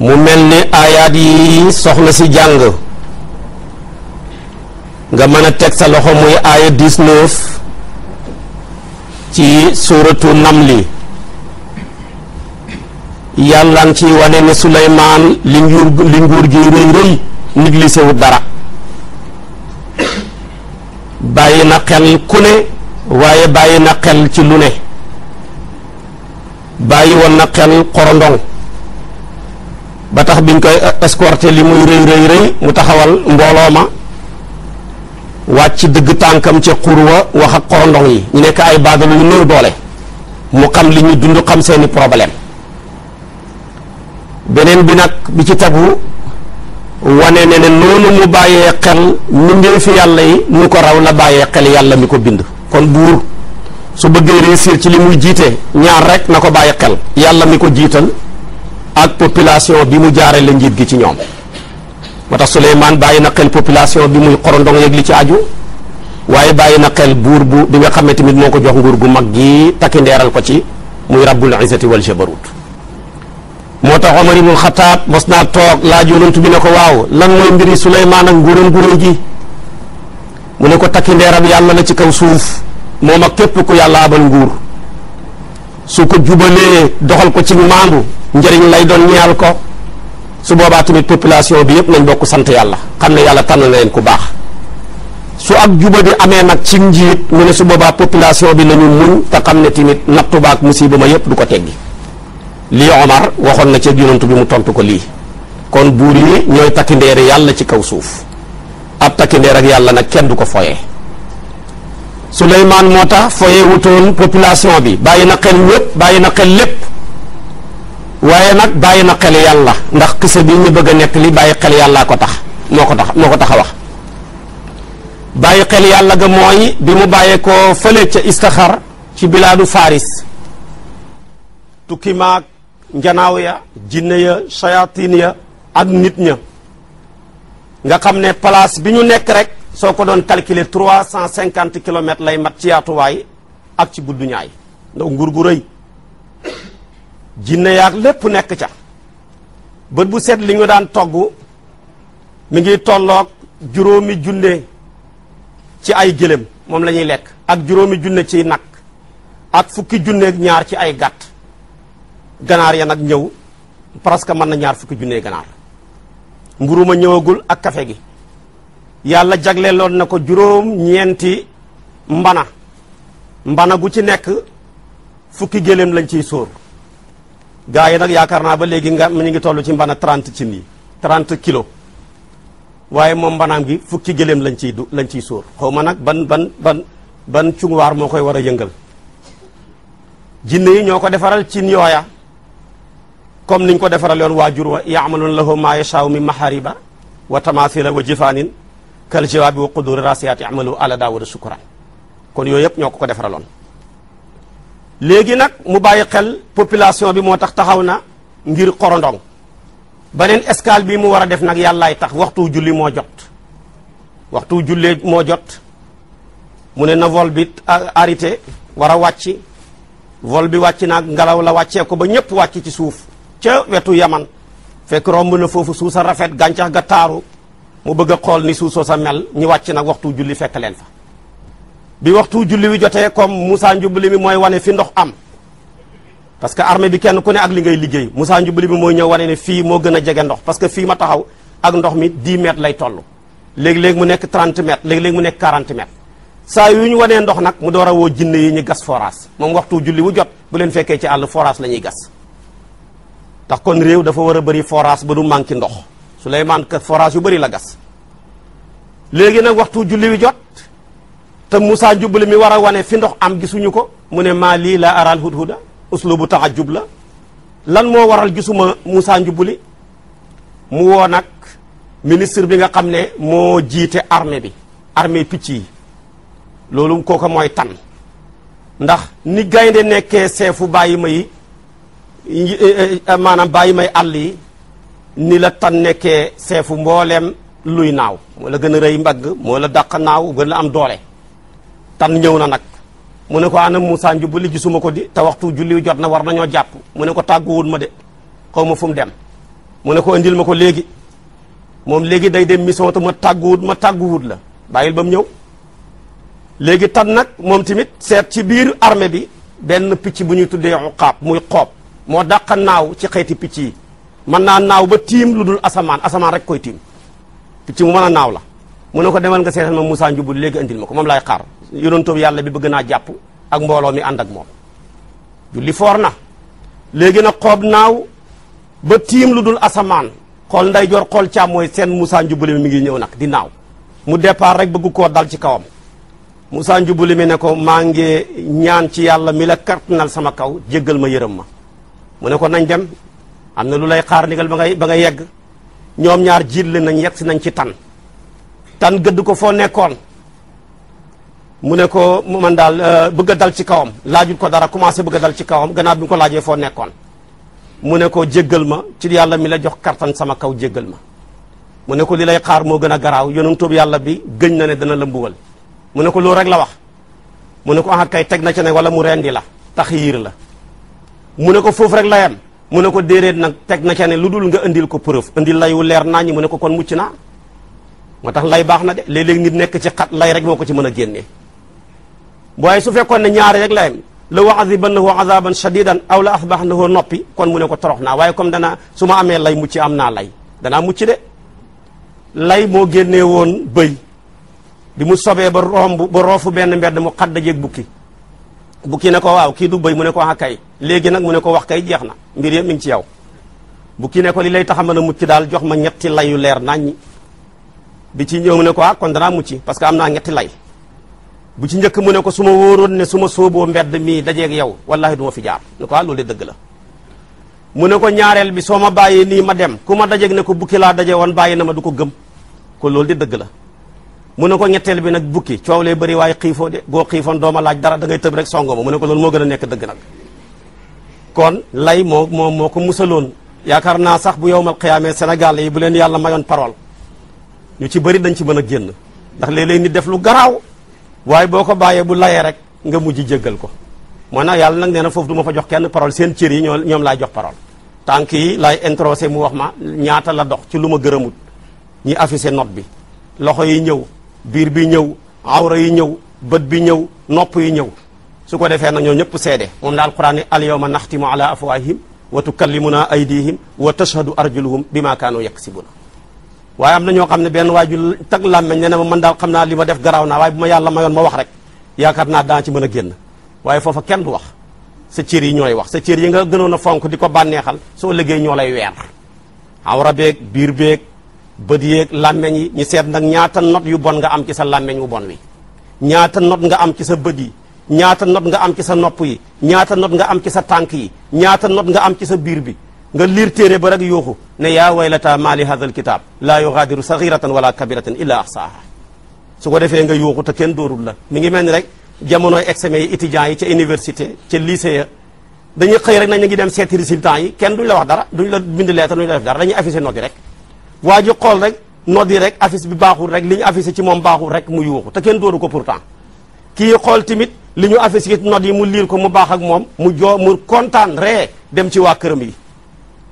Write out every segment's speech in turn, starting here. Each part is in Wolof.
mu mel ni aayaat yi soxna si jàng nga mën a teg sa loxo muy aaya 19 ci suuratu namli yàlla ngi ci wane ne Suleymaan li nguur li nguur gi rëy rëy négligé wu dara bàyyi na xel ku ne waaye bàyyi na xel ci lu ne bàyyi woon na xel xorondong ba tax biñ koy escorté li muy rëy rëy rëy mu taxawal mbooloo ma wàcc dëgg tànkam ca xurwa wax ak xorondong yi ñu nekk ay baadal yu néew doole mu xam li ñu dund xam seeni problème beneen bi nag bi ci tegu wane ne ne noonu mu bàyyee xel mbindee fi yàlla yi nu ko raw la bàyyee xel yàlla mi ko bind kon buur su bëggee réussir ci li muy jiite ñaar rek na ko bàyyi xel yàlla mi ko jiital ak population bi mu jaare la njiit gi ci ñoom moo tax Souleymane bàyyi na xel population bi muy xorondong yeeg li ci aju waaye bàyyi na xel buur bu bi nga xam ne tamit moo ko jox nguur gu mag gi takki ndeeral ko ci muy rabbul izzati wal jabarut moo tax Omar ibnul Xataab mos naa toog laaj yonent bi ne ko waaw lan mooy mbiri Souleymane ak nguuram gu ji mu ne ko takki ndeeram yàlla la ci kaw suuf moom ak képp ku yàlla abal nguur su ko jubalee doxal ko ci maandu njëriñ lay doon ñaal ko su boobaa tamit population bi yëpp nañ bokk sant yàlla xam ne yàlla tànn na leen ku baax su ak bi amee nag ci njiit mu ne su boobaa population bi nañu ñu muñ te xam ne tamit nattu baak musiba ma yëpp du ko teggi lii Omar waxoon na ci yonent bi mu tontu ko lii kon buur yi ñooy takkindeeri yàlla ci kaw suuf ab takkindeer ak yàlla nag kenn du ko foyee Souleymane moo tax foye wutoon population bi bàyyi na xel ñëpp bàyyi na xel lépp waaye nag bàyyi na xel yàlla ndax kisa bi ñu bëgg a nekk li bàyyi xel yàllaa ko tax moo ko tax moo ko tax a wax bàyyi xel yàlla ga mooy bi mu bàyyee ko fële ca istaxar ci bilaadu Faris tukki maag njanaaw ya jinne ya sayaatin ya ak nit ña nga xam ne place bi ñu nekk rek soo ko doon calculer trois cent cinquante kilomètres lay mat ci yaatuwaay ak ci guddu ñaay ndax nguur gu rëy jinne yaag lépp nekk ca bët bu set li ñu daan togg mu ngi tolloog juróomi junne ci ay gëlëm moom lañuy lekk ak juróomi junne ci nag ak fukki junne ñaar ci ay gàtt ganaar ya nag ñëw presque mën na ñaar fukki junne ganaar mburu ma ñëwagul ak kafe gi yàlla loon na ko juróom ñeenti mbana mbana gu ci nekk fukki gëléem lañ ciy sóor gaa yi nag yaakaar naa ba léegi nga ñu ngi toll ci mbana 30 cin yi 30 kilos waaye moom mbanaam gi fukki gëléem lañ ciy du lañ ciy sóor xaw ma nag ban ban ban ban cunguwaar moo koy war a yëngal jinne yi ñoo ko defaral cin yooya comme niñ ko defaral yoon waajur wa yaamaluuna lahu maa yashaa'u min mahariba wa tamaasila wa jifaanin kal jawaabi wa quduri rasiyaati amalu ala daawuda sukuran kon yooyu yëpp ñoo ko ko defaraloon léegi nag mu bàyyi xel population bi moo tax taxaw na ngir xorondong beneen escale bi mu war a def nag yàllaay tax waxtu julli moo jot waxtu jullee moo jot mu ne na vol bi arrêté war a wàcc vol bi wàcc nag ngelaw la wàccee ko ba ñëpp wàcc ci suuf ca wetu yaman fekk romb na foofu suuf sa rafet gàncax ga taaru mu bëgg xool ni suuf sa mel ñu wàcc nag waxtu julli fekk leen fa bi waxtu julli wi jotee comme Moussa Ndioumbéli mi mooy wane fi ndox am parce que armée bi kenn ku ne ak li ngay liggéey musaa Ndioumbéli mi mooy ñëw wane ne fii moo gën a jege ndox parce que fii ma taxaw ak ndox mi 10 mètres lay toll léegi léeg mu nekk 30 mètres léegi-léegi mu nekk 40 mètres saa yu ñu wanee ndox nag mu door a woo jinne yi ñu gas forage moom waxtu julli wu jot bu leen fekkee ci àll forage la ñuy gas ndax kon réew dafa war a bëri forage ba du manqué ndox Souleymane ka forage yu bëri la gas léegi nag waxtu julli wi jot te Moussa Njubli mi war a wane fi ndox am gisuñu ko mu ne maa lii la laa aral bu tax a jubla lan moo waral gisuma Moussa Njubli mu woo nag ministre bi nga xam ne moo jiite armée bi armée picc yi loolu kooku mooy tan ndax ni gaynde nekkee seefu bàyyi may eh, eh, eh, maanaam bàyyi may àll yi ni la tan nekkee seefu mbooleem luy naaw moo la gën a rëy mbagg moo la dàq naaw gën la am doole tan ñëw na nag mu ne ko mu Moussa Njubuli gisuma ko di te waxtu julli jot na war nañoo jàpp mu ne ko tàgguwul ma de xaw ma fu mu dem mu ne ko indil ma ko léegi moom léegi day dem mission te ma tàgguwut ma tàgguwut la bàyyil ba mu ñëw léegi tan nag moom tamit seet ci biir armée bi benn picc bu ñuy tuddee uqaab muy xoob moo dàq naaw ci xeeti picc yi mën naa naaw ba tiim lu dul asamaan asamaan rek koy tiim picc mu mën a naaw la mu ne ko demal nga seetal ma Moussa Ndioubou léegi andil ma ko moom laay xaar yonentoob yàlla bi bëgg naa jàpp ak mbooloo mi ànd ak moom julli foor na léegi nag xoob naaw ba tiim lu dul asamaan xool nday joor xool càmmooy seen Moussa Ndioubou mi ngi ñëw nag di naaw mu départ rek bëgg koo dal ci kawam Moussa Ndioubou mi ne ko maa ngi ñaan ci yàlla mi la kartanal sama kaw jéggal ma yërëm ma am na lu lay xaar ndigal ba ngay ba ngay yegg ñoom ñaar jiit leen nañ yegg si nañ ci tan tan gëdd ko foo nekkoon mu ne ko man daal euh, bëgg dal ci kawam laajul ko dara commencé bëgg dal ci kawam ganaa bi ko laajee foo nekkoon mu ne ko jéggal ma ci yàlla mi la jox kartan sama kaw jéggal ma mu ne ko li lay xaar moo gën a garaaw yonentu bi yàlla bi gëñ na ne dana la mu ne ko loolu rek la wax mu ne ko ah kay teg na ci ne wala mu rendi la taxiir la mu ne ko foofu rek la yem mu ne ko déedéet nag teg na ca ne lu dul nga indil ko preuve indil wu leer naa ñi mune ko kon mucc naa moo tax lay baax na de léeg nit nekk ci xat lay rek moo ko ci mën a génnee waaye su fekkoon ne ñaar rek lay la ban u'adhibannahu 'adhaban shadidan aw la asbahnahu noppi kon mu ne ko torox naa waaye kom dana su ma amee lay mucc am naa lay dana mucc de lay moo génnee woon bëy bi mu sobee ba romb ba roofu benn mbedd mu xadda jeeg bukki bu kii ne ko waaw kii du bëy mu ne ko xàkkay léegi nag mu ne ko wax kay jeex na mbir yëpp mi ngi ci yow bu kii ne ko li lay tax a mën mucc daal jox ma ñetti layu leer naññi bi ci ñëw mu ne ko ah kon danaa mucc parce que am naa ñetti lay bu ci njëkk mu ne ko suma ma ne suma ma sóoboo mbedd mii dajeeg yow wallahi du ma fi jaar ne ko ah loolu de dëgg la mu ne ko ñaareel bi soo ma bàyyee nii ma dem ku ma dajeeg ne ko bukki laa daje woon bàyyi na ma du ko gëm ko loolu de dëgg la mu ne ko ñetteel bi nag bukki coow lee bëri waaye xiifoo de boo xiifoon dooma laaj dara da ngay tëb rek songo ma mu ne ko loolu moo gën a nekk dëgg nag kon lay moo moom moo ko musaloon yaakaar naa sax bu yowmal xiyaamee Sénégal yi bu leen yàlla mayoon parole ñu ci bëri dañ ci mën a génn ndax léeg leen nit def lu garaaw waaye boo ko bàyyee bu layee rek nga mujj jéggal ko moo nag yàlla nag nee foofu du ma fa jox kenn parole seen cër yi ñoom laay jox parole tànk yi laay introsé mu wax ma ñaata la dox ci lu ma gërëmut ñi affiché note bi loxo yi ñëw biir bi ñëw awra yi ñëw bët bi ñëw nopp yi ñëw su ko defee nag ñoo ñëpp seede moom la alquran ne al yawma naxtimu ala afwahihim wa tukallimuna aydihim wa tashhadu arjuluhum bima si yaksibuna waaye am na ñoo xam ne benn waay ju tag làmmeñ ne ne ma man daal xam naa li ma def garaaw naa waaye bu ma yàlla mayoon ma wax rek yaakaar naa daa ci mën a génn waaye foofa kenn du wax sa cër yi ñooy wax sa cër yi nga gënoon a fonk di ko bànneexal soo liggéey ñoo lay weer awra beeg bët yeeg làmmeñ yi ñu seet nag ñaata not yu bon nga am ci sa làmmeñ wu bon wi ñaata not nga am ci sa bët yi ñaata not nga am ci sa nopp yi ñaata not nga am ci sa tànk yi ñaata not nga am ci sa biir bi nga liir téere ba rek yooku ne yaa waylata maali hadal kitaab laa yugaadiru saxiratan wala kabiratan illa axsaaha su ko defee nga yooku te kenn doorul la mi ngi mel ni rek jamonoy examen yi étudiants yi ca université ca lycée ya dañuy xëy rek nañ ngi dem seeti résultats yi la wax dara duñ la bind lettre duñ la def dara dañuy affiché note yi rek waa ji xool rek yi rek affiche bi baaxul rek li ñu affiché ci moom baaxul rek mu yuuxu te kenn dóoru ko pourtant kii xool tamit li ñu affiché ci nodd yi mu liir ko mu baax ak moom mu joo mu kontaan ree dem ci waa këram yi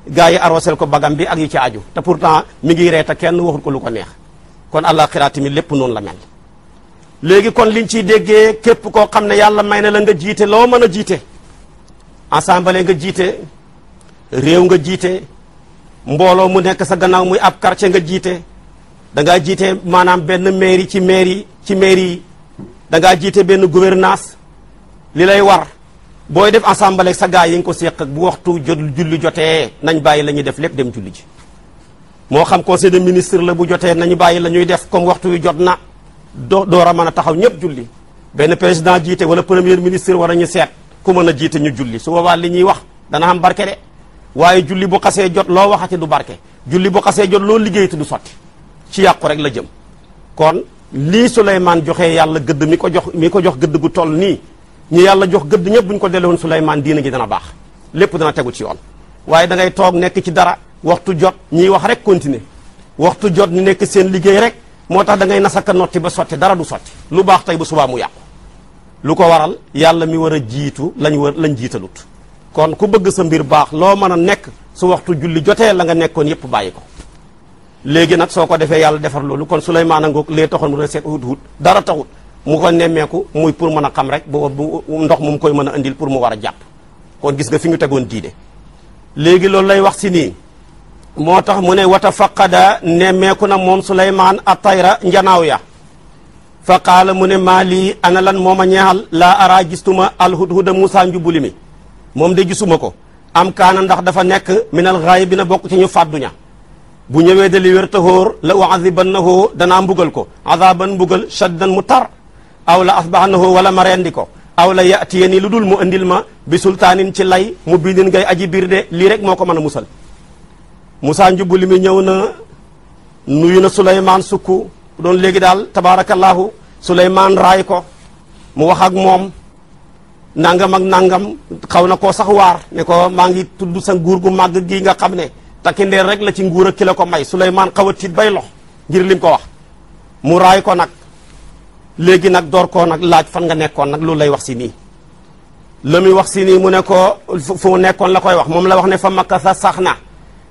gars yi arrosel ko bagam bi ak yi ci aju te pourtant mu ngi ree te kenn waxul ko lu ko neex kon àllaaxira tamit lépp noonu la mel léegi kon liñ ci déggee képp koo xam ne yàlla may na la nga jiite loo mën a jiite assemblée nga jiite réew nga jiite mbooloo mu nekk sa gannaaw muy ab quartier nga jiite da jiite maanaam benn mairie ci mairie ci mairie yi da ngaa jiite benn gouvernance li lay war booy def assemblée sa gaa yi nga ko seq bu waxtu jot julli jotee nañ bàyyi la ñuy def lekk dem julli ji moo xam conseil des ministres la bu jotee nañu bàyyi la ñuy def comme waxtu yu jot na do door a mën a taxaw ñëpp julli benn président jiite wala premier ministre war a ñu seet ku mën a jiite ñu julli su boobaa li ñuy wax dana am barke waaye julli bu xasee jot loo waxati du barke julli bu xasee jot loo liggéeyati du sotti ci yàqu rek la jëm kon lii Souleymane joxe yàlla gëdd mi ko jox mi ko jox gëdd gu toll nii ñu yàlla jox gëdd ñëpp bu ñu ko delloon Souleymane diina gi dana baax lépp dana tegu ci yoon waaye da ngay toog nekk ci dara waxtu jot ñiy wax rek continuer waxtu jot ñu nekk seen liggéey rek moo tax da ngay nasaka notti ba sotti dara du sotti lu baax tey bu subaa mu yàqu lu ko waral yàlla mi war a jiitu lañ war lañ jiitalut kon ku bëgg sa mbir baax loo mën a nekk su waxtu julli jotee la nga nekkoon yépp bàyyi ko léegi nag soo ko defee yàlla defar loolu kon Suleymaan a ngoog lee taxoon mu doon seet hut hut dara taxut mu ko nemmeeku muy pour mën a xam rek booba ndox mu koy mën a indil pour mu war a jàpp kon gis nga fi ñu tegoon diide léegi loolu lay wax si nii moo tax mu ne wata faqada nemmeeku na moom Suleymaan a tayra njanaaw ya fa mu ne maa lii ana lan mooma ñeexal laa araa gistuma alhudhuda Musaa njubuli mi moom de gisuma ko am kaana ndax dafa nekk minal xaay bi na bokk ci ñu fàdduña bu ñëwee de li wér ta ban na uazibannahu dana mbugal ko azaban mbugal shaddan mu tar aw la asbaxnahu wala ma rendi ko aw la yatiyani lu dul mu andil ma bi sultaanin ci lay mu bindin ngay aji biir de lii rek moo ko mën a musal Moussa Ndioubu li mu ñëw na nuyu na Souleymane sukku doon léegi daal tabaarakallaahu Souleymane raay ko mu wax ak moom nangam ak nangam xaw na ko sax waar ne ko maa ngi tudd sa nguur gu màgg gi nga xam ne takki ndeer rek la ci nguur a ki la ko may Souleymane xaw a tiit bay lox ngir lim ko wax mu raay ko nag léegi nag door koo nag laaj fan nga nekkoon nag loolu lay wax si nii la muy wax si nii mu nekkoo ko fu nekkoon la koy wax moom la wax ne fa makka sa sax na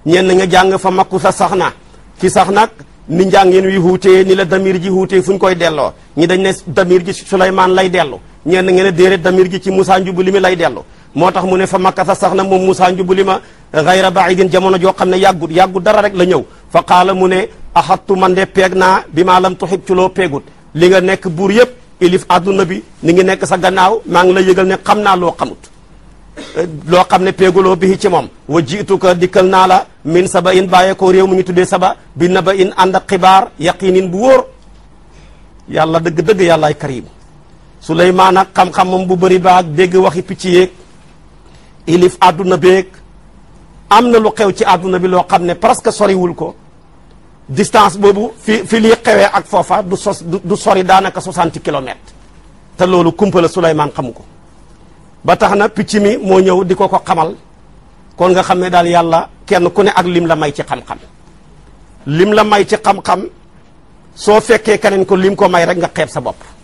ñenn nga jàng fa makku sa sax na ki sax nag ni njàngin wi wuutee ni la damir ji wuutee fu ñu koy delloo ñi dañ ne damir ji Souleymane lay dellu ñenn ngeen ne déedéet damir gi ci Moussa Njubuli mi lay dellu moo tax mu ne fa makkasa sax na moom Moussa Njubuli ma xayra baidin jamono joo xam ne yàggut yàggut dara rek la ñëw fa qaala mu ne a axattu man de peeg naa bi maa lam tuxib ci loo peegut li nga nekk buur yëpp ilif adduna bi ni ngi nekk sa gannaaw maa ngi la yëgal ne xam naa loo xamut eh, loo xam ne peeguloo bi ci moom wa ka dikkal naa la min saba in bàyyee ko réew mu ñu tuddee saba bi naba in ànd ak xibaar yaqinin bu wóor yàlla dëgg-dëgg yàllaay karim Suleymaan ak xam moom bu bëri baag dégg waxi picc yeeg ilif àdduna beeg am na lu xew ci àdduna bi loo xam ne presque soriwul ko distance boobu fi fi lii xewee ak foofa du sos du sori daanaka 60 kilomètres te loolu kumpa la Suleymaan xamu ko ba tax na picc mi moo ñëw di ko ko xamal kon nga xam ne daal yàlla kenn ku ne ak lim la may ci xam-xam lim la may ci xam-xam soo fekkee keneen ko lim ko may rek nga xeeb sa bopp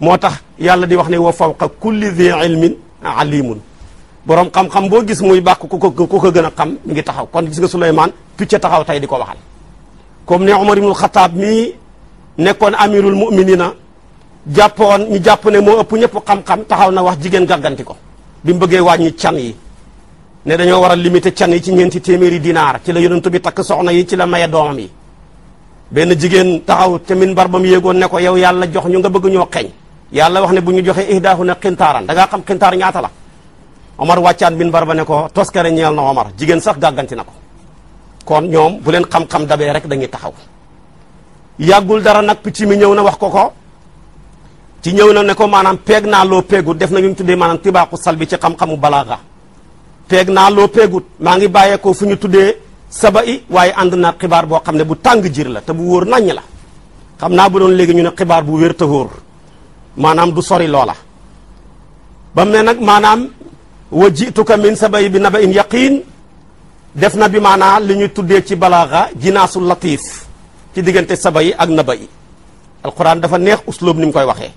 moo tax yàlla di wax ne wa fawqa kulli dhi ilmin alimun borom xam-xam boo gis muy bàkk ku ko ku ko gën a xam mi ngi taxaw kon gis nga Souleymane picc taxaw tey di ko waxal comme ne Omar ibnul Xataab mii nekkoon amirul muminina jàppoon ñu jàpp ne moo ëpp ñëpp xam-xam taxaw na wax jigéen gàgganti ko bi mu bëggee wàññi can yi ne dañoo waral a limiter can yi ci ñeenti téeméeri dinaar ci la yonent bi takk soxna yi ci la maye doomam yi benn jigéen taxaw te min bar ba mu yéegoon ne yow yàlla jox ñu nga bëgg ñoo xeeñ yàlla wax ne bu ñu joxee ihdaahunna qintaaran da ngaa xam qintaar ñaata la Omar wàccaan min barba ne ko toskare ñeel na Omar jigéen sax gàgganti na ko kon ñoom bu leen xam-xam dabee rek dañuy taxaw yàggul dara nag picc ñëw na wax ko ko ci ñëw na ne ko maanaam peeg naa loo peegut def na ñu tuddee maanaam tibaaku sal bi ci xam-xamu balaaga peeg naa loo peegut maa ngi bàyyeekoo fu ñu tuddee saba i waaye ànd na xibaar boo xam ne bu tàng jir la te bu wóor naññ la xam naa bu doon léegi ñu ne xibaar bu wér te maanaam du sori loola ba mu ne nag maanaam wa jituka min sabay bi naba in yaqin def na bi maanaa li ñuy tuddee ci balaaxa jinaasu latiif ci diggante saba yi ak naba yi alquran dafa neex usloob ni mu koy waxee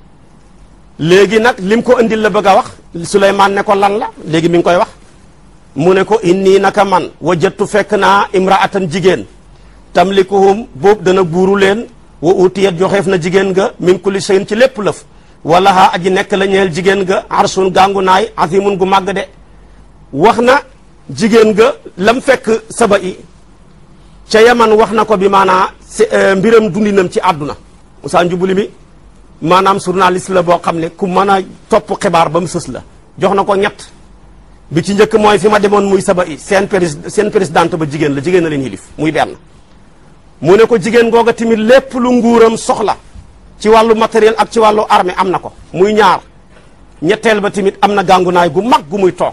léegi nag lim ko indil la bëgg a wax suleymaan ne ko lan la léegi mi ngi koy wax mu ne ko inni naka man wajattu fekk naa imraatan jigéen tam tamlikuhum boobu dana buuru leen wa utiyat joxeef na jigéen nga min kulli shay'in ci lépp lëf wala ha aji nekk la ñeel jigéen ga arsun gàngu naay azimun gu màgg de wax na jigéen ga lam fekk saba i ca yaman wax na ko bi maanaa eh, mbiram dundinam ci àdduna Moussa Njubuli mi maanaam journaliste la boo xam ne ku mën a topp xibaar ba mu sës la jox na ko ñett bi ci njëkk mooy fi ma demoon muy saba i seen péris seen présidente ba jigéen la jigéen na leen xilif muy benn mu ne ko jigéen googa tamit lépp lu nguuram soxla ci wàllu matériel ak ci wàllu armée am na ko muy ñaar ñetteel ba tamit am na gàngunaay gu mag gu muy toog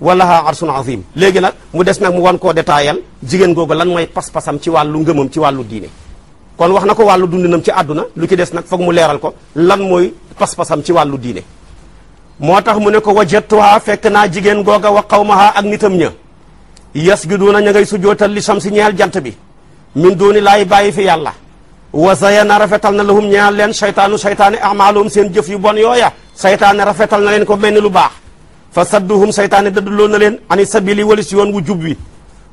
walla walaha arsun azim léegi nag mu des nag mu wan koo détaayal jigéen googu lan mooy pas-pasam ci wàllu ngëmam ci wàllu diine kon wax na ko wàllu dundinam ci àdduna lu ci des nag foog mu leeral ko lan mooy pas-pasam ci wàllu diine moo tax mu ne ko wajattuha fekk naa jigéen googa wa qawmaha ak nitam ña yasjuduuna ña ngay sujootal li samsi jant bi min duuni laay bàyyi fi yàlla wa zayyana rafetal na la lahum ñaar leen seytaane saytaane amaaluhum seen jëf yu bon yooya saytaane rafetal na leen ko mel ni lu baax fa sadduhum saytaane dëdduloo na leen ani sabili walis yoon wu jub wi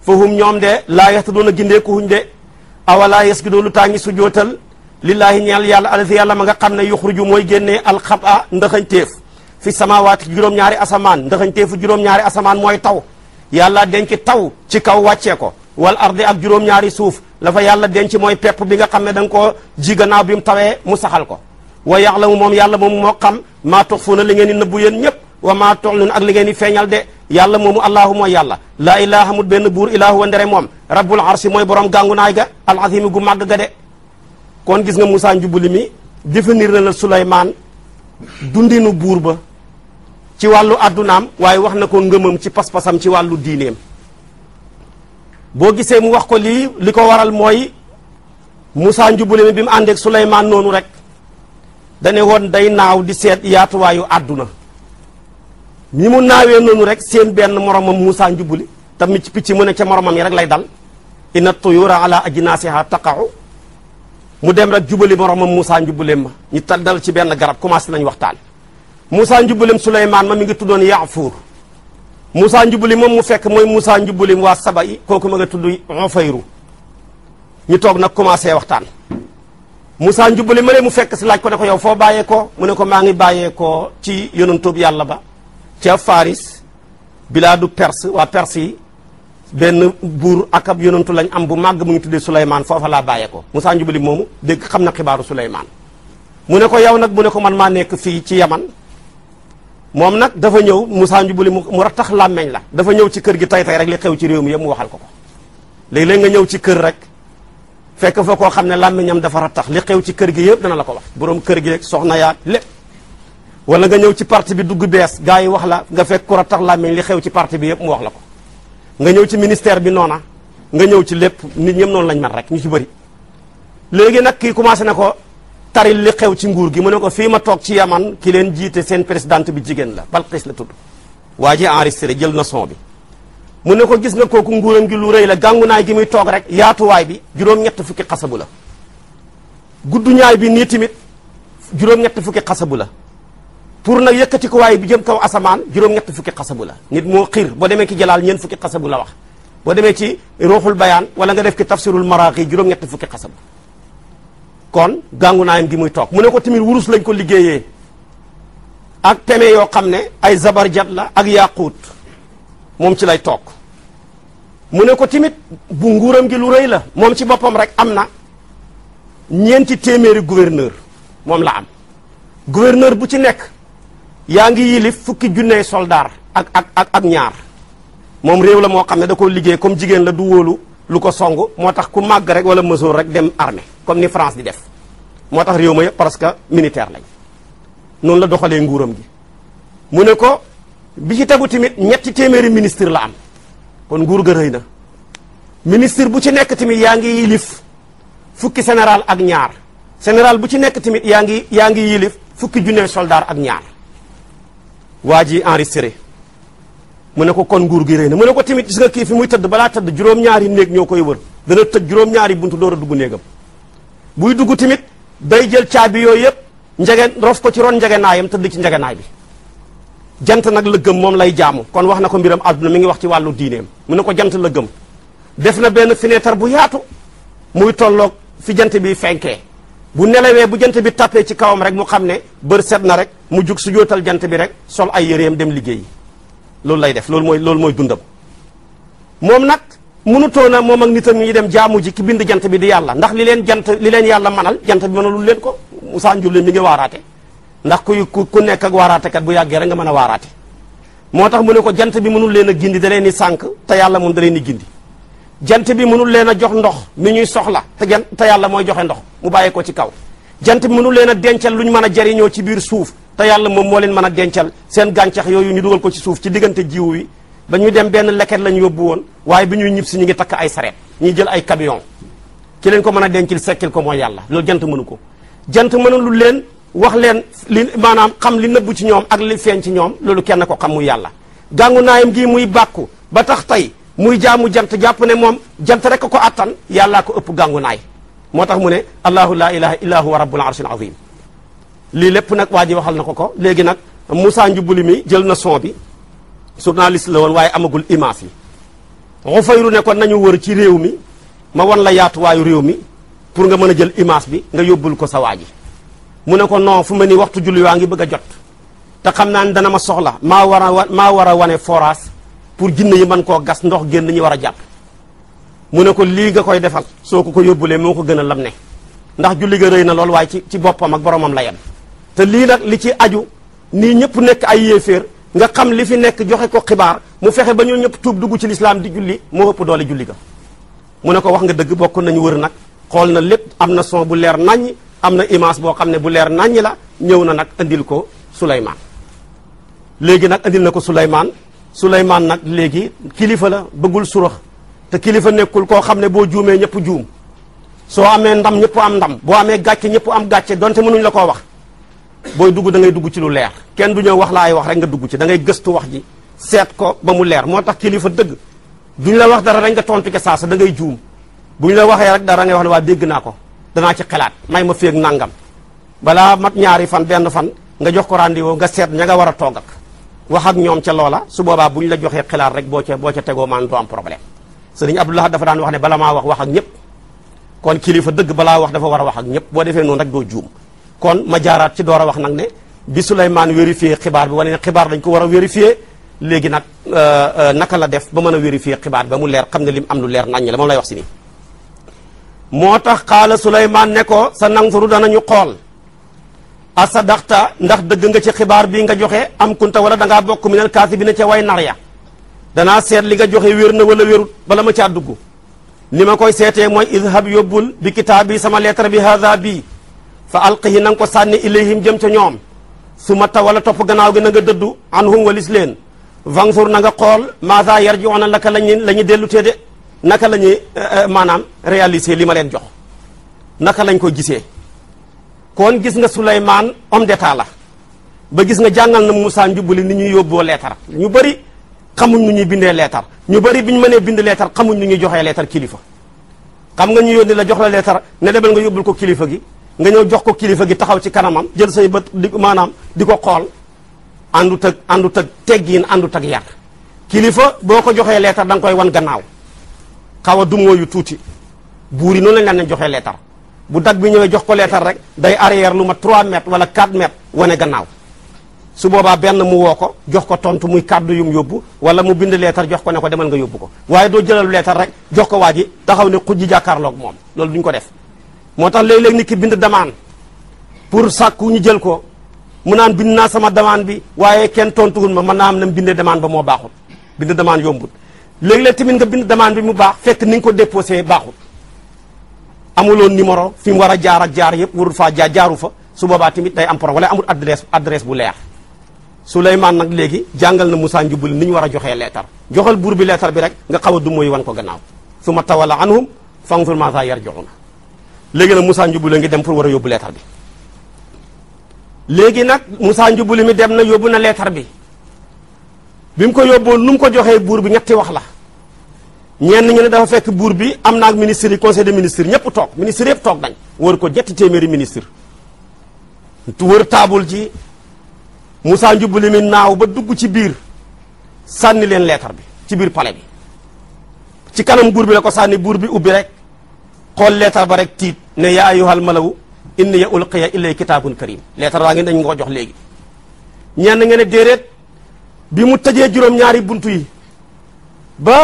fa hum ñoom de laa yaxtadoon a gindee ko huñ de awalaa yasjudoo lu tàngi su jootal lillaahi ñeel yàlla alasi yàlla ma nga xam ne yuxruju mooy génnee alxaba ndaxañ teef fi samaawaati juróom-ñaari asamaan ndaxañ teefu juróom-ñaari asamaan mooy taw yàlla denc taw ci kaw wàccee ko wal ardi ak juróom-ñaari suuf la fa yàlla denc mooy pepp bi nga xam ne danga ko koo ji gannaaw bi mu tawee mu saxal ko wa yaxlamu moom yàlla moom moo xam maa tuxfuuna li ngeen di nëbbu yéen ñëpp wa maa tuxluun ak li ngeen di feeñal de yàlla moomu allahu mooy yàlla laa ilaha amul benn buur ilaahu wa ndere moom rabbul arsi mooy borom gàngu naay ga al azimi gu màgg ga de kon gis nga Moussa Njubuli mi définir na la Souleymane dundinu buur ba ci wàllu addunaam waaye wax na ko ngëmam ci pas-pasam ci wàllu diineem boo gisee mu wax ko lii li ko waral mooy Moussa Njubule bi mu ànd ak Souleymane noonu rek dane woon day naaw di seet yaatuwaayu àdduna ñi mu naawee noonu rek seen benn moromam Moussa Njubule tamit ci picc mu ne ca moromam yi rek lay dal inna tuyura ala ajnasiha taqa'u mu dem rek jubali moromam Moussa Njubulem ma ñu tal dal ci benn garab commencé nañ waxtaan musaa Njubulem Souleymane ma mi ngi tuddoon Yaafuur musa Njubuli moom mu fekk mooy Moussa Njubuli waa saba yi kooku ma nga tudd ñu toog nag commencé waxtaan Moussa Njubuli ma mu fekk si laaj ko ne ko yow foo bàyyee ko mu ne ko maa ngi bàyyee ko ci yonantub yàlla ba ca Faris bilaadu Perse waa Perse benn buur ak ab yonantu am bu màgg mu ngi tuddee Souleymane foofa laa bàyyee ko Njubuli moomu dégg xam na xibaaru Souleymane mu ne ko yow nag mu ne man maa nekk fii ci Yaman moom nag dafa ñëw mu Moussa Njubuli mu rattax làmmeñ la dafa ñëw ci kër gi tay tay rek li xew ci réew mi yëpp mu waxal ko ko léeg nga ñëw ci kër rek fekk fa koo xam ne làmmiñam dafa rattax li xew ci kër gi yëpp dana la ko wax boroom kër gi soxna yaat lépp wala nga ñëw ci parti bi dugg bees gars yi wax la nga fekk ku rattax làmmiñ li xew ci parti bi yëpp mu wax la ko nga ñëw ci ministère bi noona nga ñëw ci lépp nit ñëpp noonu lañ man rek ñu ci bëri léegi nag kii commencé na ko tari li xew ci nguur gi mu ne ko fii ma toog ci yaman ki leen jiite seen présidente bi jigéen la Balqis la tudd waa ji enregistré jël na son bi mu ne ko gis nga kooku nguuram gi lu rëy la gàngu naay gi muy toog rek yaatuwaay bi juróom-ñett fukki xasabu la gudd ñaay bi nii tamit juróom-ñett fukki xasabu la pour nag yëkkati ko waaye bi jëm kaw asamaan juróom-ñett fukki xasabu la nit moo xiir boo demee ci jalaal ñeen fukki xasabu la wax boo demee ci ruuxul bayaan wala nga def ki tafsirul maraaxi juróom-ñett fukki xasabu kon gàngu naayam gi muy toog mu ne ko tamit wurus lañ ko liggéeyee ak peme yoo xam ne ay zabarjat la ak yaaquut moom ci lay toog mu ne ko tamit bu nguuram gi lu rëy la moom ci boppam rek am na ñeenti téeméeri gouverneur moom la am gouverneur bu ci nekk yaa ngi yilif fukki junney soldaar ak ak ak ak ñaar moom réew la moo xam ne da ko liggéey comme jigéen la du wóolu lu ko song moo tax ku màgg rek wala mësoor rek dem armée comme ni France di def moo tax réew ma yëpp parce que militaire lañ noonu la doxalee nguuram gi mu ne ko bi ci tegu tamit ñetti téeméeri ministre la am kon nguur ga rëy na ministre bu ci nekk tamit yaa ngi yilif fukki général ak ñaar général bu ci nekk tamit yaa ngi yaa ngi yilif fukki junne soldat ak ñaar waa ji enregistré mu ne ko kon nguur gi rëy na mu ne ko tamit gis nga kii fi muy tëdd balaa tëdd juróom-ñaari néeg ñoo koy wër dana tëj juróom-ñaari buntu door a dugg néegam buy dugg tamit day jël caabi yooyu yëpp njege rof ko ci ron njegenaayam tëdd ci njegenaay bi jant nag lëggëm moom lay jaamu kon wax na ko mbiram àdduna mi ngi wax ci wàllu diineem mu ne ko jant lëggëm def na benn fenêtre bu yaatu muy tolloog fi jant bi fenkee bu nelawee bu jant bi tàppee ci kawam rek mu xam ne bër set na rek mu jug su jootal jant bi rek sol ay yëreem dem liggéeyi loolu lay def loolu mooy loolu mooy dundam moom nag mënutoon na moom ak nitam ñi dem jaamu ji ki bind jant bi di yàlla ndax li leen jant li leen yàlla manal jant bi mënalul leen ko Moussa Ndiour leen mi nga waaraate ndax kuy ku nekk ak waaraatekat bu yàggee rek nga mën a waaraate moo tax mu ne ko jant bi mënul leen a gindi da leen di sànq te yàlla mun da leen di gindi jant bi mënul leen a jox ndox mi ñuy soxla te te yàlla mooy joxe ndox mu bàyyee ko ci kaw jant mënu leen a dencal lu ñu mën a jariñoo ci biir suuf te yàlla moom moo leen mën a dencal seen gàncax yooyu ñu dugal ko ci suuf ci diggante jiwu wi ba ñuy dem benn leket lañ yóbbu woon waaye bi ñuy ñib si ñu ngi takk ay sareet ñuy jël ay camion ki leen ko mën a dencil sekkil ko mooy yàlla loolu jant mënu ko jant mënu lu leen wax leen li maanaam xam li nëbbu ci ñoom ak li feeñ ci ñoom loolu kenn ko xamu yàlla gàngu naayam muy bàkku ba tax tey muy jaamu jant jàpp ne moom jant rek ko attan yàllaa ko ëpp gàngu moo tax mu ne allahu laa ilaha illa huwa rabbul arshil azim lii lépp nag waa ji waxal na ko ko léegi nag Moussa njubbuli mi jël na son bi journaliste la woon waaye amagul image yi Xufayru ne kon nañu wër ci réew mi ma wan la yaatuwaayu réew mi pour nga mën a jël image bi nga yóbbul ko sa waa ji mu ne ko non fu ma ni waxtu julli waa ngi bëgg a jot te xam naa ne dana ma soxla maa war a maa war a wane forage pour jinne yi mën koo gas ndox génn ñi war a jàpp mu ne ko lii nga koy defal soo ko ko yóbbulee moo ko gën a lam ne ndax julli ga rëy na loolu waaye ci ci boppam ak boromam la yem te lii nag li ci aju nii ñëpp nekk ay yéeféer nga xam li fi nekk joxe ko xibaar mu fexe ba ñoo ñëpp tuub dugg ci lislaam di julli moo ëpp doole julli ga mu ne ko wax nga dëgg bokk nañu wër nag xool na lépp am na son bu leer naññ am na image boo xam ne bu leer naññ la ñëw na nag andil ko Souleymane léegi nag andil na ko Souleymane Souleymane nag léegi kilifa la bëggul surax kilifa nekkul koo xam ne boo juumee ñëpp juum soo amee ndam ñëpp am ndam boo amee gàcce ñëpp am gàcce donte mënuñ la koo wax booy dugg da ngay dugg ci lu leer kenn du ñëw wax laay wax rek nga dugg ci da ngay gëstu wax ji seet ko ba mu leer moo tax kilifa dëgg duñ la wax dara rek nga tontu ke saasa da ngay juum buñ la waxee rek dara ngay wax ne waa dégg naa ko danaa ci xelaat may ma féeg nangam balaa mat ñaari fan benn fan nga jox ko rendez-vous nga seet ña nga war a toog wax ak ñoom ca loola su boobaa bu buñ la joxee xelaat rek boo boo ca tegoo man du am problème sëriñ Abdoulaye dafa daan wax ne bala maa wax wax ak ñëpp kon kilifa dëgg balaa wax dafa war a wax ak ñëpp boo defee noonu rek doo juum kon ma jaaraat ci door a wax nag ne bi Souleymane vérifié xibaar bi wane ne xibaar dañ ko war a vérifié léegi nag euh, euh, naka la def ba mën a vérifié xibaar ba mu leer xam ne lim am lu leer naññ la moom lay wax si nii moo tax xaala Souleymane ne ko sa nansuru ñu xool asa daxta ndax dëgg nga ci xibaar bi nga joxe am kunta wala dangaa bokk minal kaasi bi na ca way nar danaa seet li nga joxe wér na wala wérut bala ma caa dugg ni ma koy seetee mooy idhab yóbbul bi kitaabi sama lettre bi haada bii fa alqihi na nga ko sànni ilayhim jëm ca ñoom su ma ta topp gannaaw gi na nga dëddu anhum walis leen vanzur nanga nga xool maasa yarjiuna naka lañu la ñu dellutee de naka la eh, eh, maanaam réaliser li ma leen jox naka lañ ko gisee kon gis nga Souleymane homme d'état la ba gis nga jàngal na Moussa Njubuli ni ñuy yóbboo leetar ñu bari xamuñ nu ñuy bindee leetar ñu bari biñu mënee bind leetar xamuñ nu ñuy joxe leetar kilifa xam nga ñu yónni la jox la leetar ne demal nga yóbbul ko kilifa gi nga ñëw jox ko kilifa gi taxaw ci kanamam jël say bët di maanaam di ko xool àndut ak àndut ak teggiin àndut ak yar kilifa boo ko joxee leetar da nga koy wan gannaaw xaw du dumoo yu tuuti buur yi noonu lañ leen joxe leetar bu dag bi ñëwee jox ko leetar rek day arrière lu ma 3 mètres wala 4 wane gannaaw su boobaa benn mu woo ko jox ko tontu muy kàddu yum yóbbu wala mu bind leetar jox ko ne ko demal nga yóbbu ko waaye doo jëlal leetar rek jox ko waa ji taxaw ne xujji jàkkaarloog moom loolu duñ ko def moo tax léeg-léeg nit ki bind demande pour sàkku ñu jël ko mu naan bind naa sama demande bi waaye kenn tontuwul ma mën naa am na binde demande moo baaxul bind demande yombul léeg-léeg tamit nga bind demande bi mu baax fekk ni ko déposé baaxul amuloon numéro fi mu war a jaar ak jaar yëpp warul faa jaar fa su boobaa tamit day am problème wala amul adresse adresse bu leer Souleymane nag léegi jàngal na Moussa Njubul ni ñu war a joxee leetar joxal buur bi leetar bi rek nga xaw a du wan ko gannaaw su ma tawalla anhum fanzur maa zaa yarji'uun léegi nag Moussa la ngi dem pour war a yóbbu leetar bi léegi nag Moussa Njubul mi dem na yóbbu na leetar bi bi mu ko yóbboo nu mu ko joxe buur bi ñetti wax la ñenn ñu ne dafa fekk buur bi am naag ministre yi conseil de ministres ñëpp toog ministre yëpp toog nañ war ko jetti téeméeri ministre wër taabul ji musa Ndioubb li mi naaw ba dugg ci biir sànni leen leetar bi ci biir palais bi ci kanam guur bi la ko sànni buur bi ubbi rek xool leetar ba rek tiit ne yaa ayyuhal malawu inni ulqiya ilay kitaabun karim leetar waa ngi dañ nga ko jox léegi ñenn ngeen ne déedéet bi mu tëjee juróom-ñaari buntu yi ba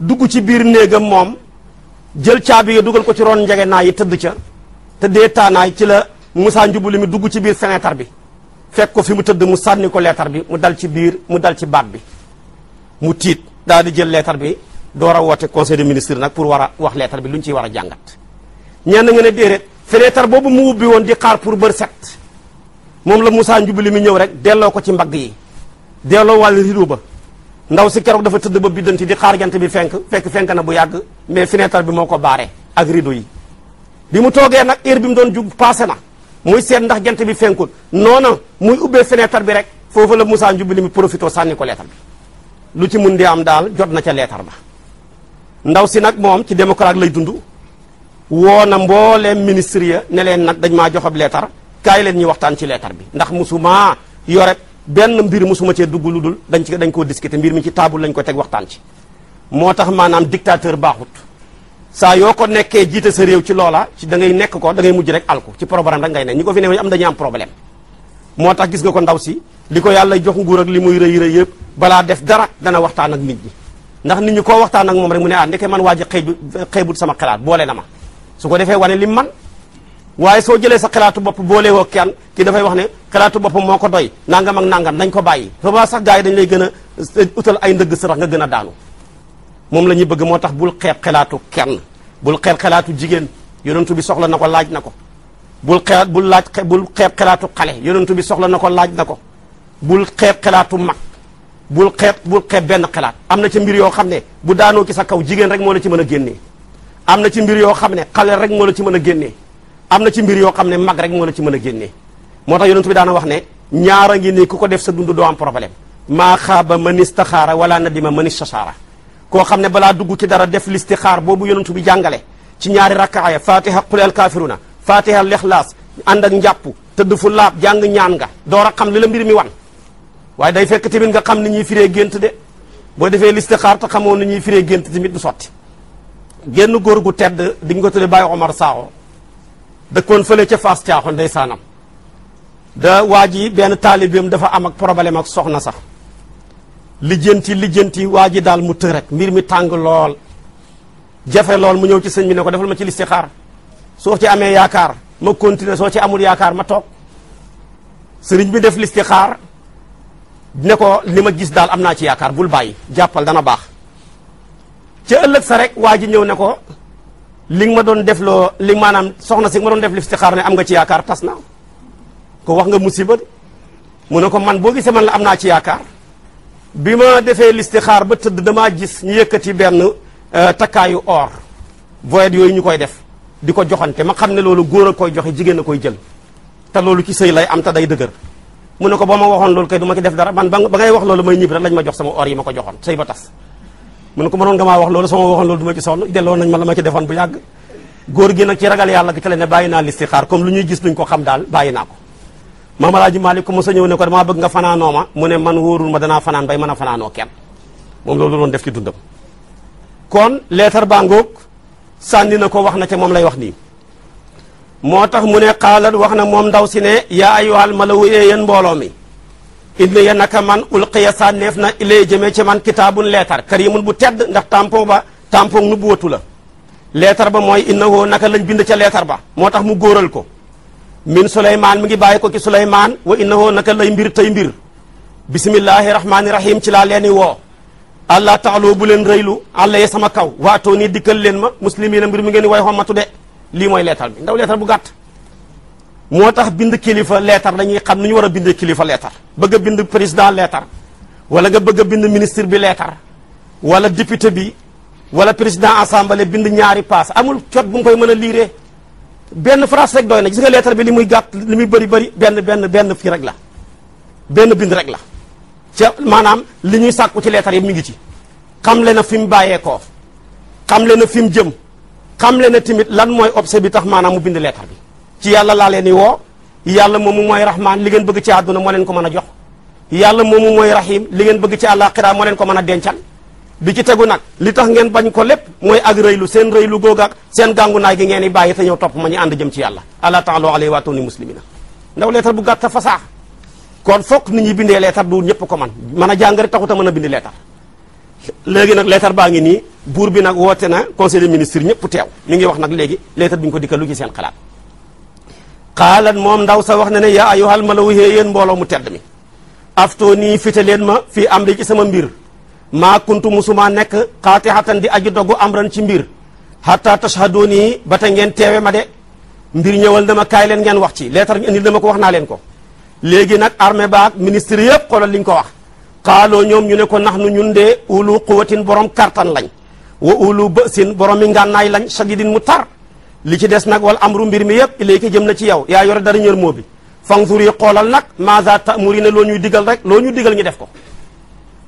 dugg ci biir néegam moom jël caabi yi dugal ko ci ron njege naa yi tëdd ca tëddee taanaay ci la Moussa Ndioubb li mi dugg ci biir fenêtre bi fekk ko fi mu tëdd mu sànni ko leetar bi mu dal ci biir mu dal ci baat bi mu tiit daal di jël leetar bi door a woote conseil des ministres nag pour war a wax leetar bi lu ñu ciy war a jàngat. ñenn nga ne déedéet fenêtre boobu mu ubbi woon di xaar pour bër set moom la Moussa Njubali mi ñëw rek delloo ko ci mbagg yi delloo wàll rideau ba ndaw si keroog dafa tëdd ba biddanti di xaar jant bi fenk fekk fenk na bu yàgg mais fenêtre bi moo ko baare ak rideau yi bi mu toogee nag heure bi mu doon jug passé na. muy seet ndax jant bi fenkul noona muy ubbee fenêtre bi rek foofu la Moussa Njubli mi profité sànni ko leetar bi lu ci mun dee am daal jot na ca leetar ba ndaw si nag moom ci démocrate lay dund woo na mbooleem ministre ya ne leen nag dañ maa joxab leetar kaay leen ñu waxtaan ci leetar bi ndax musuma yore benn mbir musuma cee dugg lu dul dañ ci dañ koo discuter mbir mi ci taabul lañ ko teg waxtaan ci moo tax maanaam dictateur baaxut saa yoo ko nekkee jiite sa réew ci loola ci da ngay nekk ko da mujj rek alku ci programme rek ngay ne ñi ko fi ne am dañu moo tax gis nga ko ndaw si li ko yàlla jox nguur li muy rëy rëy yëpp balaa def dara dana waxtaan ak nit ñi ndax nit ñi koo waxtaan ak moom rek mu ne ah man waa ji xëy xëybut sama xalaat boole na su ko defee wane lim man waaye soo jëlee sa xalaatu bopp boole woo kenn ki dafay wax ne xalaatu bopp moo ko doy nangam ak nangam nañ ko bàyyi fa ba sax gaa yi dañ lay gën a utal ay ndëgg rax nga gën a daanu moom la ñuy bëgg moo tax bul xeeb xelaatu kenn bul xeeb xelaatu jigéen yonentu bi soxla na ko laaj na ko bul xeeb bul laaj bul xeeb xelaatu xale yonentu bi soxla na ko laaj na ko bul xeeb xelaatu mag bul xeeb bul xeeb benn xelaat am na ci mbir yoo xam ne bu daanoo ci sa kaw jigéen rek moo la ci mën a génnee am na ci mbir yoo xam ne xale rek moo la ci mën a génnee am na ci mbir yoo xam ne mag rek moo la ci mën a génnee moo tax yonentu bi daana wax ne ñaara ngi nii ku ko def sa dund doo am problème maa xaaba man istaxaara wala nadima man istasaara koo xam ne balaa dugg ci dara def listixaar boobu yonentu bu jàngale ci ñaari rakkaaya fatiha qul al na fatiha al ixlaas ànd ak njàpp tëdd fu laab jàng ñaan nga door a xam li mbir mi wan waaye day fekk tamit nga xam ni ñuy fire gént de boo defee listixaar te xamoon ni ñuy firee gént tamit du sotti genn góor gu tedd di nga ko tudde Baye Omar Sakho dëkkoon fële ca Fass Thiaxo ndeysaanam da waa ji benn taalibeem dafa am ak problème ak soxna sax lijjanti lijjanti waa ji daal mu të mbir mi tàng lool jafe lool mu ñëw ci sëñ bi ne ko defal ma ci listixaar soo ci amee yaakaar ma continuer soo ci amul yaakaar ma toog sëriñ bi def listixaar ne ko li ma gis daal am naa ci yaakaar bul bàyyi jàppal dana baax ca ëllëg sa rek waa ji ñëw ne ko li nga ma doon def loo li maanaam soxna si ma doon def listixaar ne am nga ci yaakaar tas na ko wax nga musiba mu ne ko man boo gisee man la am naa ci yaakaar bi ma defee listixaar ba tëdd damaa gis ñu yëkkati benn euh, takkaayu or voyet yooyu ñu koy def di ko joxante ma xam ne loolu góor a koy joxe jigéen a koy jël te loolu ci sëy lay am te day dëgër mu ne ko boo ma waxoon loolu kay du ma ci def dara man ba ngay wax loolu may ñibbi rek lañ ma jox sama or yi ma ko joxoon sëy ba tas mu ne ko mënoon nga maa wax loolu sama waxoon loolu du ma ci sonn delloo nañ ma la ma ci defoon bu yàgg góor gi nag ci lu ñuy gis luñ ko xam daal bàyyi naa maam alaaji Maalik ku mos a ñëw ne ko damaa bëgg nga fanaanoo ma mu ne man wóorul ma danaa fanaan bay mën a fanaanoo kenn moom loolu doon def ci dundam kon leetar baa ngoog sànni na ko wax na ca moom lay wax nii moo tax mu ne xaalat wax na moom ndaw si ne yaa ayyuhal malawu ee yéen mbooloo mi ya naka man ulqiya sànneef na ilay jëmee ci man kitaabun leetar karimun bu tedd ndax tampon ba tampon nu bu watu la leetar ba mooy innahu naka lañ bind ca leetar ba moo tax mu góoral ko min suleymaan mi ngi bàyyi ko ci suleymaan wa innahu naka lay mbir tey mbir bisimillahi rahmaani rahim ci laa leeni woo allah taaloo bu leen rëylu àlla ye sama kaw waatoo nii dikkal leen ma muslimiina mbir mi ngeen di way xommatu de lii mooy leetar bi ndaw leetar bu gàtt moo tax bind kilifa leetar dañuy xam nu ñu war a bind kilifa leetar bëgg a bind président leetar wala nga bëgg bind ministre bi leetar wala député bi wala président assemblée bind ñaari paas amul cot bu nga koy mën a liiree benn phrase rek doy na gis nga lettre bi li muy gàtt li muy bëri bëri benn benn benn fii rek la benn bind rek la ci maanaam li ñuy sàkku ci lettre yi mi ngi ci xam le na fi mu bàyyeekoo xam le na fi mu jëm xam le na tamit lan mooy objet bi tax maanaam mu bind lettre bi ci yàlla laa leen di woo yàlla mu mooy rahmaan li ngeen bëgg ci àdduna moo leen ko mën a jox yàlla mu mooy rahim li ngeen bëgg ci àllaaxira moo leen ko mën a dencal bi ci tegu nag li tax ngeen bañ ko lépp mooy ak rëylu seen rëylu googu ak seen gàngu naay gi ngeen di bàyyi te ñëw topp ma ñu ànd jëm ci yàlla ala taala alayhi wa tuni muslimina ndaw leetar bu gàtt fasaa kon fokk nit ñi bindee leetar du ñëpp ko man mën a jàng rek taxut a mën a bind nag leetar baa ngi nii buur bi nag woote na conseil des ministres ñëpp teew mi ngi wax nag léegi leetar bi ñu ko dikkal lu ci seen xalaat xaalat moom ndaw sa wax na ne yaa ayyuhal malawu yéen mbooloo mu tedd mi aftoo nii fite leen ma fii am ci sama mbir maa kuntu musuma nekk xaatixatan di aji dogu amran ci mbir hatta tashhaduuni ba te ngeen teewe ma de mbir ñëwal dama kaay leen ngeen wax ci leetar ñu indil dama ko wax naa leen ko léegi nag armée baa ministre yëpp xoolal li ñu ko wax xaaloo ñoom ñu ne ko nax nu ñun de ulu quwatin borom kartan lañ wa ulu bësin borom mi ngànnaay lañ shadidin mu tar li ci des nag wal amru mbir mi yëpp léegi jëm na ci yow yaa yore dara ñër moo bi fanzur yi xoolal nag maza ta'murina loo ñuy digal rek loo ñuy digal ñu def ko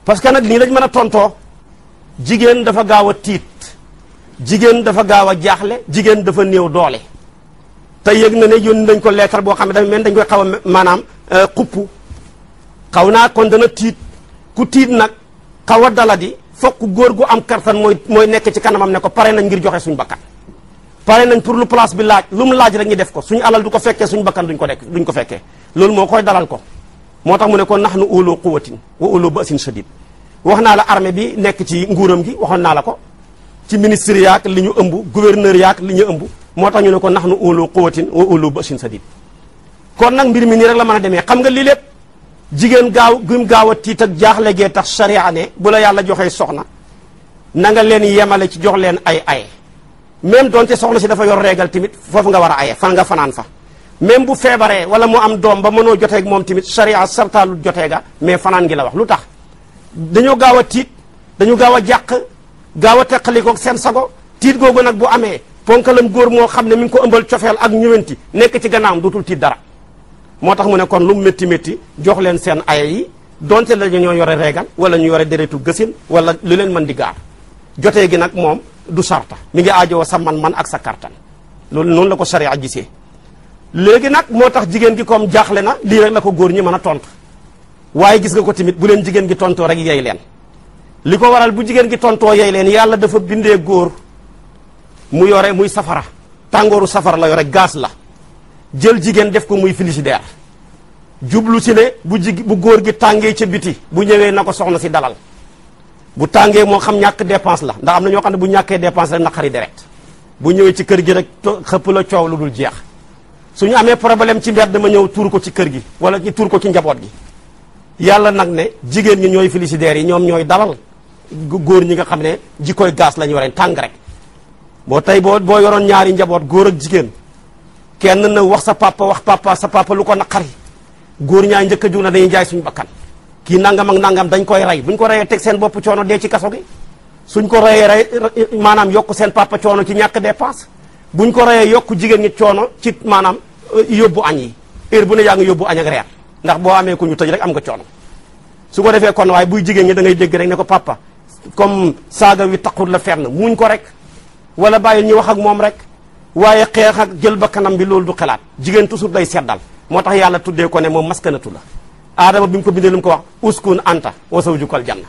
parce que nag lii lañ mën a tontoo jigéen dafa gaaw a tiit jigéen dafa gaaw a jaaxle jigéen dafa néew doole te yëg na ne yónni nañ ko leetar boo xam ne dañ mel dañ koy xaw a maanaam euh, xuppu xaw naa kon dana tiit ku tiit nag xaw a di fokk góor gu am kartan mooy mooy nekk ci kanamam ne ko pare nañ ngir joxe suñ bakkan pare nañ pour lu place bi laaj lu laaj rek ñu def ko suñu alal du ko fekkee suñ bakkan duñ ko dekk duñ ko fekkee loolu moo koy dalal ko moo tax mu ne kon nax nu uloo quwatin wa uloo basin shadid wax naa la armée bi nekk ci nguuram gi waxoon naa la ko ci ministre yaak li ñu ëmbu gouverneur yaak li ñu ëmbu moo tax ñu ne ko nax nu uloo quwatin wa uloo basin shadid kon nag mbir mi nii rek la mën a demee xam nga lii lépp jigéen gaaw gum gaaw a tiit jaaxle gee tax sariya ne bu la yàlla joxee soxna na nga leen yemale ci jox leen ay aye même donte soxna si dafa yor régal tamit foofu nga war a aye fan nga fanaan fa même bu feebaree wala mu am doom ba mënoo joteeg moom tamit sharia sartaalu jotee ga mais fanaan ngi la wax lu tax dañoo gaaw a tiit dañu gaaw a jàq gaaw a teqalikoog seen sago tiit googu nag bu amee ponkalam góor moo xam ne mi ngi ko ëmbal cofeel ak ñëwanti nekk ci gannaam dootul tiit dara moo tax mu ne kon lu mu métti métti jox leen seen aya yi donte la ñoo yore reegal wala ñu yore deretu gësin wala lu leen mën di gaar jotee gi nag moom du sarta mi ngi aajowoo sa man-man ak sa kartan loolu noonu la ko sharia gisee léegi nag moo tax jigéen gi comme jaaxle na lii rek la ko góor ñi mën a tontu waaye gis nga ko tamit bu leen jigéen gi tontoo rek yey leen li ko waral bu jigéen gi tontoo yay leen yàlla dafa bindee góor mu yore muy safara tàngooru safara la yore gaas la jël jigéen def ko muy frigidaire jublu si ne bu ji bu góor gi tàngee ci biti bu ñëwee na ko soxna si dalal bu tàngee moo xam ñàkk dépense la ndax am na ñoo xam ne bu ñàkkee dépense rek naqari deret bu ñëwee ci kër gi rek xëpp la jeex suñu amee problème ci mbedd dama ñëw tuur ko ci kër gi wala ñi tuur ko ci njaboot gi yàlla nag ne jigéen ñi ñooy félicitaires yi ñoom ñooy dalal góor ñi nga xam ne jikkoy gaas la ñu wareen tàng rek boo tey boo boo yoroon ñaari njaboot góor ak jigéen kenn na wax sa papa wax papa sa papa lu ko naqari góor ñaay njëkk a jug na dañuy jaay suñu bakkan kii nangam ak nangam dañ koy rey buñ ko reyee teg seen bopp coono dee ci kaso gi suñ ko reyee rey maanaam yokk seen papa coono ci ñàkk dépense buñ ko reyee yokk jigéen ñi coono ci maanaam yóbbu añ yi heure bu ne yaa ngi yóbbu añ ak reer ndax boo amee ku ñu tëj rek am nga coono su ko defee kon waaye buy jigéen ñi da ngay dégg rek ne ko papa comme saaga wi taqul la fenn muñ ko rek wala bàyyi ñu wax ak moom rek waaye xeex ak jël ba kanam bi loolu du xalaat jigéen toujours day seddal moo tax yàlla tuddee ko ne moom maskanatu la aadama bi mu ko bindee ko wax uskun anta wa zawjukal janna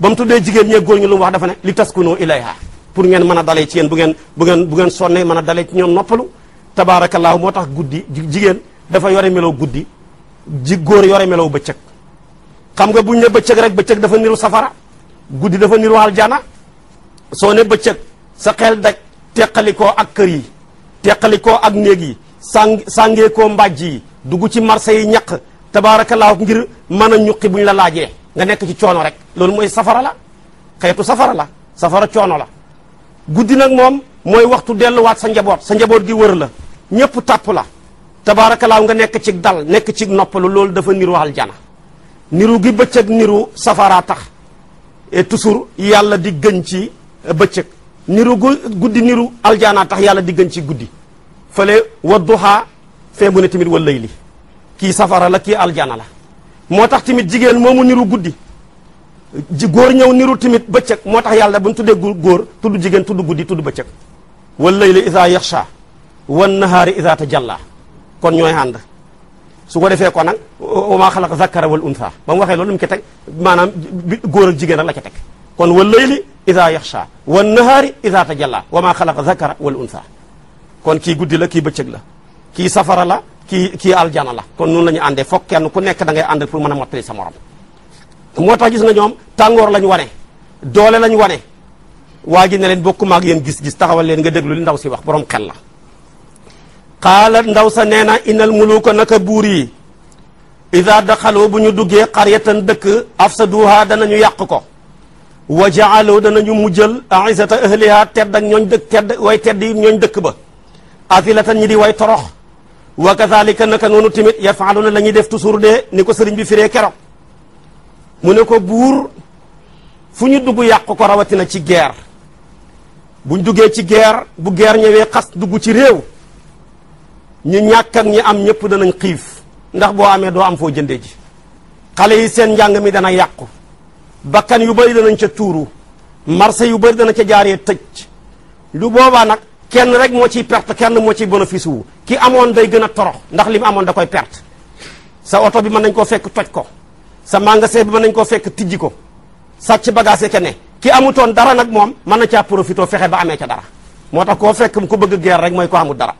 ba mu tuddee jigéen ñee góor ñi lu wax dafa ne li taskunoo ilayha pour ngeen mën a dalee ci bu ngeen bu ngeen bu ngeen mën a dalee ci tabaarakallaahu moo tax guddi jigéen dafa yore melo guddi ji góor yore melo bëccëg xam nga buñ ne bëccëg rek bëccëg dafa niru safara guddi dafa niru aljana soo ne bëccëg sa xel daj teqalikoo ak kër yi teqalikoo ak néeg yi sàng sàngeekoo mbàjj yi dugg ci marché yi ñaq tabaarakallaahu ngir mën a ñuqi ñu la laajee nga nekk ci coono rek loolu mooy safara la xeetu safara la safara coono la guddi nag moom mooy waxtu delluwaat sa njaboot sa njaboot gi wër la ñëpp tàpp la tabaarakallaa nga nekk ci dal nekk cig noppalu loolu dafa niru aljana niru gi bëccëg niru safara tax et toujours yàlla di gën ci bëccëg niru guddi niru aljana tax yàlla di gën ci guddi fële wa duhaa fee mu ne tamit wa layli kii safara la kii aljana la moo tax tamit jigéen moomu niru guddi ji góor ñëw niru tamit bëccëg moo tax yàlla bu ñu tuddee góor tudd jigéen tudd guddi tudd bëccëg wa layli iza yaxsha wan nahaari idaa tajalla kon ñooy ànd su ko defee kon nag wa maa xalaqa zakara wal unsa ba mu waxee loolu lu mu ca teg maanaam góor ak jigéen rek la ca teg kon wal layli idaa yaxsha wan nahaari idaa tajalla wa maa xalaqa zakara wal unsa kon kii guddi la kii bëccëg la kii safara la kii kii aljana la kon noonu lañu ñu àndee foog kenn ku nekk da ngay àndal pour mën a mottali sa morom moo tax gis nga ñoom tàngoor lañ wane doole lañu wane waa ji ne leen bokkuma ak yéen gis-gis taxawal leen nga déglu li ndaw si wax borom xel la xaalat ndaw sa nee na inal muluuka naka buur yi ida daxaloo bu ñu duggee xaryatan dëkk af sa afsaduha danañu yàq ko wa dana ñu mujjal aisata ahliha tedd ak ñooñ dëkk tedd way tedd yi ñooñ dëkk ba azilatan ñi di way torox wa kazalika naka noonu tamit yafaaluna la ñuy def toujours de ni ko sëriñ bi firee keroog mu ne ko buur fu ñu dugg yàq ko rawatina ci guerre buñ duggee ci guerre bu guerre ñëwee xas dugg ci réew ñu ñàkk ak ñi am ñëpp danañ xiif ndax boo amee doo am foo jëndee ji xale yi seen njàng mi dana yàqu bakkan yu bëri danañ ca tuuru marché yu bëri dana ca jaaree tëj lu boobaa nag kenn rek moo ciy perte kenn moo ciy bénéfice wu ki amoon day gën a torox ndax li mu amoon da koy perte sa oto bi mën nañ koo fekk toj ko sa magasin bi mën nañ koo fekk tijji ko sàcc bagage ke ne ki amutoon dara nag moom mën na caa profité fexe ba amee ca dara moo tax koo fekk ku bëgg guerre rek mooy ko amul dara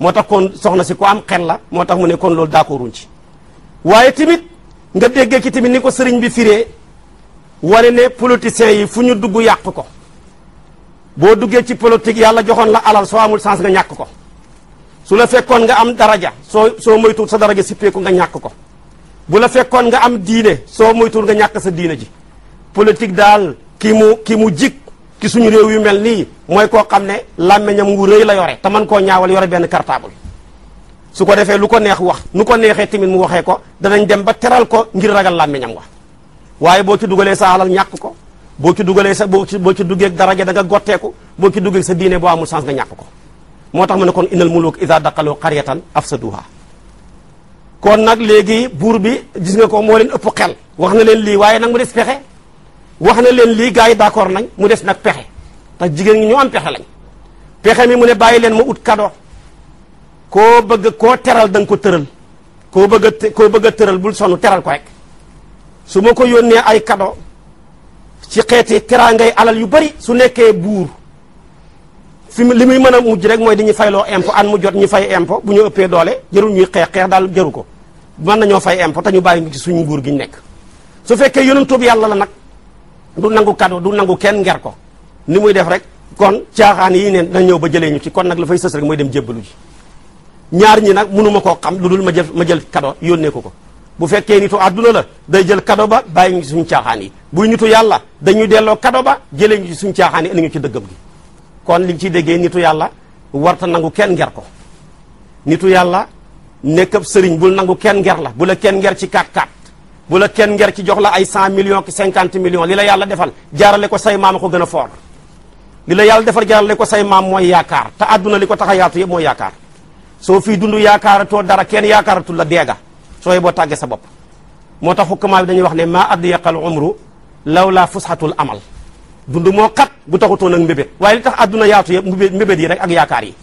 moo tax kon soxna si ku am xel la moo tax mu ne kon loolu d'accorduñ ci waaye tamit nga déggee ci tamit ni ko sëriñ bi firee wane ne politiciens yi fu ñu dugg yàq ko boo duggee ci politique yàlla joxoon la alal soo amul sens nga ñàkk ko su la fekkoon nga am daraja soo soo moytuwul sa daraja sippeeku nga ñàkk ko bu la fekkoon nga am diine soo moytuwul nga ñàkk sa diine ji politique daal ki mu ki mu jik ci suñu réew yu mel nii mooy koo xam ne làmmeñam wu rëy la yore te man koo ñaawal yore benn cartable su ko defee lu ko neex wax nu ko neexee tamit mu waxee ko danañ dem ba teral ko ngir ragal làmmeñam wax waaye boo ci dugalee sa alal ñàkk ko boo ci dugalee sa boo ci boo ci duggee daraja da nga gotteeku boo ci duggee sa diine boo amul chance nga ñàkk ko moo tax mu ne kon innal muluk ida daqaloo qaryatan afsaduha kon nag léegi buur bi gis nga ko moo leen ëpp xel wax na waaye nag mu des pexe wax na leen lii gars yi d'accord nañ mu des nag pexe te jigéen ñi ñoo am pexe lañ pexe mi mu ne bàyyi leen ma ut kado koo bëgg koo teral da nga ko tëral koo bëgg a koo bëgg a tëral bul sonu teral ko rek su ma ko yónnee ay kado ci xeeti teraangay alal yu bari su nekkee buur fi li muy mën a mujj rek mooy dañuy fayloo impôt an mu jot ñu fay impôt bu ñu ëppee doole jarul ñuy xeex xeex daal jaru ko na ñoo fay impôt te ñu bàyyi ci suñu nguur gi ñu nekk su fekkee yonentub yàlla la nag du nangu cadeau du nangu kenn nger ko ni muy def rek kon caaxaan yi neen dina ñëw ba jëlee ñu ci kon nag la fay sës rek mooy dem jébbalu ji ñaar ñi nag mënuma koo xam lu dul ma jël ma jël cadeau yónnee ko ko bu fekkee nitu àdduna la day jël kado ba bàyyi ñu ci suñu caaxaan yi buy nitu yàlla dañuy delloo kado ba jële ñu ci suñu caaxaan yi indi ñu ci dëggam gi kon li ciy déggee nitu yàlla warta nangu kenn nger ko nitu yàlla nekkab sëriñ bul nangu kenn nger la bu la kenn nger ci kaat kaat bu la kenn nger ci jox la ay cent million ki cinquante millions li la yàlla defal jaarale ko say maam ko gën a foor li la yàlla defal jaarale ko say maam mooy yaakaar te àdduna li ko tax a yaatu yëpp mooy yaakaar soo fii dund yaakaaratoo dara kenn yaakaaratul la deega sooy boo tàggee sa bopp moo tax xukkamaa bi dañuy wax ne maa adyaqal umru law laa fusxatul amal dund moo kat bu taxutoon nag mbébét waaye li tax àdduna yaatu yëpp mbébét yi rek ak yaakaar yi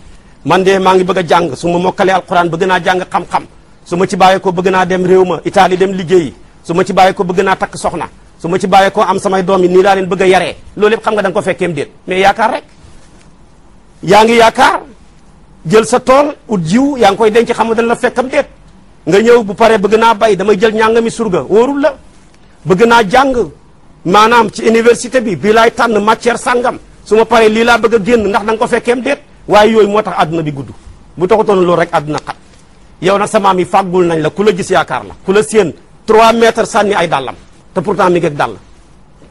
man de maa ngi bëgg jàng su ma mokkalee alquran bëgg naa jàng xam-xam su ma ci bàyyee ko bëgg naa dem réew ma Italie dem liggéeyi su ma ci bàyyee ko bëgg naa takk soxna su ma ci bàyyee ko am samay doom yi nii bëgg a yaree loolu yëpp ko fekkeem déet mais yaakaar rek yaa ngi yaakaar jël sa tool ut jiw yaa ngi koy denc xam nga dañ la fekkam déet nga ñëw bu paree bëgg naa bay damay jël ñàngami surga wóorul la bëgg naa jàng maanaam ci université bi bii laay tànn matière sangam su ma paree lii laa bëgg a génn ndax da ko fekkeem déet waaye yooyu moo tax àdduna bi gudd bu taxutoon loolu rek àdduna xat yow nag sa maam yi nañ la ku la gis yaakaar la ku la séen 3 mètres sànni ay dàllam te pourtant mi ngi dàll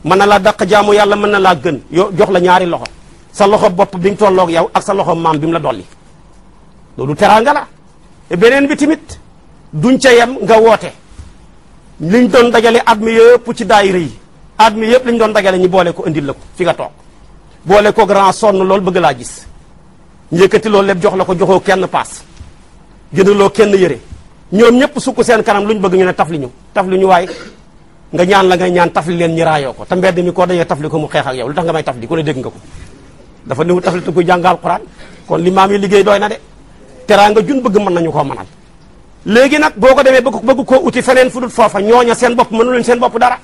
mën na laa dàq jaamu yàlla mën na laa gën yo jox la ñaari loxo sa loxo bopp bi mu tolloog yow ak sa loxo maam bi mu la dolli loolu teraanga la beneen bi tamit duñ ca yem nga woote liñ doon dajale at mi yëpp ci daayira yi at mi yëpp liñ doon dajale ñu boole ko indil la ko fi nga toog boole ko grand sonn lool bëgg laa gis njëkkati loolu lépp jox la ko joxoo kenn paas loo kenn yére ñoom ñëpp sukk seen kanam luñ bëgg ñu ne tafli ñu tafli ñu waaye nga ñaan la ngay ñaan tafli leen ñi raayoo ko te mbedd mi koo dañee tafli ko mu xeex ak yow lu tax nga may tafli ku ne dégg nga ko dafa néew tafli ko jàngal Alxuraan kon li maam yi liggéey doy na de teraanga jun bëgg mën nañu koo mënal léegi nag boo ko demee bëgg koo uti feneen fu dul foofa ñooña seen bopp mënu luñ seen bopp dara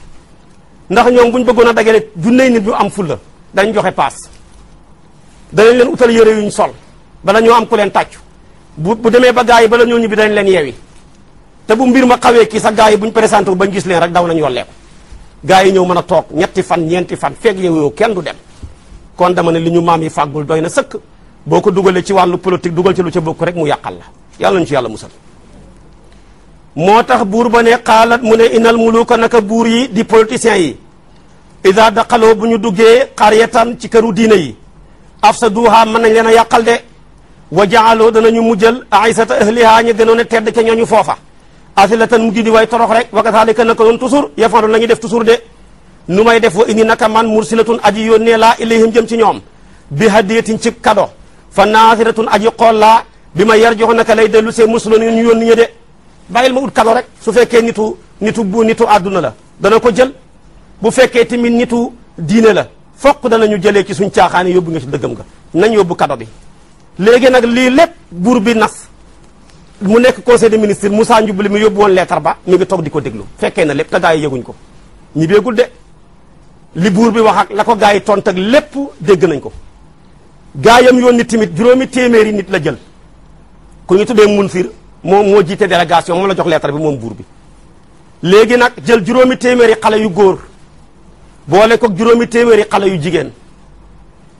ndax ñoom buñ bëggoon a dagale junney nit ñu am fulla dañ joxe paas danañ leen utal yére ñu sol bala ñoo am ku leen tàccu bu demee ba gars yi bala ñoo ñibbi dañ leen yeewi te bu mbir ma xawee kii sax gaa yi buñ présenté bañ gis leen rek daw nañ yolleeku gars yi ñëw mën a toog ñetti fan ñeenti fan feeg yow kenn du dem kon dama ne li ñu maam yi fàggul doy na sëkk boo ko dugalee ci wàllu politique dugal ci lu ca bokk rek mu yàqal la yàlla ñu ci yàlla musal moo tax buur ba ne xaalat mu ne inal muluka naka buur yi di politiciens yi ida daqaloo bu ñu duggee xaar xaryatan ci këru diina yi afsaduha mën nañ leen a yàqal de wa jaaloo danañu mujjal aisata ahliha ña gënoon a tedd ca ñooñu foofa asilatan mujj di way torox rek wa kadhalika naka doon toujours yafalu la ñuy def toujours de nu may def wa indi naka man mursilatun aji yónnee laa ilayhim jëm ci ñoom bi hadiyatin ci kado fa naasiratun aji xool laa bi ma yar jox naka lay dellu see musulun ñu yónni ña de bàyyil ma ut kado rek su fekkee nitu nitu bu nitu adduna la dana ko jël bu fekkee tamit nitu diine la fokk ñu jëlee ci suñ caaxaani yóbbu nga ci dëggam nga nañ yóbbu kado bi léegi nag lii lépp bi nas mu nekk conseil des ministres Moussa Ndioubli mi yóbbu woon leetar ba mi ngi toog di ko déglu fekkee na lépp te gaa yëguñ ko ñi beegul de li buur bi wax ak la ko gaa yi tont ak lépp dégg nañ ko gaayam yónni tamit juróomi téeméeri nit la jël ku ñu tuddee Munfir moom moo jiite délégation moom la jox leetar bi moom buur bi léegi nag jël juróomi téeméeri xale yu góor boole ko juróomi téeméeri xale yu jigéen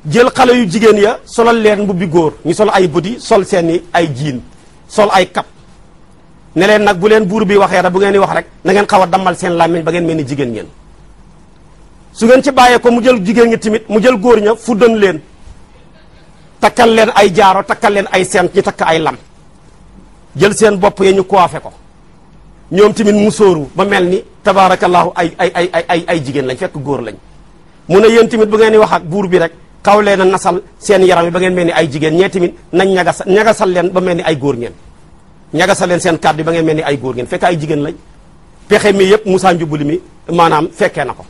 jël xale yu jigéen ya solal leen mbubbi góor ñu sol ay budi sol seeni ay jiin sol ay kap ne leen nag bu leen buur bi waxee rek bu ngeen di wax rek na ngeen xaw a dammal seen làmmiñ ba ngeen mel ni jigéen ngeen su ngeen ci bàyyee ko mu jël jigéen ñi tamit mu jël góor ña fuddan leen takkal leen ay jaaro takkal leen ay seen ñu takk ay lam jël seen bopp yi ñu ko coiffé ko ñoom tamit musóoru ba mel ni tabaarakallaahu ay ay ay ay ay jigéen lañ fekk góor lañ mu ne yéen tamit bu ngeen di wax ak buur bi rek xaw leen a nasal seen yaram yi ba ngeen mel ni ay jigéen ñee tamit nañ ñagasal ñagasal leen ba mel ni ay góor ngeen ñagasal leen seen kàddu yi ba ngeen mel ni ay góor ngeen fekk ay jigéen lañ pexe mi yëpp Moussa Njubuli mi maanaam fekkee na ko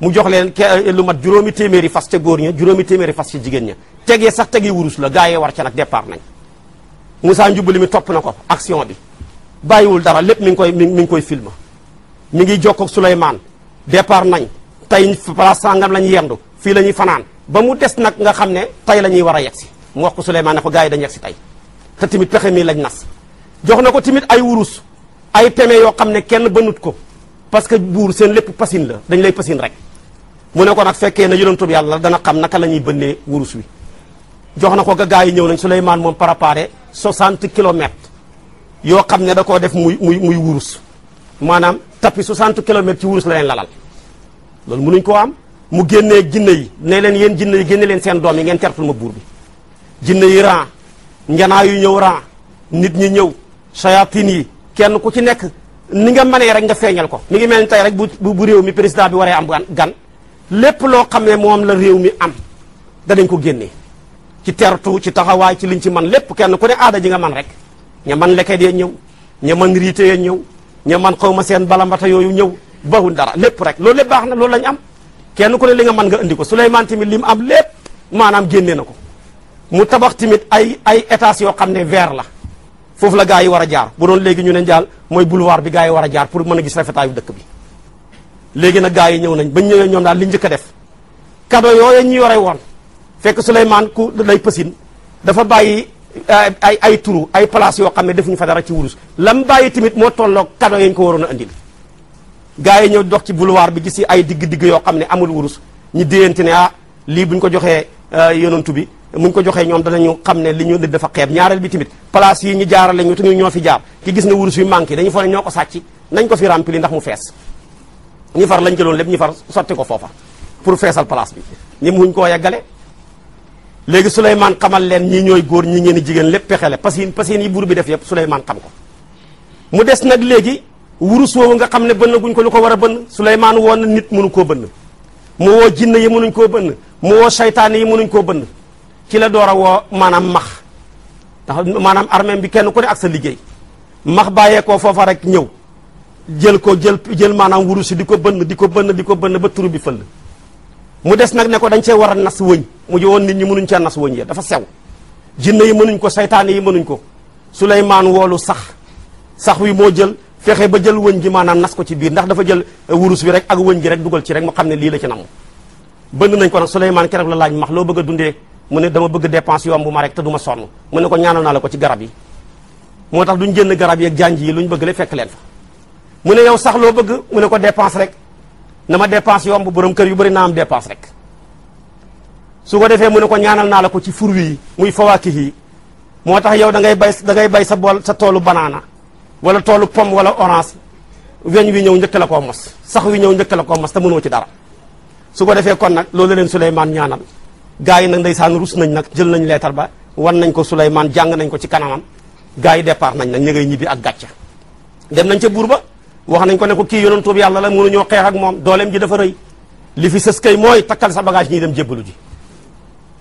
mu jox leen eh, lu mat juróomi téeméeri fas ca góor ña juróomi téeméeri fas ca jigéen ña tegee sax tegee wurus la gaa yee war ca nag départ nañ Moussa Njubuli mi topp na ko action bi bàyyiwul dara lépp mi ngi koy mi ngi koy filma mi ngi jokkoog Souleymane départ nañ tey place la ñu yendu fii la ñuy fanaan ba mu des nag nga xam ne tey la ñuy war a yegsi mu wax ko Souleymane ne ko gars yi dañu yegsi tey te tamit pexe mii lañ nas jox na ko tamit ay wurus ay teme yoo xam ne kenn bënut ko parce que buur seen lépp pasin la dañ lay pasin rek mu ne ko nag fekkee na yonentub yàlla dana xam naka la ñuy bënnee wurus wi jox na ko ga gars yi ñëw nañ Souleymane moom par préparé 60 kilomètres yoo xam ne da koo def muy muy muy wurus maanaam tapis 60 kilomètres ci wurus la lalal loolu mënuñ koo am mu génnee jinne yi ne leen yéen jinne génne leen seen doom yi ngeen tertul ma buur bi jinne yi ran yu ñëw ran nit ñi ñëw sayatin yi kenn ku ci nekk ni nga mënee rek nga feeñal ko mi ngi mel ni tey rek bu bu réew mi président bi waree am gan lépp loo xam ne moom la réew mi am danañ ko génnee ci tertu ci taxawaay ci liñ ci man lépp kenn ku ne aada ji nga man rek ña man leket ya ñëw ña man riite ya ñëw ña man xaw ma seen balambata yooyu ñëw bawul dara lépp rek loolu lépp baax na loolu lañ am kenn ku ne li nga man nga indi ko Souleymane tamit li mu am lépp maanaam génne na ko mu tabax tamit ay ay étages yoo xam ne vert la foofu la gaa yi war a jaar bu doon léegi ñu ne njaal mooy boulevard bi gaa yi war a jaar pour mën a gis rafetaayu dëkk bi léegi nag gaa yi ñëw nañ bañ ñëwee ñoom daal li njëkk def cadeau yooyu ñu yore woon fekk Souleymane ku lay pësin dafa bàyyi ay ay turu ay place yoo xam ne defuñu fa dara ci wurus lam bàyyi tamit moo tolloog cadeau yañ ko waroon a andil gars yi ñëw dox ci boulevard bi gis ay digg-digg yoo xam ne amul wurus ñu déyante ne ah lii bu ñu ko joxee euh, yonantu bi muñ ko joxee ñoom danañu xam ne li ñu def dafa xeeb ñaareel bi tamit place yi ñu jaarale ñu tuñu ñoo fi jaar ki gis na wurus yu manqué dañu foog ne ñoo ko sàcc nañ ko fi rempli ndax mu fees ñi far lañ jëloon lépp ñi far sotti ko foofa pour feesal place bi ñi muñ koo yeggale léegi Souleymane xamal leen ñi ñooy góor ñi ngeen di jigéen lépp pexele parce que parce que yi buur bi def yëpp Souleymane xam ko mu des nag léegi wurus woowu nga xam ne bënn guñ ko lu ko war a bënn Suleymaan woo na nit mënu koo bënn mu woo jinne yi mënuñ koo bënn mu woo saytaane yi mënuñ koo bënn ci la door a woo maanaam max ndax maanaam armée bi kenn ku ne ak sa liggéey max bàyyeekoo foofa rek ñëw jël ko jël jël maanaam wurus si di ko bënn di ko bënn di ko bënn ba turu bi fëll mu des nag ne ko dañ cee war a nas wëñ mu woon nit ñi mënuñ cee nas wëñ dafa sew jinne yi mënuñ ko saytaane yi mënuñ ko Suleymaan woolu sax sax wi moo jël fexe ba jël wëñ ji maanaam nas ko ci biir ndax dafa jël eh, wurus bi rek ak wëñ ji rek dugal ci rek mu xam ne lii la ci nam bënd nañ ko nag Souleymane keroog la laaj max loo bëgg dundee mu ne dama bëgg dépense yomb ma rek te du ma sonn mu ne ko ñaanal naa la ko ci garab yi moo tax duñ jënd garab yi ak yi luñ bëgg la fekk leen mu ne yow sax loo bëgg mu ne ko dépense rek na ma dépense yomb borom kër yu bëri naam am dépense rek su ko defee mu ne ko ñaanal naa la ko ci fur wi muy fawaakih yi moo tax yow da ngay bay da bay sa bool sa toolu banaana wala toolu pomme wala orange weñ wi ñëw njëkk la koo mos sax wi ñëw njëkk la koo mos te mënoo ci dara su defee kon nag loolu leen Souleymane ñaanal gars yi nag ndeysaan rus nañ nag jël nañ leetar ba wan nañ ko Souleymane jàng nañ ko ci kanamam gars yi départ nañ nag ña ngay ak gàcce dem nañ ca buur ba wax nañ ko ne ko kii yonentub yàlla la mënuñoo xeex ak moom dooleem ji dafa rëy li fi sës kay mooy takkal sa bagage ñuy dem jébbalu ji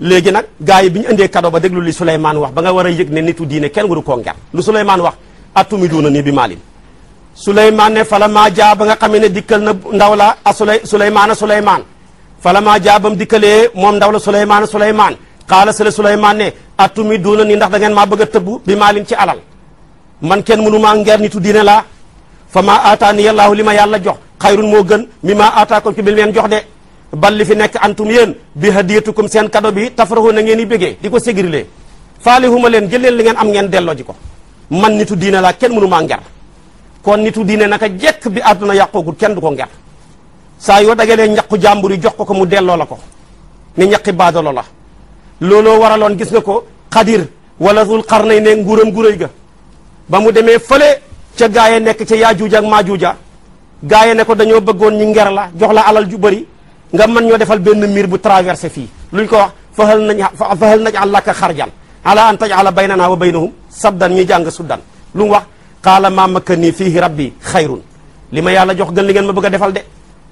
léegi nag gars bi ñu indee cadeau ba déglu li Souleymane wax ba nga war a yëg ne nitu diine kenn waru koo nger lu Souleymane atumiduuna nii bi maalin suleymaan ne fala maa jaa ba nga xamee ne dikkal na ndaw la a suley suleymaana suleymaan fala maa jaa bam dikkalee moom ndaw la suleymaana suleymaan xaala sale suleymaan ne atumiduuna nii ndax da ngeen maa bëgg a tëbb bi maalin ci alal man kenn mënu maa ngeer nitu diine laa fa maa aataani yallaahu li ma yàlla jox xayrun moo gën mi maa aataakum ci bi leen jox de bal li fi nekk antum yéen bi hadiyatukum seen kado bi tafarahu na ngeen i béggee di ko ségrilee faale huma leen jël leen li am ngeen delloo ji ko man nitu diine laa kenn mënu maa nger kon nitu nag naka jekk bi àdduna yàqoogul kenn du ko nger saa yoo dagalee ñaqu jàmbur yi jox ko ko mu delloo la ko ne ñaqi baadalo la looloo waraloon gis nga ko xadir wala zul xarnay ne nguuram gu rëy ga ba mu demee fële ca gaa ye nekk ca yaajuuja ak maajuuja gaa ye ne ko dañoo bëggoon ñu nger la jox la alal ju bëri nga mën ñoo defal benn miir bu traversé fii lu luñ ko wax fahal nañ fahal nañ àllaka xarjan ala an tajala baynana wa baynahum sabdan ñuy jàng suddan lu mu wax qaala ma makkani fiihi rabbi xayrun li ma yàlla jox gën li ngeen ma bëgg a defal de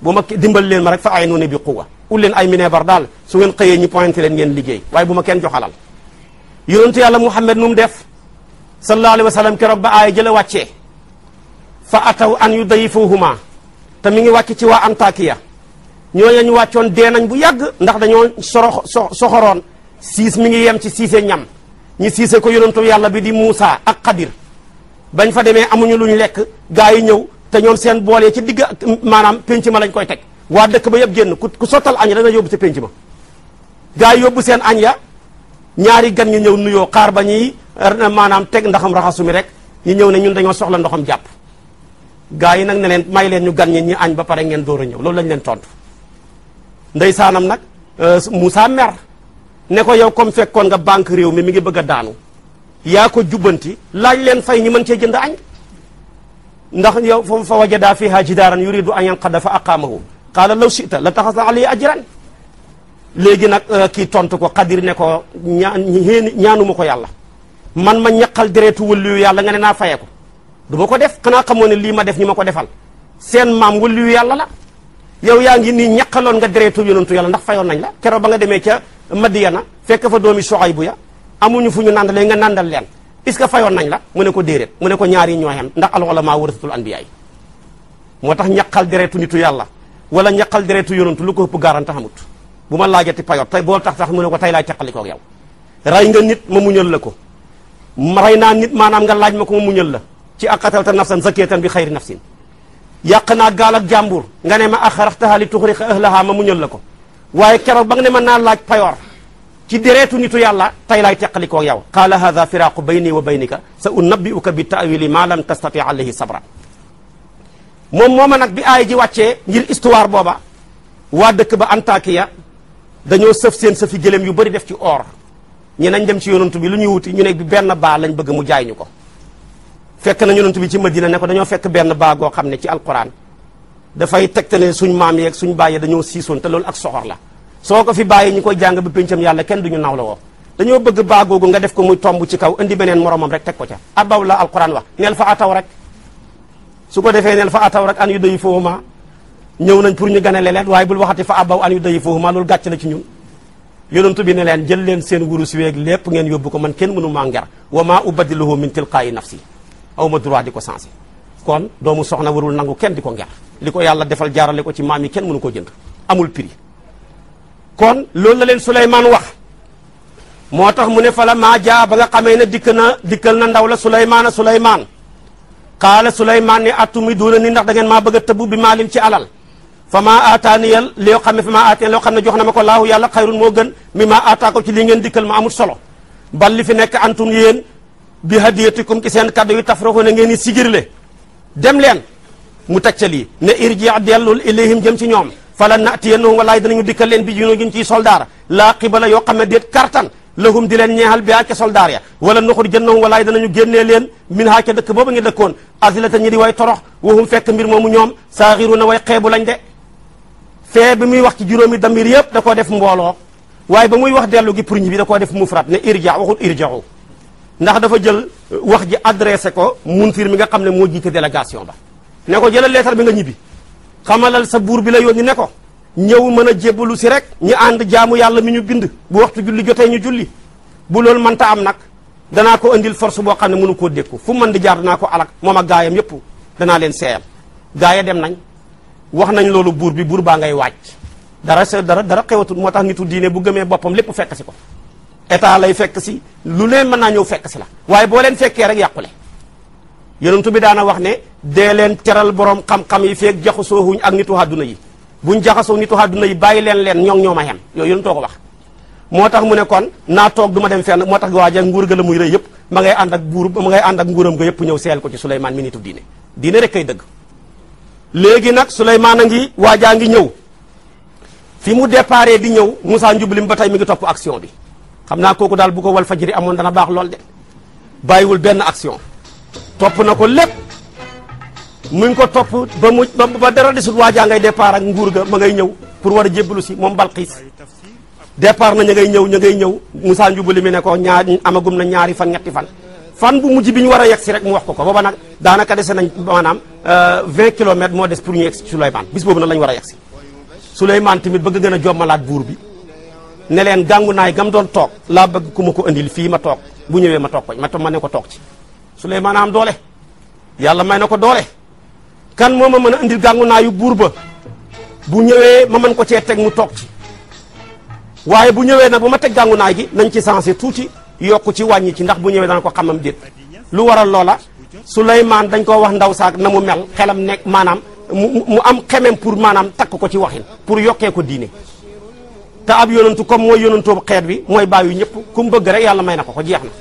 bu ma dimbal leen ma rek fa ay aynuuni bi quwa ul leen ay mineebar daal su ngeen xëyee ñu pointé leen ngeen liggéey waaye bu ma kenn joxalal yonentu yàlla muhammad nu mu def sallallahu alayhi wa sallam keroog ba aaya jëla wàccee fa ataw an yu dayifuhuma te mi ngi wàcc ci waa antakiya ñoo ñu wàccoon dee nañ bu yàgg ndax dañoo soro soxoroon siis mi ngi yem ci siise ñam ñi siise ko yonentu yàlla bi di Moussa ak Xadir bañ fa demee amuñu lu luñ lekk gaa yi ñëw te ñoom seen boolee ci digg maanaam penc ma lañ koy teg waa dëkk ba yëpp génn ku sottal añ dana yóbbu sa penc ma gaa yóbbu seen añ ya ñaari gan ñu ñëw nuyoo xaar ba ñuy er, maanaam teg ndaxam raxasu mi rek ñu ñëw ne ñun dañoo soxla ndoxam jàpp gaa yi nag ne leen may leen ñu gan ñi ñu añ ba pare ngeen door a ñëw loolu lañ leen tontu ndeysaanam nag euh, Moussa mer ne ko yow comme fekkoon nga banque réew mi mi ngi bëgg a daanu yaa ko jubbanti laaj leen fay ñi mën cee jënd añ ndax yow fa fa wajada fiha jidaaran yuridu an yanqada fa aqaamahu qaala law shita la taxasa alayhi ajran léegi nag euh, kii tontu ko xadir ne ko ñaanuma ko yàlla man ma ñaqal deretu wëlliyu yàlla nga ne naa faye ko du ma ko def xanaa xamoo ne lii ma def ñi ma ko defal seen maam wëlliyu yàlla la yow yaa ngi nii ñaqaloon nga deretu yonentu yàlla ndax fayoon nañ la keroog ba nga demee ca Madiyana fekk fa doomi bu ya amuñu fu ñu nandalee nga nandal leen est-ce que fayoon nañ la mu ko déedéet mu ne ko ñaari ñoo xam ndax al ulamaa warasatul anbiyaa yi moo tax ñaqal deretu nitu yàlla wala ñaqal deretu yonantu lu ko ëpp garante xamut bu ma laajati payot tey boo tax tax mu ne ko tey laay teqalikoo ak yow ray nga nit ma muñal la ko ray naa nit maanaam nga laaj ma ko ma muñal la ci aqatalta nafsan ta bi xayri nafsin yàq naa gaal ak jàmbur nga ne ma axaraxtaha li tuxriqa ahlaha ma muñal la ko waaye keroog ba ne mën naa laaj payoor ci dereetu nitu yàlla tay laay teqalikoo yow qaala hada firaqu bayni wa baynika sa unabbi'uka bi ta'wili ma lam tastati alayhi sabra moom mooma nag bi aay ji wàccee ngir histoire booba waa dëkk ba Antakiya dañoo sëf seen sëfi gëléem yu bari def ci or ñi nañ dem ci yonantu bi lu ñuy wuti ñu ne bi benn baa lañ bëgg mu jaay ñu ko fekk na yonantu bi ci Madina ne ko dañoo fekk benn baa goo xam ne ci alquran dafay tegtale suñ maam yeeg suñ bàyyee dañoo siisoon te loolu ak soxor la soo ko fi bàyyi ñu koy jàng ba péncam yàlla kenn duñu naaw la woo dañoo bëgg baagoogu nga def ko muy tomb ci kaw indi beneen moroomam rek teg ko ca abaw la alquran wax neel fa ataw rek su ko defee neel fa ataw rek an yu dayi ma ñëw nañ pour ñu ganale leen waaye bul waxati fa abaw an foo dayi foohuma loolu gàcc la ci ñun yonentu bi ne leen jël leen seen wurus weeg lépp ngeen yóbbu ko man kenn mënu maa nger wa maa ubadiluhu min tilqaayi nafsi aw ma droit di ko sensé kon doomu soxna warul nangu kenn di ko ngeer li ko yàlla defal jaarale ko ci maam yi kenn mënu ko jënd amul prix kon loolu la leen Suleymaan wax moo tax mu ne fa la maa jaa ba nga xamee ne dikk na dikkal na ndaw la Suleymaana Suleymaan qaala Suleymaan ne attumi duuna ni ndax da ngeen maa bëgg a tëbb bi maalin ci alal fa maa aataaniya loo xam ne fa maa aataaniya loo xam ne jox na ma ko laaw yàlla xayrun moo gën mi maa aataa ci li ngeen dikkal ma amul sol bal li fi nekk antum yéen bi hadiyatikum ci seen kàddu yi tafraxu ne i sigirle dem leen mu teg ca lii ne irji dellul ilayhim jëm ci ñoom fala natiyannahum walaay ñu dikkal leen bi junudin ciy soldaar laa qibala yoo xam ne déet kartan lahum di leen ñeexal bi ca soldaar ya wala nuxrijannahum walaay danañu génnee leen min haa ca dëkk booba nga dëkkoon azillatan ñi di way torox wahum fekk mbir moomu ñoom saaxiruuna way xeebu lañ de fee bi muy wax ci juróomi damir yëpp da koo def mbooloo waaye ba muy wax dellu gi pour ñi bi da koo def mufrat ne irja waxul irjaxu ndax dafa jël euh, wax ji adressé ko mun fiir mi nga xam ne moo jiite délégation ba ne ko jëlal leetar bi nga ñibbi xamalal sa buur bi la yónni ne ko ñëw mën a jébbalu si rek ñu ànd jaamu yàlla mi ñu bind bu waxtu julli jotee ñu julli bu loolu mënta am nag danaa ko indil force boo xam ne mënu koo dékku fu mën di jaar danaa ko alak moom ak gaayam yëpp danaa leen seeyal gaaya dem nañ wax nañ loolu buur bi buur baa ngay waaj dara sa dara dara xewatul moo tax nitu diine bu gëmee boppam lépp fekk si ko état lay fekk si lu leen mën naa ñëw fekk si la waaye boo leen fekkee rek yàqule yonentu bi daana wax ne dee leen teral borom xam-xam yi feeg jaxasoo wuñ ak nitu àdduna yi buñ jaxasoo nitu àdduna yi bàyyi leen leen ñoom ñoo ma xem yooyu yonentoo ko wax moo tax mu ne kon naa toog du ma dem fenn moo tax waajal nguur ga la muy rëy yëpp ma ngay ànd ak nguur ma ngay ànd ak nguuram ga yëpp ñëw seel ko ci Souleymane mi nitu diine diine rek kay dëgg léegi nag Souleymane a ngi waajaa ngi ñëw fi mu déparé di ñëw Moussa Njublim ba tey mi ngi topp action bi xam naa kooku daal bu ko wal fajiri amoon dana baax lool de bàyyiwul benn action topp na ko lépp mu ngi ko topp ba mu ba dara desul waajaa ngay départ ak nguur ga ma ngay ñëw pour war a jébbalu si moom Balxiis départ na ña ngay ñëw ña ngay ñëw Moussa Ndioubali mi ne ko ñaar amagum na ñaari fan ñetti fan fan bu mujj bi ñu war a yegg si rek mu wax ko ko booba nag daanaka dese nañ maanaam 20 euh, kilomètres moo des pour ñu yegg si Souleymane bis boobu nag la war a yegg si Souleymane bëgg gën jommalaat buur bi ne leen gàngu naay gam doon toog laa bëgg ku ma ko andil fii ma toog bu ñëwee ma toog ko ma ma ne ko toog ci Suleymaan am doole yàlla may na ko doole kan moo ma mën a andil gàngu naayu buur ba bu ñëwee ma man ko cee teg mu toog ci waaye bu ñëwee nag bu ma teg gàngu naay gi nañ ci sensé tuuti yokk ci wàññi ci ndax bu ñëwee dana ko xamam déet lu waral loola Suleymaan dañ ko wax ndaw saak na mu mel xelam nekk maanaam mu am xemeem pour maanaam takk ko ci waxin pour yokkee ko diine te ab yonantu comme mooy yonantoobu xeet bi mooy bàyyi ñëpp ku mu bëgg rek yàlla may na ko ko jeex na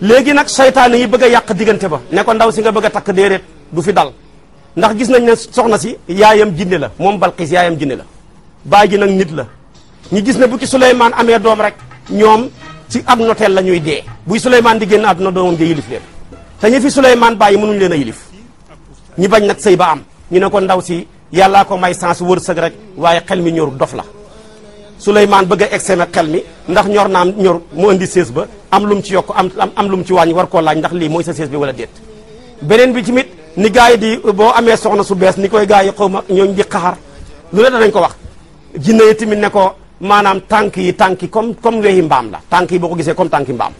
léegi nag seytaane yi bëgg a yàq diggante ba ne ndaw si nga bëgg a takk déedéet du fi dal ndax gis nañ ne soxna si yaayam jinne la moom Balqis yaayam jinne la baay ji nag nit la ñu gis ne bu ci Suleymaan amee doom rek ñoom si ab noteel la ñuy dee buy Suleymaan di génn àdduna doomam nga yilif leen te ñi fi Suleymaan bàyyi mënuñu leen a yilif ñi bañ nag sëy ba am ñu ne ko ndaw si yàllaa ko may sans wërsëg rek waaye xel mi ñorul dof la Souleymane bëgg a exeme xel mi ndax ñor naam ñor mu indi sées ba am lu mu ci yokk am am lu mu ci wàññi war koo laaj ndax lii mooy sa sées bi wala déet beneen bi tamit ni gars yi di boo amee soxna su bees ni koy gars yi xaw ma ñooñ di xaxar lu ne danañ ko wax jinne yi tamit ne ko maanaam tànk yi tànk yi comme comme weyi mbaam la tànk yi boo ko gisee comme tànk mbaam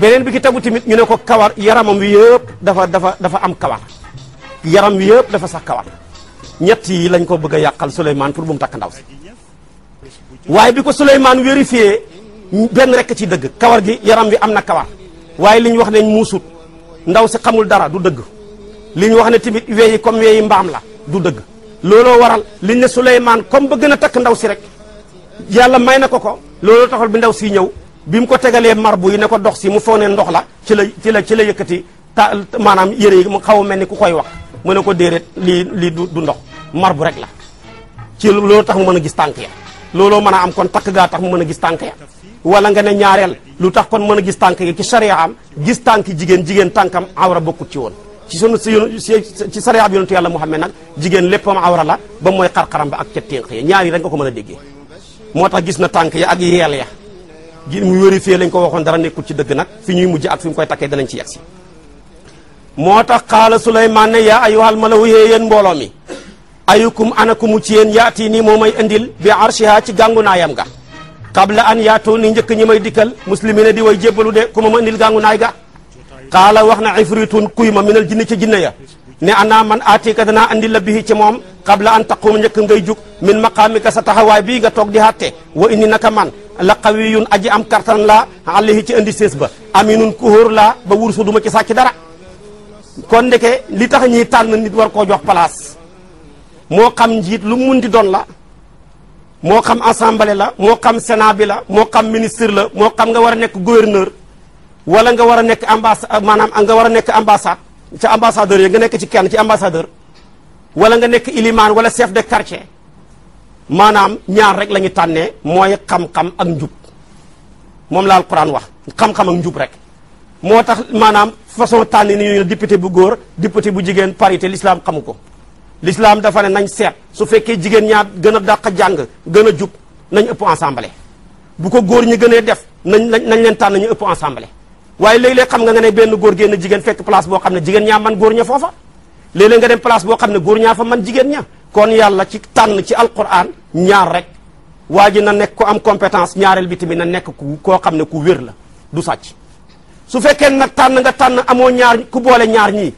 beneen bi ki tegu tamit ñu ne ko kawar yaramam wi yëpp dafa dafa dafa am kawar yaram wi yëpp dafa sax kawar ñett yi lañ ko bëgg a yàqal Souleymane pour bu mu takk ndaw si waaye bi ko Souleymane vérifié benn rekk ci dëgg kawar gi yaram wi am na kawar waaye li ñu wax ne muusut ndaw si xamul dara du dëgg li ñu wax ne tamit weeyi comme weeyi mbaam la du dëgg looloo waral li ñu ne Souleymane comme ba gën a takk ndaw si rek yàlla may na ko ko looloo taxal bi ndaw si ñëw bi mu ko tegalee mar bu yi ne ko dox si mu foog ne ndox la ci la ci la ci la yëkkati ta maanaam yére yi mu xaw a mel ni ku koy wax mu ne ko déedéet lii lii du ndox marbu rek la ci loolu tax mu mën a gis tànk ya looloo mën a am kon takk gaa tax mu mën a gis tànk ya wala nga ne ñaareel lu tax kon mën a gis tànk ya ci sariya am gis tànk jigéen jigéen tànkam awra bokkut ci woon ci sunu ci sariya la yonentu yàlla Muhammad nag jigéen léppam awra la ba mooy xarxaram ba ak ca ténq ya ñaar yi rek nga ko mën a déggee moo tax gis na tànk ya ak yeel ya mu mu vérifié lañ ko waxoon dara nekkul ci dëgg nag fi ñuy mujj ak fi mu koy takkee danañ ci yegsi moo tax xaala Suleymaan ne yaa ayyuhal malawu yéen mbooloo mi ayukum anakumu ci yéen yaati nii moo may indil bi arshiha ci gàngu ga qabla an yaatu ni njëkk ñi may dikkal muslimina di way jébbalu de ku ma ma indil ga qaala wax na ifritun kuy ma minal jinni ci jinne ya ne ana man aatika danaa andil la bihi ci moom qabla an taquma njëkk ngay jug min ka sa taxawaay bi nga toog di hàtte wa inni naka man la qawiyun aji am kartan laa alayhi ci indi sées ba aminun kuhóor laa ba wursu duma ci sàcc dara kon ndeke li tax ñiy tànn nit war koo jox place moo xam njiit lu mun di doon la moo xam assemblée la moo xam sénat bi la moo xam ministre la moo xam nga war a nekk gouverneur wala nga war a nekk ambass maanaam nga war a nekk ambassade ca ambassadeur yi nga nekk ci kenn ci ambassadeur wala nga nekk ilimaan wala chef de quartier maanaam ñaar rek la tànnee mooy xam-xam ak njub moom la alquran wax xam-xam ak njub rek moo tax maanaam façon tànn ni ñu ne député bu góor député bu jigéen parité l'islam xamu ko l'islam dafa ne nañ seet su fekkee jigéen ñaa gën a dàq jàng gën a jub nañ ëpp ensemble bu ko góor ñi gën gënee def nañ nañ leen tànn ñu ëpp ensemble waaye léeg-léeg xam nga nga ne benn góor génn jigéen fekk place boo xam ne jigéen ñaa man góor ña foofa léeg-léeg nga dem place boo xam ne góor ñaa fa man jigéen ña kon yàlla ci tànn ci al alquran ñaar rek waa ji na nekk ko am compétence ñaareel bi na nekk ku koo xam ne ku wér la du sàcc su fekkee nag tànn nga tànn amoo ñaar ku boole ñaar ñii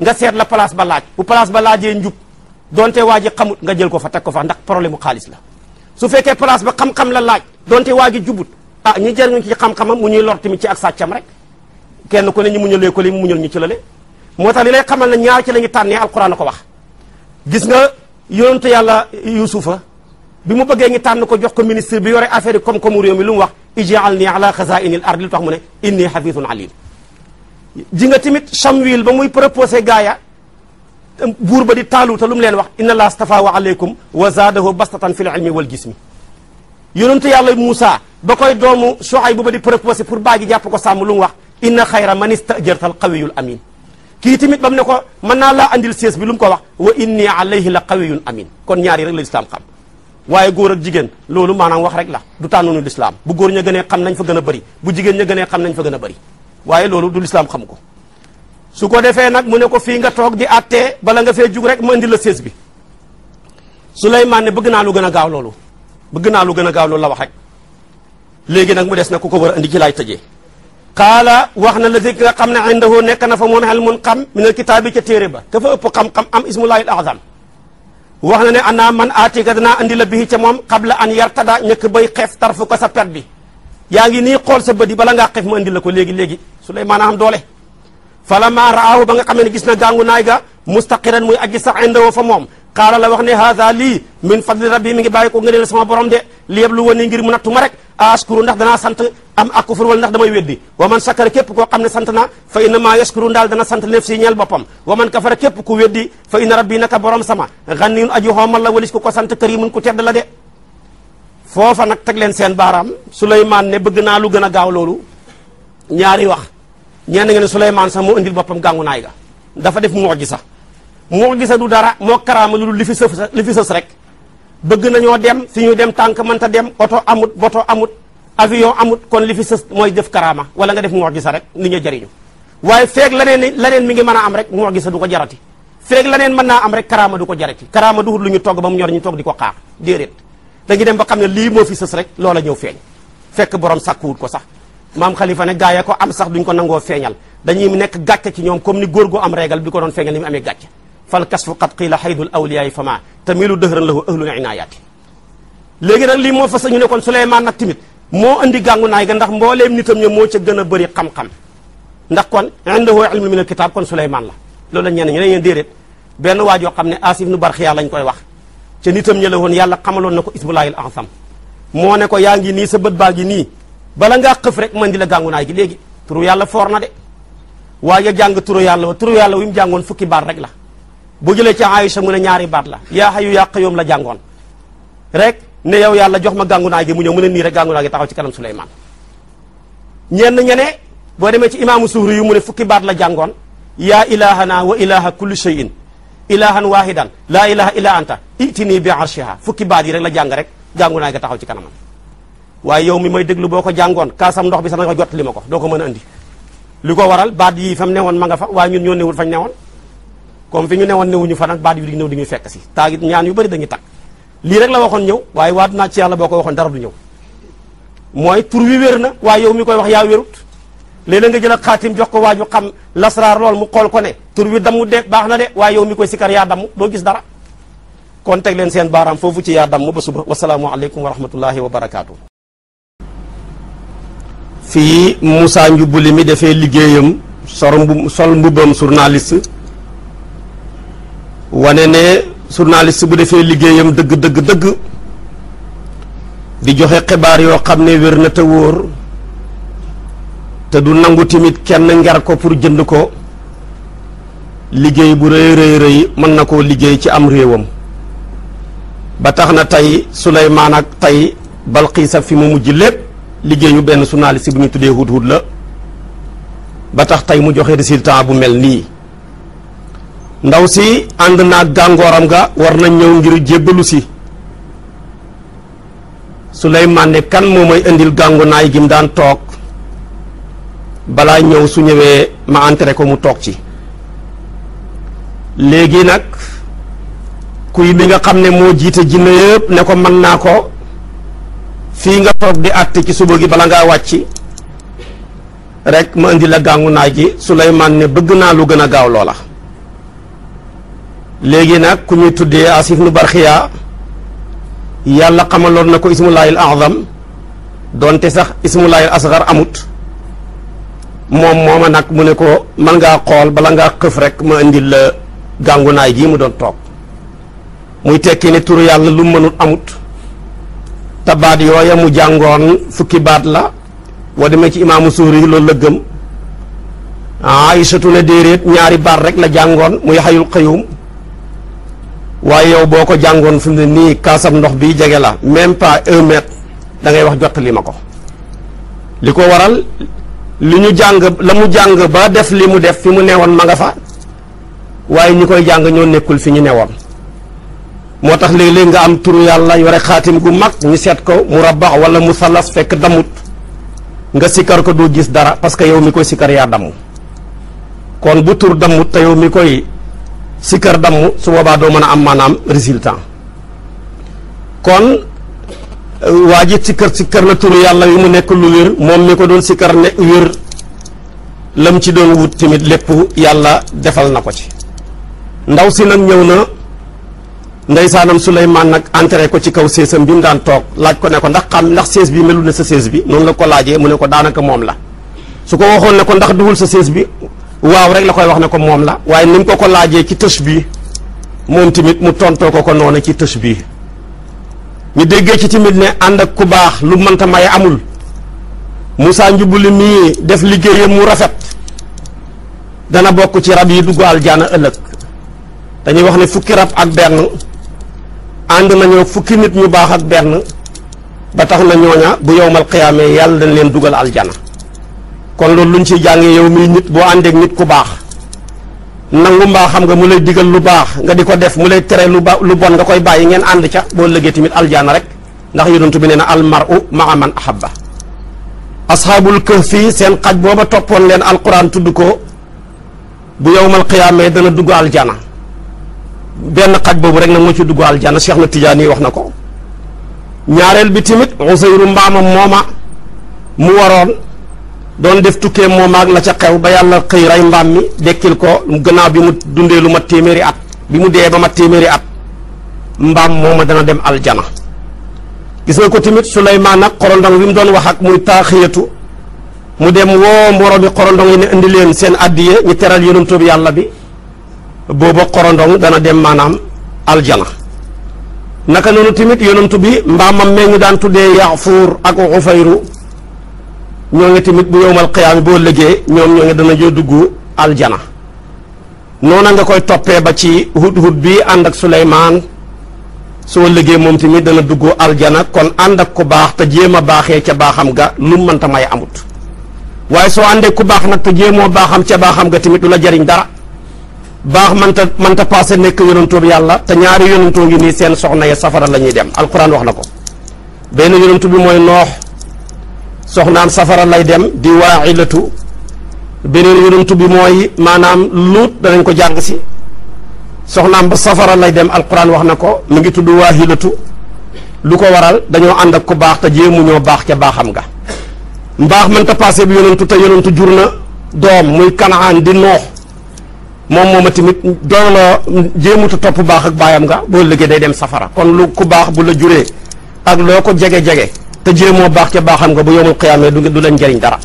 nga seet la place ba laaj bu place ba laajee njub donte waa ji xamut nga jël ko fa teg ko fa ndax problème mu xaalis la su fekkee place ba xam-xam la laaj donte waa ji jubut a ah ñi jëriñu ci xam-xamam mu ñuy lor tamit ci ak sàccam rek kenn ku ne ñu muñalee ko li mu muñal ñu ci lale moo tax li lay xamal na ñaar ci la ñu tànnee alquran a ko wax gis nga yonentu yàlla yusufa bi mu bëggee ñu tànn ko jox ko ministre bi yore affaire yi comme comme lu mu wax ij'alni ala xazaa'inil tax mu ne inni hafizun alim ji nga tamit Samuel ba muy proposé gaaya buur ba di taalu ta lu mu leen wax inna laa stafaawa aleykum wa zaadahu bastatan fil ilmi wal jismi yonentu yàlla Moussa ba koy doomu Suhayb ba di proposé pour baa gi jàpp ko sàmm lu mu wax inna xayra man istajarta al qawiyul amin kii tamit ba ne ko mën naa la andil sées bi lu mu ko wax wa inni alayhi la qawiyun amin kon ñaari rek la lislaam xam waaye góor ak jigéen loolu maanaam wax rek la du tànnoonu lislaam bu góor ña gënee xam nañ fa gën bëri bu jigéen ña gënee xam nañ fa gën a bëri waaye loolu du lislaam xam ko su ko defee nag mu ne ko fii nga toog di àttee bala nga fee jug rek mu indi la sées bi Suleymaan ne bëgg naa lu gën a gaaw loolu bëgg naa lu gën a gaaw loolu la wax léegi nag mu des na ko ko war a indi ci laay tëjee xaala wax na la di nga xam ne indahoo nekk na fa moon xel mun xam minal kitaabi ca téere ba ka fa ëpp xam-xam am ismullaahil azam wax na ne ana man aati ka danaa andi la bii ca moom qabla an yartada ñëkk bay xeef tarfu ko sa pet bi yaa ngi nii xool sa bët yi bala ngaa xef ma indi ko léegi léegi Suleymaan am doole falammaa raahu ba nga xamee ne gis na gàngu naay ga mustaqiran muy aji sax indawoo fa moom qaala la wax ne haada lii min fadli rabbi mi ngi bàyyi ko ngëneel sama borom de li yëpp lu woon ngir mu nattu ma rek askuru ndax danaa sant am akufur wala ndax damay weddi wa man sakara képp koo xam ne sant na fa inna maa yaskuru ndaal dana sant nafsi ñeel boppam wa man kafara képp ku weddi fa inna rabbi naka borom sama xanniyun aju xoomal la walis ku ko sant karimun ku tedd la de foofa nag teg leen seen baaraam Souleymane ne bëgg naa lu gën a gaaw loolu ñaari wax ñenn ngeen ne Souleymane sax moo indil boppam gàngu naay ga dafa def mu'jiza mu'jiza du dara moo karaama li fi sëf li fi sës rek bëgg nañoo dem fi dem tànk mënta dem oto amut boto amut avion amut kon li fi sës mooy def karaama wala nga def mu'jiza rek nit ña jëriñu waaye feeg leneen leneen mi ngi mën a am rek mu'jiza du ko jarati feeg leneen mën naa am rek karaama du ko jarati karaama du wut lu ñu togg ba mu ñor ñu togg di ko xaar déedéet dañu dem ba xam ne lii moo fi sës rek loola ñëw feeñ fekk borom sàkkuwut ko sax maam xalifa ne gaa ya ko am sax duñ ko nangoo feeñal dañuy nekk gàcce ci ñoom comme ni góor gu am régal bi ko doon feeñal ni mu amee gàcce fal kasfu qad qiila xaydul awliyaay fama tamilu dëhëran lahu ahlul inayaati léegi nag lii moo fa sañu ne kon Suleymaan nag tamit moo andi gàngu naay ga ndax mbooleem nitam ña moo ca gën a bëri xam-xam ndax kon indahu ilmu min alkitab kon Suleymaan la la ñenn ñu ne ñeen déedéet benn waajoo xam ne asif nu barxiya lañ koy wax ca nitam ña la woon yàlla xamaloon na ko isbulaayil ansam moo ne ko yaa ngi nii sa bët baa ngi nii bala ngaa xëf rek man di la gàngu naay gi léegi turu yàlla foor na de waaye jàng turu yàlla wa turu yàlla wi mu jàngoon fukki baat rek la bu jëlee ci Aïcha mu ne ñaari baat la yaa xayu yaa qayyum la jàngoon rek ne yow yàlla jox ma gàngu naay gi mu ñëw mu ne nii rek gàngu naay gi taxaw ci kanam Suleymaan ñenn ñene boo demee ci imaamu Suhri yu mu ne fukki baat la jàngoon yaa ilaahana wa ilaaha kulli shay'in ilahan wahidan laa ilaha illa anta itini bi arshiha fukki baat yi rek la jàng rek jàngu naa nga taxaw ci kanamam waaye yow mi may déglu boo ko jàngoon kaasam ndox bi sax nga jot li ma ko doo ko mën a andi li ko waral baat yi fam newoon ma nga fa waaye ñun ñoo newul fañ newoon comme fi ñu newoon newuñu fa nag baat yi di ñëw di ñu fekk si taagi ñaan yu bëri dañuy tag lii rek la waxoon ñëw waaye waat naa ci yàlla boo ko waxoon dara du ñëw mooy tur wi wér na waaye yow mi koy wax yaa wérut léeg-léeg nga jël xaatim jox ko waaju xam lasraar lool mu xool ko ne tur wi mu de baax na de waaye yow mi koy sikar yaa damm doo gis dara kon teg leen seen baaraam foofu ci yaa damm ba suba wasalaamu aleykum wa mi dafee liggéeyam sol mbu sol mbubam journaliste wane ne journaliste bu defee liggéeyam dëgg dëgg dëgg di joxe xibaar yoo xam ne wér na te te du nangu tamit kenn nger ko pour jënd ko liggéey bu rëy rëy rëy mën na koo liggéey ci am réewam ba tax na tey Suleymaan ak tey Balqiisa fi mu mujj lépp liggéeyu benn journaliste bu ñu tuddee hudhud la ba tax tey mu joxe résultat bu mel nii ndaw si ànd naag gàngooram ga war na ñëw ngir jébbalu si Suleymaan ne kan moo may indil gàngu naay gi mu daan toog balaa ñëw su ñëwee ma entré ko mu toog ci léegi nag kuy bi nga xam ne moo jiite jinne yëpp ne ko mën naa ko fii nga toog di àtt ci suba gi bala ngaa wàcc rek ma indi la gàngu naa gi Suleymaan ne bëgg naa lu gën a gaaw loola léegi nag ku ñuy tuddee Asif nu Barxiya yàlla xamaloon na ko ismulaayil azam donte sax ismulaayil asgar amut moom mooma nag mu ne ko man ngaa xool bala ngaa xëf rek ma indil la gàngu gi jii mu doon toog muy tekki ne turu yàlla lu mënul amut te baat yooya mu jàngoon fukki baat la boo demee ci imaamu suuri loolu la gëm Aysatu ne déedéet ñaari baat rek la jàngoon muy xayul xëyum waaye yow boo ko jàngoon fi ne nii kaasam ndox bi jege la même pas un mètre da ngay wax jottali ma ko li ko waral li ñu jàng la mu jàng ba def li mu def fi mu newoon ma nga fa waaye ñi koy jàng ñoo nekkul fi ñu newoon moo tax léeg-léeg nga am turu yàlla yore xaatim gu mag ñu seet ko mu rabax wala mu salas fekk damut nga sikkar ko doo gis dara parce que yow mi koy sikkar yaa damm kon bu tur damut te yow mi koy sikkar damu su boobaa doo mën a am maanaam résultat kon waa ji sikkar sikkar na turu yàlla wi mu nekk lu wér moom mi ko doon sikkar ne wér lam ci doon wut tamit lépp yàlla defal na ko ci ndaw si nag ñëw na ndeysaanam Souleymane nag entré ko ci kaw séesam bi mu daan toog laaj ko ne ndax xam ndax sées bi melul ne sa sées bi noonu la ko laajee mu ne ko daanaka moom la su ko waxoon ne ko ndax duwul sa sées bi waaw rek la koy wax ne ko moom la waaye ni mu ko ko laajee ci tësh bi moom tamit mu tontoo ko ko noonu ci tësh bi ñu déggee ci tamit ne ànd ak ku baax lu mënta maye amul Moussa Njubuli mii def liggéeyam mu rafet dana bokk ci rab yi dugg aljaana ëllëg dañuy wax ne fukki rab ak benn ànd nañu fukki nit ñu baax ak benn ba tax na ñooña bu yowmal xiyaamee yàlla dañ leen dugal aljana kon loolu luñ ci jàngee yow mii nit boo àndeek nit ku baax nangu mbaa xam nga mu lay digal lu baax nga di ko def mu lay tere lu ba lu bon nga koy bàyyi ngeen ànd ca boo lëggee tamit aljaana rek ndax yonent bi nee na almaru maa man ahabba ashaabul kahfi seen xaj booba toppoon leen alquran tudd ko bu yowmal qiyaamee dana dugg aljana benn xaj boobu rek nag moo ci dugg aljana Cheikh na Tijaani wax na ko ñaareel bi tamit mbaamam mooma mu waroon doon def tukkee moom ak la ca xew ba yàlla xëy rey mbaam mi dekkil ko gannaaw bi mu dundee lu ma téeméeri at bi mu dee ba ma téeméeri at mbaam moom dana dem aljana gis nga ko tamit Suleymaan nag xorondong bi mu doon wax ak muy taaxiyatu mu dem woo mbooloo mi xorondong yi indi leen seen addiye ñu teral yonentu bi yàlla bi booba xorondong dana dem maanaam aljana naka noonu tamit yonentu bi mbaamam mee ñu daan tuddee yaxfuur ak xufayru ñoo ngi tamit bu yowmal qiyaam boo lëggee ñoom ñoo ngi danañoo duggu aljana noona nga koy toppee ba ci hudhud bi ànd ak suleymaan soo lëggee moom tamit dana dugg aljana kon ànd ak ku baax te jéem a baaxee ca baaxam ga lu mu mënta may amut waaye soo àndee ku baax nag te jéemoo baaxam ca baaxam ga tamit du la jariñ dara baax mënta mënta passé nekk yonantoob yàlla te ñaari yonantoo ngi nii seen soxna yi safara la dem alquran wax na ko benn yonantu soxnaam safara lay dem di waa waaxilatu beneen yonent bi mooy maanaam luut danañ ko jàng si soxnaam ba safara lay dem alquran wax na ko mu ngi tudd waahilatu lu ko waral dañoo ànd ak ku baax te jéemu ñoo baax ca baaxam nga mbaax mënta passé bi yonantu te yonentu jur na doom muy kanaan di noox moom mooma tamit doon la te topp baax ak baayam nga boo liggéey day dem safara kon lu ku baax bu la juree ak loo ko jege-jege te jéemoo baax ca baaxam nga bu yowmal xiyaamee du du leen jëriñ dara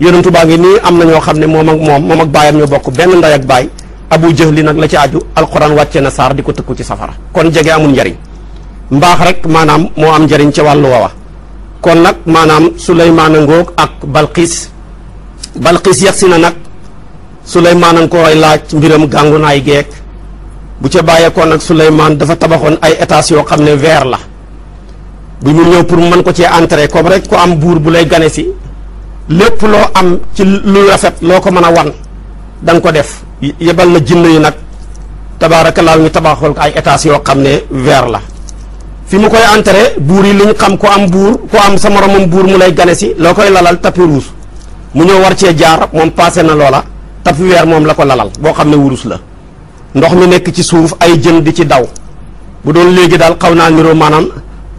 yonentu baa ngi nii am na ñoo xam ne moom ak moom moom ak baayam ñoo bokk benn ndey ak baay abu jëhli nag la ci aju alquran wàcce na saar di ko tëkku ci safara kon jege amul njëriñ mbaax rek maanaam moo am njëriñ ca wàllu wa kon nag maanaam suleymaana ngoog ak balxiis balxiis yegsi na nag suleymaana nga koy laaj mbiram gàngunaay geek bu ca bàyyeekoon nag suleymaan dafa tabaxoon ay étages yoo xam ne verre la bu ñu ñëw pour man ko cee entrer comme rek ku am buur bu lay gane si lépp loo am ci lu rafet loo ko mën a wan danga ko def yebal na jinn yi nag tabax tabaarakallaahu ñu tabaxool ko ay étages yoo xam ne verre la fi mu koy entrer buur yi li xam ku am buur ko am sa moromam buur mu lay gane si loo koy lalal tapis rouge mu ñëw war cee jaar moom passé na loola tapis weer moom la ko lalal boo xam ne wurus la ndox mi nekk ci suuf ay jën di ci daw bu doon léegi daal naa niroo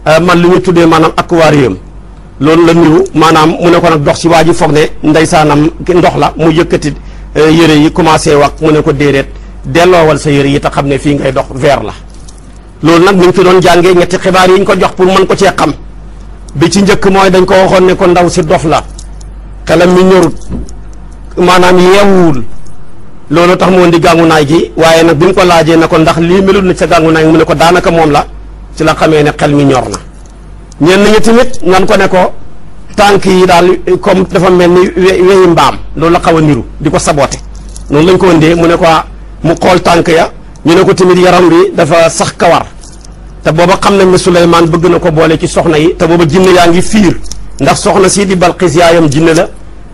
Euh, man li ñu tuddee maanaam aquarium loolu la niru maanaam mu ne ko nag dox ci waa ji foog ne ndeysaanam ndox la mu yëkkati euh, yére yi commencé wax mu ne ko déedéet delloowal sa yére yi te xam ne fii ngay dox veer la loolu nag mu ngi ci doon jàngee ñetti xibaar yi ñu ko jox pour mën ko cee xam bi ci njëkk mooy dañ ko waxoon ne ko ndaw si dof la xelam mi ñorut maanaam yeewuwul loolu tax mu woon di gàngu gi waaye nag bi mu ko laajee ne ko ndax lii melut na sa gàngu naay mu ne ko daanaka moom la ci la xamee ne xel mi ñor na ñenn ñi tamit ñan ko ne ko tànk yi daal comme dafa mel ni weyi mbaam loolu la xaw a niru di ko saboté noonu lañ ko wëndee mu ne ko ah, mu xool tànk ya ñu ne ko tamit yaram bi dafa sax kawar te booba xam nañ ne Souleymane bëgg na ko boole ci soxna yi te booba jinne yaa ngi fiir ndax soxna sii di Balqis yaayam jinne la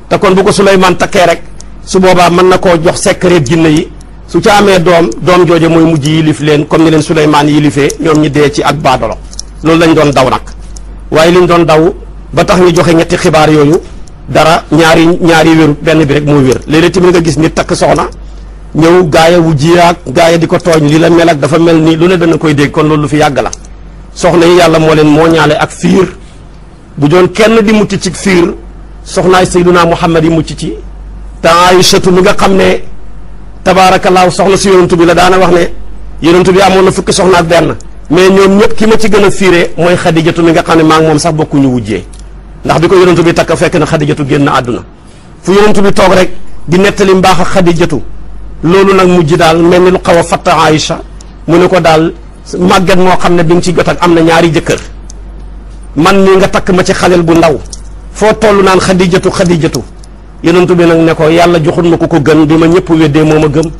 te kon bu ko Souleymane takkee rek su boobaa mën na koo jox secret jinne yi su ca amee doom doom jooje mooy mujj yilif leen comme ni leen Suleymaan yilifee ñoom ñi dee ci ak baadolo loolu lañ doon daw nag waaye liñ doon daw ba tax ñu joxe ñetti xibaar yooyu dara ñaari ñaari wéru benn bi rek moo wér léeg-léeg tamit nga gis nit takk soxna ñëw gaaya wu jiyaak gaaya di ko tooñ li la mel ak dafa mel ni lu ne dana koy dégg kon loolu lu fi yàgg la soxna yi yàlla moo leen moo ñaale ak fiir bu doon kenn di mucc ci fiir soxnaay Seydunaa Muhammad yi mucc ci te nga xam ne tabaarakallaahu soxna si yonantu bi la daana wax ne yonantu bi amoon na fukki soxna ak benn mais ñoom ñëpp ki ma ci gën a fiire mooy xadijatu mi nga xam ne maa ngi moom sax bokkuñu wujjee ndax bi ko yonantu bi takk fekk na xadijatu génn àdduna fu yonantu bi toog rek di nettali mbaax ak xadijatu loolu nag mujj daal mel ni lu xaw a fatta Aïcha mu ne ko daal màgget moo xam ne bi nga ci jot ak am na ñaari jëkkër man mii nga takk ma ci xaleel bu ndaw foo toll naan xadijatu xadijatu yonent bi nag ne ko yàlla joxul ma ko ko gën bi ma ñëpp weddee moo ma gëm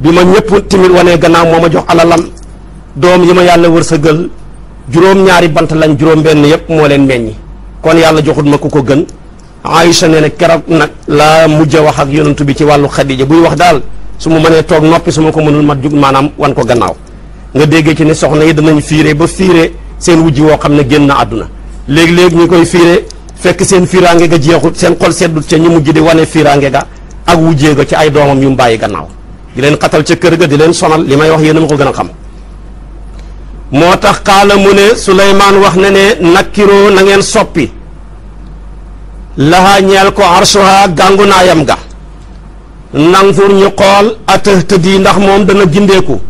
bi ma ñëpp timit wanee gannaaw moo ma jox alalam doom yi ma yàlla sa wërsëgal juróom-ñaari bant lañ juróom-benn yëpp moo leen meññ kon yàlla joxul ma ko ko gën Aïcha nee na keroog nag laa mujj wax ak yonent bi ci wàllu Xadija buy wax daal su ma mënee toog noppi su ma ko mënul mat jug maanaam wan ko gannaaw nga déggee ci ne soxna yi danañ fiire ba fiire seen wujj woo xam ne génn na àdduna fekk seen firange ga jeexut seen xol seddut ca ñu mujj di wane firange ga ak wujjee ga ci ay doomam yu mu bàyyi gannaaw di leen xatal ca kër ga di leen sonal li may wax yéen a ma ko gën a xam moo tax xaala mu ne Suleymaan wax ne ne nakkiroo na ngeen soppi lahaa ñeel ko arsuha gàngu naayam ga nanfur ñu xool atëx yi ndax moom dana jëndeeku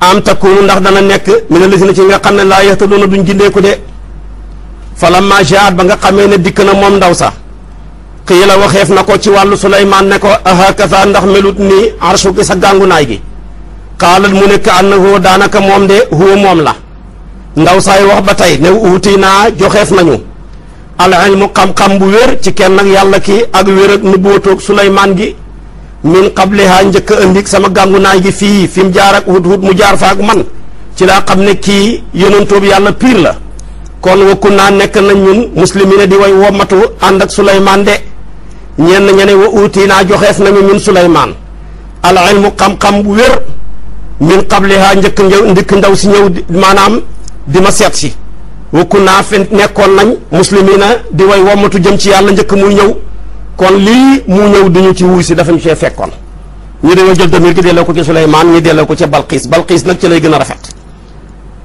am takkuunu ndax dana nekk mi ne lisi na ci nga xam ne laa yaxtadoona duñ gindeeku de falamma jaat ba nga xamee ne dikk na moom ndaw sa xii waxeef na ko ci wàllu Suleymaan ne ko ahakasa ndax melut nii arsu sa gàngunaay gi xaalat mu ne ka annahu daanaka moom de huwa moom la ndaw saay wax ba tey ne uuti naa joxeef nañu al mu xam-xam bu wér ci kenn ak yàlla ki ak wér ak nubuwatoog Suleymaan gi min qabliha njëkk a indi sama gàngunaay gi fii fi mu jaar ak hut hut mu jaar fa ak man ci laa xam ne kii yonentoob yàlla piir la kon wa naa nekk nañ ñun muslimiina di way wommatu ànd ak Souleymane de ñenn ñene wa uutinaa na nañu ñun Souleymane al ilmu xam-xam bu wér min qablihaa njëkk njëw ndikk ndaw si ñëw maanaam di ma seet si wa naa fi nekkoon nañ muslimiina di way wommatu jëm ci yàlla njëkk muy ñëw kon lii mu ñëw di ñu ci wuy si dafa ñu cee fekkoon ñu dañoo jël damir gi delloo ko ci Souleymane ñu delloo ko ci Balqiis Balqiis nag ci lay gën a rafet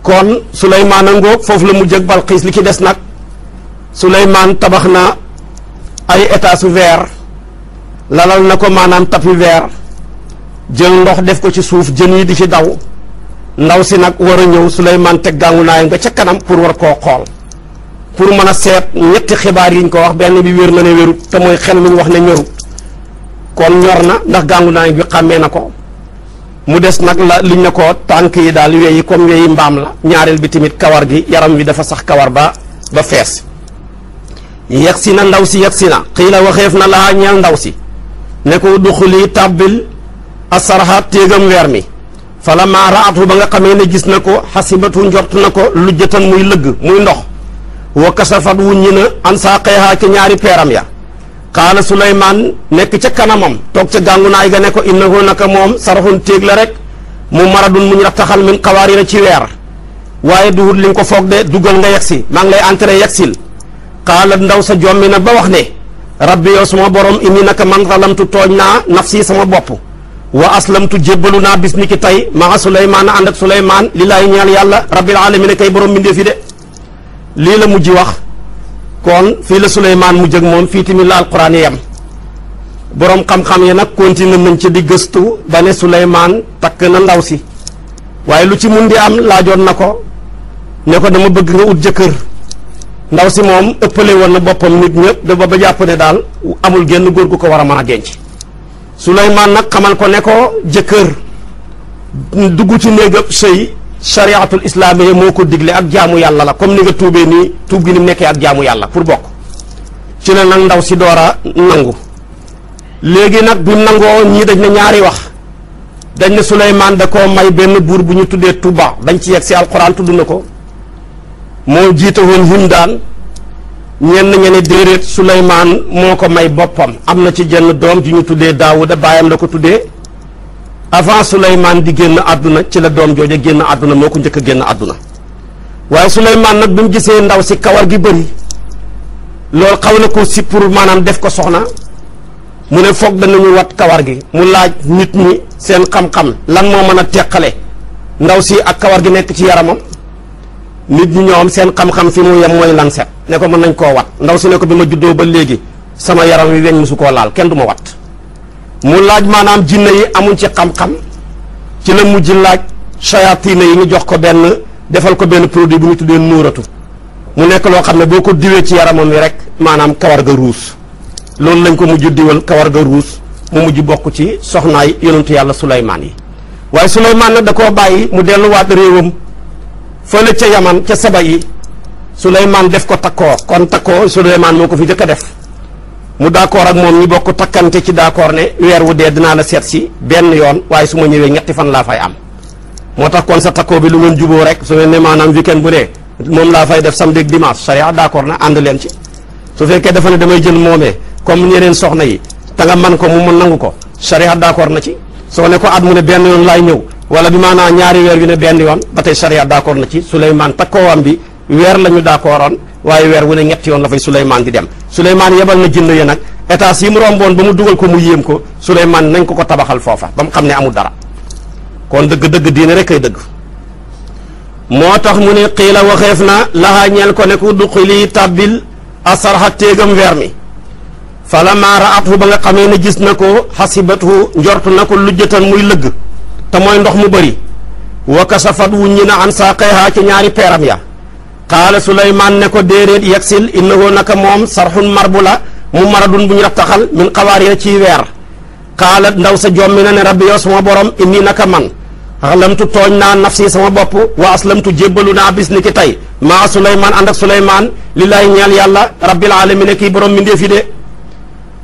kon Suleymaan a ngoog foofu la mu jëg Balxiis li ci des nag Suleymaan tabax na ay état su verre lalal na ko maanaam tapis verre jël ndox def ko ci suuf jën yi di ci daw ndaw si nag war a ñëw Suleymaan teg daangu naayam ba ca kanam pour war koo xool pour mën a seet ñetti xibaar yiñ ko wax benn bi wér na ne wérut te mooy xel mi ñu wax ne ñorut kon ñor na ndax gàngu naay bi xàmmee na ko mu des nag la liñ ne ko tànk yi daal weyi comme weyi mbaam la ñaareel bi tamit kawar gi yaram wi dafa sax kawar ba ba fees yegg si na ndaw si yegg si na xii la waxeef na laa ñeel ndaw si ne ko duxuli tàbbil asarha téegam weer mi fala maa ba nga xamee ne gis na ko xasibatu njort na ko lu jëtan muy lëgg muy ndox wa kasafat wuññi na xeexaa ca ñaari peeram ya qaala Souleymane nekk ca kanamam toog ca gàngu naay ga ne ko innahu naka moom sarxun téeg la rek mu maradun mu ñu raxtaxal min xawaarira ci weer waaye duhut li nga ko foog de duggal nga yegsi maa ngi lay entré yegsil qaala ndaw sa jommi na ba wax ne rabbi yow sama borom inni naka man zalamtu tooñ naa nafsi sama bopp wa aslamtu jébbalu naa bis ni ki tey maa Souleymane ànd ak Souleymane lillaahi ñeel yàlla rabbil aalamiina kay borom mbindéef yi de lii la mujj wax. kon fii la Suleymaan mu jëg moom fii tamit la alquran yam boroom xam-xam yi nag continué nañ ci di gëstu ba ne Suleymaan takk na ndaw si waaye lu ci mun di am laajoon na ko ne ko dama bëgg nga ut jëkkër ndaw si moom ëppale woon na boppam nit ñëpp da ba ba jàpp ne daal amul genn góor gu ko war a mën a denc Suleymaan nag xamal ko ne ko jëkkër dugg ci néeg néegab sëy chariatul islamiya moo ko digle ak jaamu yàlla la comme ni nga tuubee nii tuub gi ni mu nekkee ak jaamu yàlla pour bokk ci la nag ndaw si doora a nangu léegi nag bi nangoo ñii dañ ne ñaari wax dañ ne Suleymaan da koo may benn buur bu ñu tuddee Tuba dañ ci yegg si alquran tudd na ko moo jiite woon daan ñenn ñe ne déedéet Suleymaan moo ko may boppam am na ci jenn doom ju ñu tuddee Daawuda baayam la ko tuddee avant Souleymane di génn àdduna ci la doom jooja génn àdduna moo ko jëkk génn àdduna waaye Souleymane nag bi mu gisee ndaw si kawar gi bëri loolu xaw na ko si pour maanaam def ko soxna mu ne foog danañu wat kawar gi mu laaj nit ñi seen xam-xam lan moo mën a teqale ndaw si ak kawar gi nekk ci yaramam nit ñi ñoom seen xam-xam fi mu yem mooy lan set ne ko mën nañ koo wat ndaw si ne ko bi ma juddoo ba léegi sama yaram wi weñ musu ko laal kenn du ma wat mu laaj maanaam jinne yi amuñ ci xam-xam ci la mujj laaj shayatina yi ñu jox ko benn defal ko benn produit bu ñu tuddee nuuratu mu nekk loo xam ne boo ko diwee ci yaramam wi rek maanaam kawar ga ruus loolu lañ ko mujj diwal kawar ga ruus mu mujj bokk ci soxnaay yonentu yàlla Suleymaan yi waaye Suleymaan nag da koo bàyyi mu delluwaat réewam fële ca yaman ca saba yi Suleymaan def ko takkoo kon takkoo Suleymaan moo ko fi jëkk def mu d'accord ak moom ñi bokk takkante ci d'accord ne weer wu dee dinaa la seet si benn yoon waaye su ma ñëwee ñetti fan laa fay am moo tax kon sa takkoo bi lu ngeen juboo rek su ngeen ne maanaam kenn bu dee moom laa fay def samedi ak dimanche sariya d'accord na ànd leen ci su fekkee dafa ne damay jël moomee comme ñeneen soxna yi te nga man ko mu mën nangu ko sariya d'accord na ci soo ne ko at mu ne benn yoon laay ñëw wala bi maanaam ñaari weer yu ne benn yoon ba tey sariya d'accord na ci Souleymane takkoowam bi weer la ñu d'accordoon waaye weer wu ne ñetti yoon la fay Souleymane di dem Souleymane yebal na jinne ya nag étage yi mu romboon ba mu dugal ko mu yéem ko Souleymane nañ ko ko tabaxal foofa ba mu xam ne amul dara kon dëgg-dëgg diine rekk ay dëgg moo tax mu ne xiila waxeef na laxaa ko ne ku duqili tàbbil asarxa téegam weer mi fala maara at fu ba nga xamee ne gis na ko xasibatu njort na ko lujjatan muy lëgg te mooy ndox mu bëri wakasafat wuñ ñi na an saa ci ñaari peeram ya qaala Souleymane ne ko déedéet yegsil innahu naka moom sarxun bu la mu maradun bu ñu raftaxal min xawaarira ci weer qaala ndaw sa jommi na ne rabbi yow sama borom inni naka man axlamtu tooñ naa nafsi sama bopp wa aslamtu jébbalu naa bis ni ki tey maa Souleymane ànd ak Souleymane lillaahi ñeel yàlla rabbil aalamiina kii borom mi ndeefi de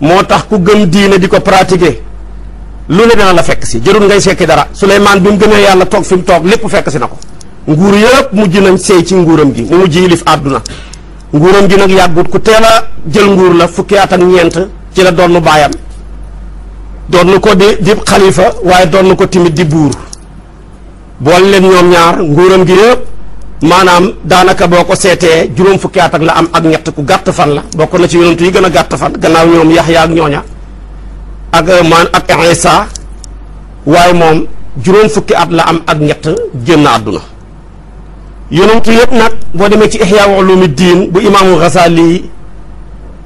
moo tax ku gëm diine di ko pratiquer lu ne na la fekk si jërul ngay sekki dara Souleymane bi mu gëmee yàlla toog mu toog lépp fekk si na ko. nguur yëpp mujj nañ seey ci nguuram gi mu mujj yilif àdduna nguuram gi nag yàggut ku teel a jël nguur la fukki at ak ñeent ci la doon baayam doon ko di di xalifa waaye doon ko timit di buur bool leen ñoom ñaar nguuram gi yëpp maanaam daanaka boo ko seetee juróom fukki at ak la am ak ñett ku gàtt fan la bokk na ci yonent yi gën a gàtt fan gannaaw ñoom Yaxya ak ñooña ak euh, man ak Isa waaye moom juróom fukki at la am ak ñett génn àdduna yonentu yëpp nag boo demee ci Ihya ulumi diin bu imaamu Ghazali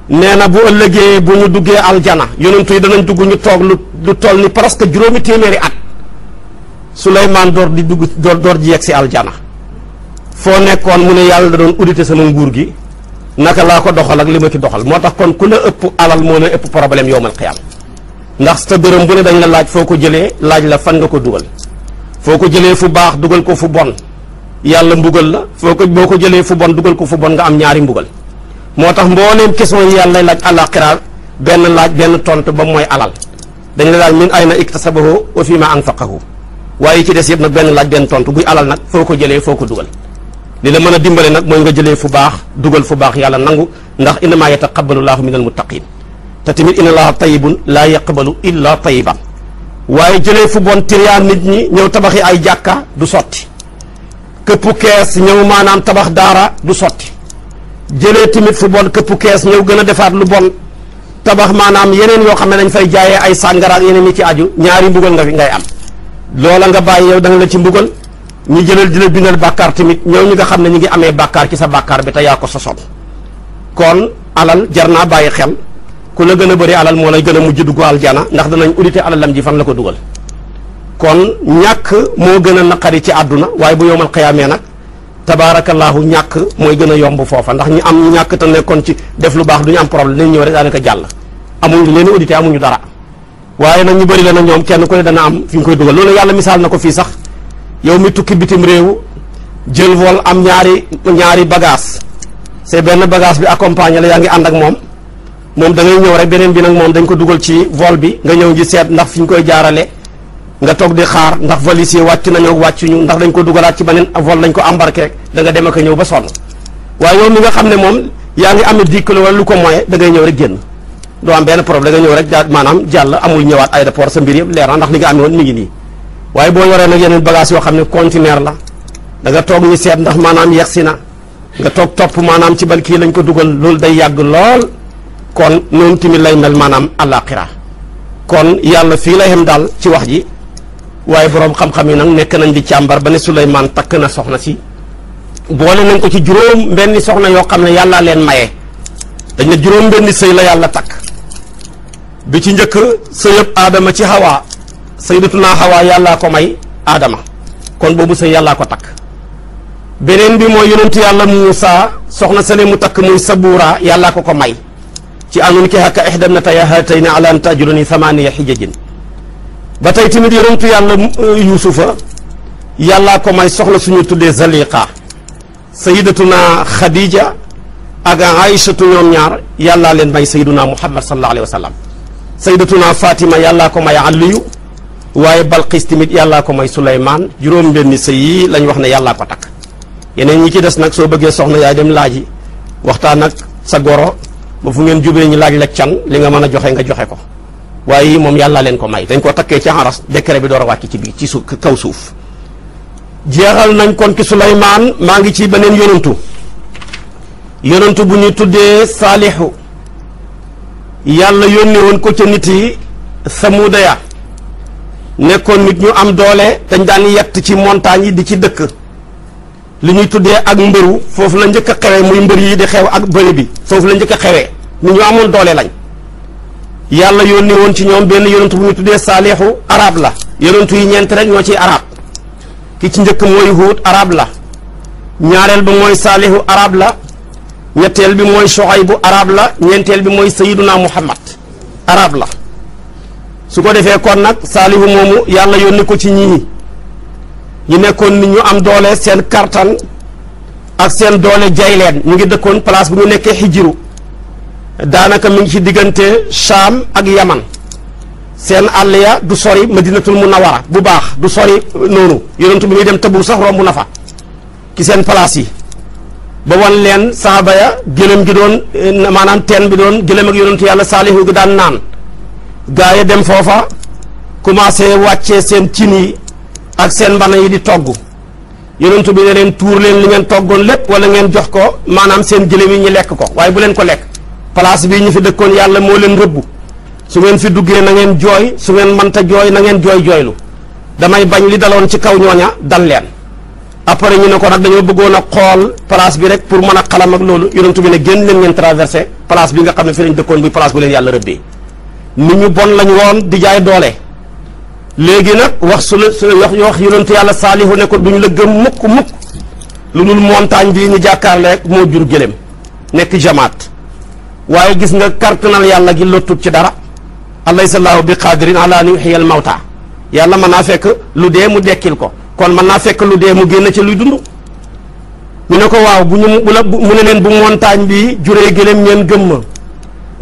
nee na bu ëllëgee bu ñu duggee aljana yonentu yi danañ dugg ñu toog lu lu toll ni presque juróomi téeméeri at Souleymane door di dugg door door ji yegg si aljana foo nekkoon mu ne yàlla da doon audité sama nguur gi naka laa ko doxal ak li ma ci doxal moo tax kon ku la ëpp alal moo la ëpp problème yowmal xiyaam ndax sa dërëm bu ne dañ la laaj foo ko jëlee laaj la fan nga ko dugal foo ko jëlee fu baax dugal ko fu bon yàlla mbugal la foo ko boo ko jëlee fu bon dugal ko fu bon nga am ñaari mbugal moo tax mbooleem question yi yàlla lay laaj àllaaxira benn laaj benn tontu ba mooy alal dañ la ay na ayna iktasabahu wa fi ma anfaqahu waaye ci des yëpp nag benn laaj benn tontu buy alal nag foo ko jëlee foo ko dugal li la mën a dimbale nag mooy nga jëlee fu baax dugal fu baax yàlla nangu ndax innamaa yataqabbalu llaahu minal muttaqiin te tamit inna llaaha tayyibun laa yaqbalu illaa tayyiban waaye jëlee fu bon tiriyaan nit ñi ñëw tabaxi ay jàkka du sotti këppu kees ñëw maanaam tabax daara du sotti jëlee tamit fu bon këppu kees ñëw gën a defaat lu bon tabax maanaam yeneen yoo xam ne dañ fay jaayee ay sàngara ak yeneen yi ci aju ñaari mbugal nga fi ngay am loola nga bàyyi yow danga la ci mbugal ñu jëlal di la bindal bàkkaar tamit ñëw ñi nga xam ne ñu ngi amee bàkkaar ci sa bàkkaar bi te yaa ko sosoon kon alal jar naa bàyyi xel ku la gën a bëri alal moo lay gën a mujj dugg aljana ndax danañ audité alalam ji fan la ko dugal kon ñàkk moo gën a naqari ci àdduna waaye bu yowmal xiyaamee nag tabaarakallaahu ñàkk mooy gën a yomb foofa ndax ñi am ñu ñàkk te nekkoon ci def lu baax du ñu am problème dañu ñëw rek daanaka jàll amuñu leen audité amuñu dara waaye nag ñu bëri la na ñoom kenn ku dana am fi ñu koy dugal loolu yàlla misaal na ko fii sax yow mi tukki bitim réew jël vol am ñaari ñaari bagage c'est benn bagage bi accompagné la yaa ngi ànd ak moom moom da ngay ñëw rek beneen bi nag moom dañ ko dugal ci vol bi nga ñëw ngi seet ndax fi ñu koy jaarale nga toog di xaar ndax valise yi wàcc nañoo wàcc ñu ndax dañ ko dugalaat ci beneen vol lañ ko embarqué da nga dem ak ñëw ba sonn waaye yow mi nga xam ne moom yaa ngi amee dix kilo wala lu ko moyen da ngay ñëw rek génn doo am benn problème da ñëw rek daal maanaam jàll amul ñëwaat aéroport sa mbir yëpp leeral ndax li nga amee woon mi ngi nii waaye boo yoree nag yeneen bagage yoo xam ne conteneur la danga toog ñu seet ndax maanaam yegsi na nga toog topp maanaam ci ban kii lañ ko dugal loolu day yàgg lool kon noonu tamit lay mel maanaam àllaaxira kon yàlla fii lay xem daal ci wax ji waaye boroom xam-xam yi nag nekk nañ di càmbar ba ne Souleymane takk na soxna si boole nañ ko ci juróom benn soxna yoo xam ne yàllaa leen maye dañ ne juróom benn sëy la yàlla takk bi ci njëkk sëyëb aadama ci xawaa sayyidatuna xawaa yàllaa ko may aadama kon boobu sëy yàllaa ko takk beneen bi mooy yonentu yàlla Muusa soxna sa sale mu takk muy sabuura yàllaa ko ko may ci anun ki hakka ihda ibnataya haatayni ala an taajurani thamaaniya hijajin ba tey tamit yonentu yàlla euh, yuusufa yàllaa ko may soxla suñu tuddee zaliqa sayidatuna xadija ak aïchatu ñoom ñaar yàllaa leen may sayiduna muhammad sallallahu alayhi wa sallam sayidatuna fatima yàllaa ko may aliyu waaye balqis tamit yàllaa ko may suleymaan juróom benni sëy yi lañ wax ne yàllaa ko takk yeneen ñi ci des nag soo bëggee soxna yaay dem laaji waxtaan ak sa goro ba fu ngeen jubee ñu laaj la can li nga mën a joxe nga joxe ko waaye moom yàllaa leen ko may dañ koo takkee ci xaras décret bi door a wàcc ci biir ci su kaw suuf jeexal nañ kon ki Suleymaan maa ngi ci beneen yonantu yonantu bu ñuy tuddee Saalihu yàlla yónni woon ko ca nit yi Samuuda ya nekkoon nit ñu am doole dañ daan yett ci montagne yi di ci dëkk li ñuy tuddee ak mbëru foofu la njëkk a xewee muy mbër yi di xew ak bëri bi foofu la njëkk a xewee nit ñu amoon doole lañ yàlla yónni ci ñoom benn yonentu bu ñu tuddee saalihu arab la yonentu yi ñeent rek ñoo ci arab ki ci njëkk mooy huut arab la ñaareel bi mooy saalihu arab la ñetteel bi mooy soxaybu arab la ñeenteel bi mooy sayiduna muhammad arab la su ko defee kon nag saalihu moomu yàlla yónni ko ci ñii ñu nekkoon nit ñu am doole seen kartan ak seen doole jay leen ñu ngi dëkkoon place bu ñu nekkee xijiru daanaka mi ngi ci diggante Sham ak Yaman seen àll ya du sori a munawara bu baax du sori noonu yonentu bi muy dem Tabuk sax romb na fa ci seen place yi ba wan leen saaba ya gëlëm gi doon eh, maanaam teen bi doon gëlëm ak yonentu yàlla saalihu gi daan naan gaa ya dem foofa commencé wàccee seen cin yi ak seen mbana yi di togg yonentu bi ne leen tuur leen li ngeen toggoon lépp wala ngeen jox ko maanaam seen gëlëm yi ñu lekk ko waaye bu leen ko lekk place bii ñu fi dëkkoon yàlla moo leen rëbb su ngeen fi duggee na ngeen jooy su ngeen mënta jooy na ngeen jooy jooylu damay bañ li daloon ci kaw ñooña dal leen après ñu ne ko nag dañoo bëggoon a xool place bi rek pour mën a xalam ak loolu yonent bi ne génn leen ngeen traversé place bi nga xam ne fi lañ dëkkoon buy place bu leen yàlla rëbbee nit ñu bon lañ woon di jaay doole léegi nag wax su la su wax wax yonent yàlla saalihu ne ko duñu la gëm mukk mukk lu dul montagne bii ñu jàkkaarloo moo jur gëlem nekk jamaat waaye gis nga kartanal yàlla gi lottut ci dara alaysa laahu bi qaadirin ala an yuxiya al mawta yàlla mën naa fekk lu dee mu dekkil ko kon man naa fekk lu dee mu génn ci luy dund ñu ne ko waaw bu ñu bu la mu ne leen bu montagne bi juree gëléem ngeen gëm ma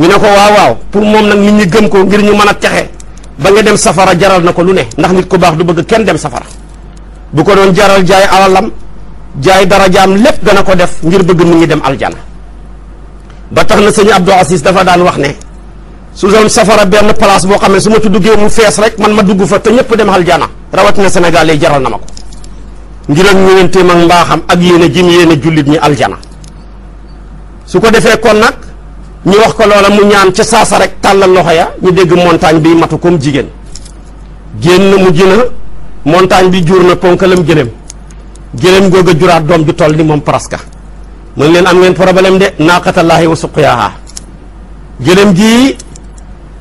ñu ne ko waaw waaw pour moom nag nit ñi gëm ko ngir ñu mën a texe ba nga dem safara jaral na ko lu ne ndax nit ku baax du bëgg kenn dem safara bu ko doon jaral jaay alalam jaay darajaam lépp gën ko def ngir bëgg nit ñi dem aljana ba tax na sëñ Abdou Aziz dafa daan wax ne su doon safara benn place boo xam ne su ma tudd duggee mu fees rek man ma dugg fa te ñëpp dem aljana rawatina Sénégal lay jaral na ma ko ngiram ñëwenteem ak mbaaxam ak yéene jim yéene jullit ñi aljana su ko defee kon nag ñu wax ko loola mu ñaan ca saasa rek tàllal loxo ya ñu dégg montagne bi matu comme jigéen génn mu jina montagne bi jur na ponkalam gëléem gëléem googa juraat doom ju toll ni moom presque mu ne leen am ngeen problème de naaqatallaahi wa suqyaaha jëlem ji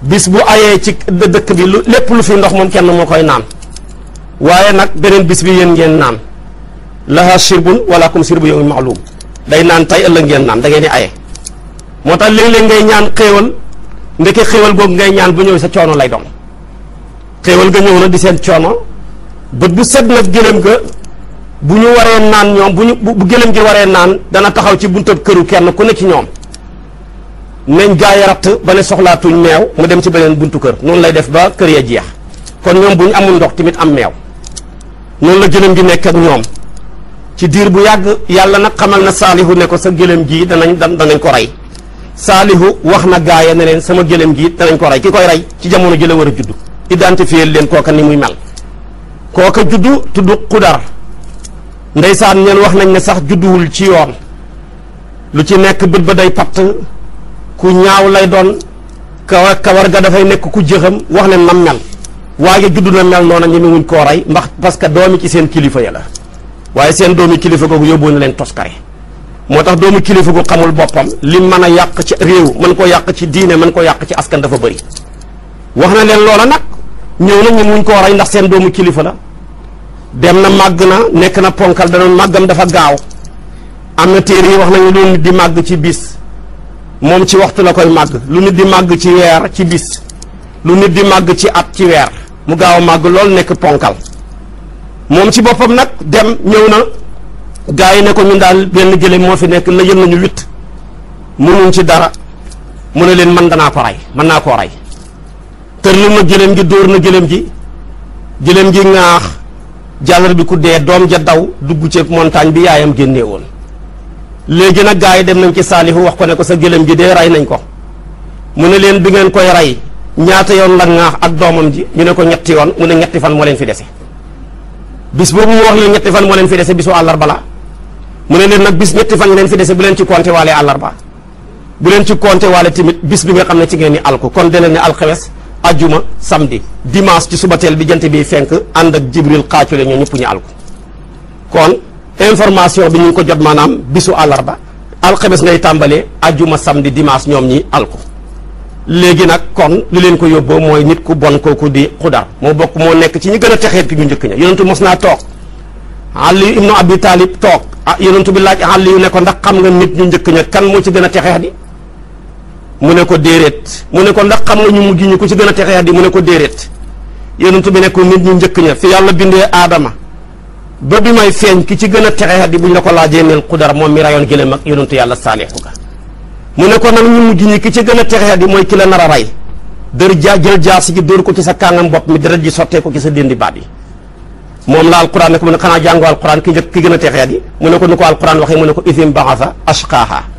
bis bu ayee ci dëkk bi lépp lu fi ndox moom kenn moo koy naan waaye nag beneen bis bi yéen ngeen naan laha sirbun wala kum sirbu yawmin ma'lum day naan tey ëllëg ngeen naan da di aye moo tax léeg-léeg ngay ñaan xéewal ndeke xéewal googu ngay ñaan bu ñëw sa coono lay doon xéewal ga ñëw na di seen coono bët bu set nag gëlëm ga bu ñu waree naan ñoom bu ñu bu gëlëm gi waree naan dana taxaw ci buntab këru kenn ku ne ci ñoom nañ gaa yi ratt ba ne soxlaatuñ meew mu dem ci beneen buntu kër noonu lay def ba kër ya jeex kon ñoom bu ñu amul ndox tamit am meew noonu la gëlëm ji nekk ak ñoom ci diir bu yàgg yàlla nag xamal na saalihu ne ko sa gëléem gii danañ danañ ko rey saalihu wax na gaa ya ne leen sama gëlëm gii danañ ko rey ki koy rey ci jamono ji la war a judd identifier leen kooka ni muy mel kooka juddu tudd xudar ndeysaan ñeen wax nañ ne sax judduwul ci yoon lu ci nekk bët ba day patt ku ñaaw lay doon kawa kawar ga dafay nekk ku jëxam wax leen nam mel waaye juddu na mel noona ñeme wuñ koo rey ndax parce que doomi ci seen ya la waaye seen doomi kilifa googu yóbbu leen toskare moo tax doomu kilifa gu xamul boppam li mën a yàq ci réew mën ko yàq ci diine mën ko yàq ci askan dafa wax na leen loola nag ñëw na ñem wuñ koo rey ndax seen doomu kilifa la dem na màgg na nekk na ponkal danoon màggam dafa gaaw am na téere yi wax nañu lu nit di màgg ci bis moom ci waxtu la koy màgg lu nit di màgg ci weer ci bis lu nit di màgg ci at ci weer mu gaaw a màgg lool nekk ponkal moom ci boppam nag dem ñëw na gars yi ne ko ñun daal benn gëléem moo fi nekk la yën nañu witt mënuñ ci dara mu ne leen man danaa ko rey mën naa koo rey tër lu na gëléem gi dóor na gëléem gi gëléem gi ŋaax jàllar bi ku dee doom ja daw dugg ci montagne bi yaayam génnee woon léegi nag gars yi dem nañ ci saalihu wax ko ne ko sa gëlëm gi dee rey nañ ko mu ne leen bi ngeen koy rey ñaata yoon la ŋaax ak doomam ji ñu ne ko ñetti yoon mu ne ñetti fan moo leen fi dese bis boobu mu wax leen ñetti fan moo leen fi dese bisu àllarba la mu ne leen nag bis ñetti fan leen fi dese bu leen ci compter waale àllarba bu leen ci compter waale tamit bis bi nga xam ne ci ngeen ni alku kon de leen ne alxewes ajuma samdi dimanche ci suba teel bi jant bi fenk ànd ak jibril xaacule ñoo ñëpp ñu alku kon information bi ñu ngi ko jot maanaam bisu àllarba alxames ngay tàmbalee ajuma samedi dimanche ñoom ñi alku léegi nag kon li leen ko yóbboo mooy nit ku bon kooku di xudar moo bokk moo nekk ci ñu gën a texeet ki ñu njëkk ña yonentu mos naa toog Ali ibnu Abi Talib toog ah, yonentu bi laaj Ali yu ne ko ndax xam nga nit ñu njëkk ña kan moo ci gën a texeet mu ne ko déeréet mu ne ko ndax xam nga ñu mujj ñu ku ci gën a texee di mu ne ko déeréet yonent bi ne ko nit ñu njëkk ña fi yàlla bindee aadama ba bi may feeñ ki ci gën a texee di buñ la ko laajee neel xudar moom mi rayoon gëléem ak yonentu yàlla saalihu ga mu ne ko nag ñu mujj ñi ki ci gën a texee di mooy ki la nar a dër jaa jël jaas gi dóor ko ci sa kàngam bopp mi deret ji sottee ko ci baat yi moom la alquran ne ko mu ne xanaa jàngu alquran ki njëkk ki gën a di mu ne ko nu ko alquran waxee mu ne ko isim baxasa ashqaaha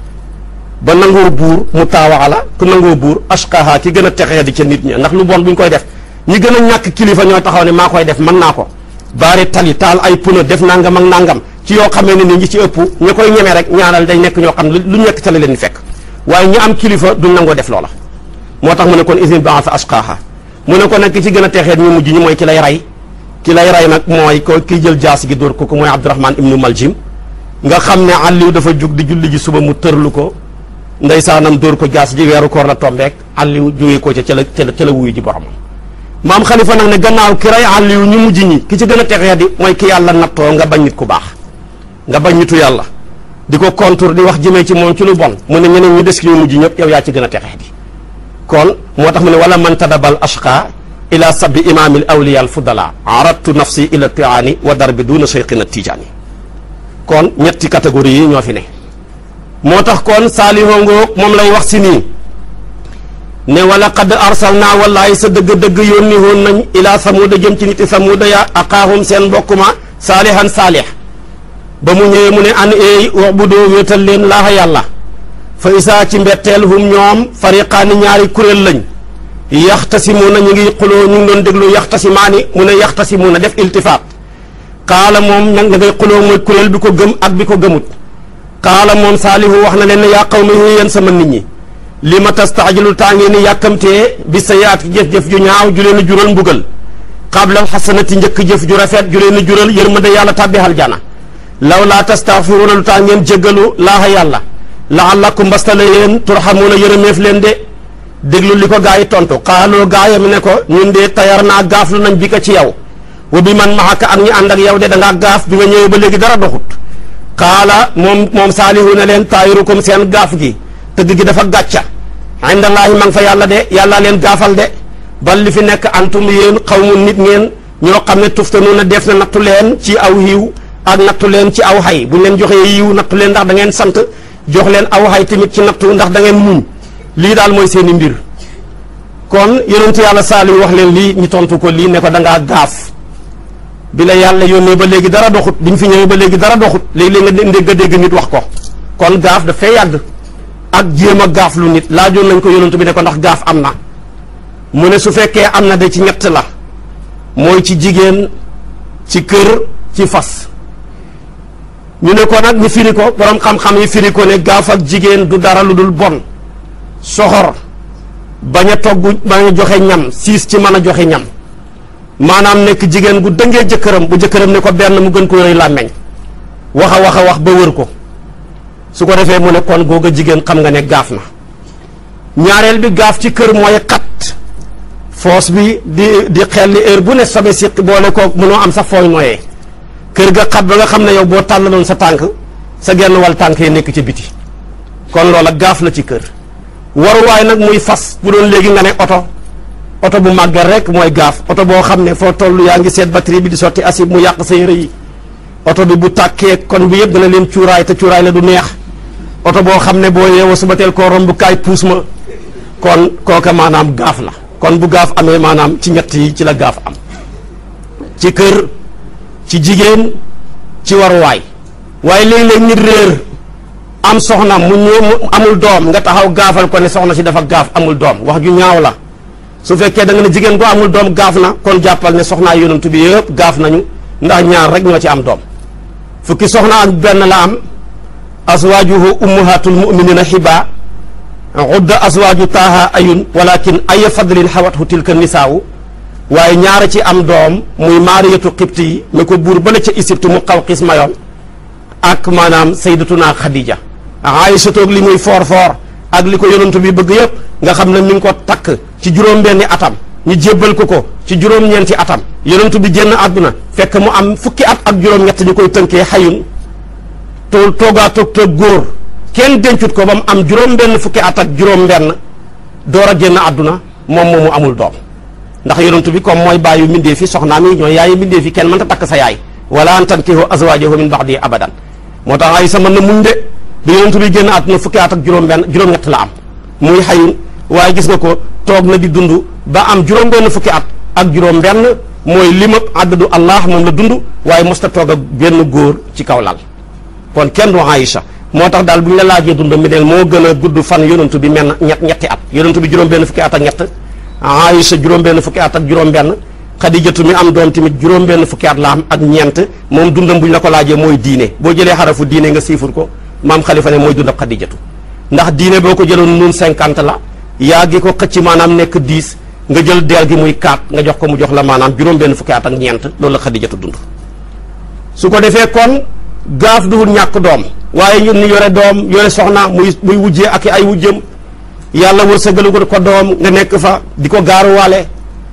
ba nangoo buur mu taawa taawaala ku nangoo buur ashqaha ki gën a texee di ca nit ñi ndax lu bon bi ñu koy def ñi gën a ñàkk kilifa ñoo taxaw ne maa koy def man naa ko baare tali taal ay puna def nangam ak nàngam ci yoo xamee ne ni ñi ci ëpp ñi koy ñemee rek ñaanal day nekk ñoo xam lu ñekk ca leen di fekk waaye ñi am kilifa duñ nangoo def loola moo tax mu ne kon isin baasa ashqaha mu ne ko nag ki ci gën a texee ñu mujj ñu mooy ki lay rey ki lay ray nag mooy ko ki jaas gi dóor ko ko mooy Abdurahman ibnu Maljim nga xam ne Aliou dafa jug di julli ji suba mu tërlu ko ndeysaanam dóor ko jaas ji weeru koor la tombeek Aliou jógee ko ca ca la ca ji boromam maam xalifa nag ne gannaaw ki rey Aliou ñu mujj ñi ki ci gën a texee mooy ki yàlla nattoo nga bañ nit ku baax nga bañ nitu yàlla di ko contour di wax jëmee ci moom ci lu bon mu ne ñeneen ñu des ki ñu mujj ñëpp yow yaa ci gën a texee di kon moo tax mu ne wala man tadabal ashqa ila sabi imaamil awliya al fudala aradtu nafsi ila tiaani wa darbi duna cheikhina tijaani kon ñetti catégorie yi ñoo fi ne moo tax kon saalihoo ngoog moom lay wax si nii ne wala qad arsalnaa wallaay sa dëgg-dëgg yónni woon nañ ilaa samuuda jëm ci niti samuuda ya aqaahum seen mbokk ma saalihan saalih ba mu ñëwee mu ne an eey wax bu doo wéetal leen laaxa yàlla fa isaa ci mbetteel hum ñoom fariqaani ñaari kuréel lañ yaxtasimuuna ñu ngi xuloo ñu ngi doon déglu yaxtasimaani mu ne yaxtasimuuna def iltifaat kaala moom ña da ngay xuloo mooy kuréel bi ko gëm ak bi ko gëmut qaala moom saalihu wax na leen ne yaa qawmi yéen sama nit ñi li ma tastaajilu taa ngeen ni yàkkamtee bi sa yaat jëf-jëf ju ñaaw ju leen a jural mbugal qablal xasanati njëkk jëf ju rafet ju leen a jural yërmande yàlla tàbbi aljana law laa tastaxfiruuna lu taa ngeen jéggalu laaha yàlla laallakum mbastale yéen turxamuuna yërëmeef leen de déglu li ko gaa yi tontu xaaloo gaayam ne ko ñun de tayar naa gaaf lu nañ bi ko ci yow wa bi man maxaka ak ñu ànd ak yow de dangaa gaaf bi nga ñëwee ba léegi dara doxut qaala moom moom saalihu ne leen taayirukum seen gaaf gi tëgg gi dafa gàcca indallaahi ma ngi fa yàlla de yàllaa leen gaafal de bal li fi nekk antum xaw xawmun nit ngeen ñoo xam ne tuftanu na def na nattu leen ci aw yiw ak nattu leen ci aw xay bu ñu leen joxee yiw nattu leen ndax da ngeen sant jox leen aw xay tamit ci nattu ndax da ngeen muñ lii daal mooy seeni mbir kon yonentu yàlla saalihu wax leen lii ñu tontu ko lii ne dangaa da gaaf bi la yàlla yónnee ba léegi dara doxut bi fi ñëwee ba léegi dara doxut léegi-léeg nga dégg dégg nit wax ko kon gaaf dafay yàgg ak jéem a gaaf lu nit laajoon nañ ko yonent bi ne ko gaaf am na mu ne su fekkee am na de ci ñett la mooy ci jigéen ci kër ci fas ñu ne ko nag ñu firi yi firi ko ne gaaf ak jigéen du dara lu dul bon soxor bañ a togg bañ joxe ñam siis ci mën a joxe ñam maanaam nekk jigéen gu dëngee jëkkëram bu jëkkëram ne ko benn mu gën ko rëy làmmeñ wax a wax a wax ba wër ko su ko defee mu ne kon googa jigéen xam nga ne gaaf na ñaareel bi gaaf ci kër mooy xat foos bi di di xelli heure bu ne sabe si boole koo mënoo am sa fooy noyee kër ga xat ba nga xam ne yow boo tàllaloon sa tànk sa genn wal tànk yi nekk ci biti kon loola gaaf la ci kër waruwaay nag muy fas bu doon léegi nga ne oto oto bu màggal rek mooy gaaf oto boo xam ne foo tollu yaa ngi seet batterie bi di sotti asib mu yàq sa yëre yi oto bi bu tàkkee kon bi yëpp na leen cuuraay te cuuraay la du neex oto boo xam ne boo yeewoo suba teel koo romb kaay puus ma kon kooka maanaam gaaf la kon bu gaaf amee maanaam ci ñett yi ci la gaaf am ci kër ci jigéen ci waruwaay waaye léeg-léeg nit réer am soxna mu ñëw amul doom nga taxaw gaafal ko ne soxna si dafa gaaf amul doom wax ju ñaaw la su fekkee da nga ne jigéen bu amul doom gaaf na kon jàppal ne soxnaa yonantu bi yëpp gaaf nañu ndax ñaar rek ñoo ci am doom fukki soxna ak benn la am aswaajuhu ummahatul muminina xiba udda aswaaju taaha ayun a aya fadlin xawathu tilka nisaawu waaye ñaara ci am doom muy maariyatu xibti yi mi ko buur bala ca isibtu mu xaw xis yoon ak maanaam saydatuna xadija aïcha toog li muy foor foor ak li ko yonantu bi bëgg yëpp nga xam ne mi ngi ko takk ci juróom-benni atam ñu jébbal ko ko ci juróom-ñeenti atam yonantu bi génn adduna fekk mu am fukki at ak juróom ñetti ñu koy tënkee xayun to toogaa toog toog góor kenn dencut ko ba mu am juróom-benn fukki at ak juróom-benn door a génn adduna moom moomu amul doom ndax yonantu bi comme mooy bàyyu mbindee fi soxnaam yi ñooy yaayu mbindee fi kenn mënta takk sa yaay wala an tankihu azwaajahu min ba'di abadan moo bi yonent bi génn at ak juróom-benn juróom-ñett la am muy xayu waaye gis nga ko toog na di dund ba am juróom-benn fukki at ak juróom-benn mooy limab àddadu allah moom la dund waaye mosta toog benn góor ci kaw lal kon kenn du Aïcha moo tax daal bu ñu la laajee dund mi neen moo gën fan yonent bi menn ñett ñetti at yonent bi juróom-benn fukki at ak ñett Aïcha juróom-benn fukki at ak juróom-benn xadijatu mi am doom tamit juróom-benn fukki at la am ak ñeent moom dundam bu ñu la ko laajee mooy diine boo jëlee xarafu diine nga siifur ko maam xalifa ne mooy dund ab xadijatu ndax diine boo ko jëloon nun cinquante la yaa gi ko xëcc maanaam nekk diis nga jël deel gi muy kaat nga jox ko mu jox la maanaam juróom benn fukki at ak ñeent loolu la xadijatu dund su ko defee kon gaaf duhul ñàkk doom waaye ñun ni yore doom yore soxna muy muy wujjee ak ay wujjëm yàlla wërsëgalu ko doom nga nekk fa di ko gaaruwaale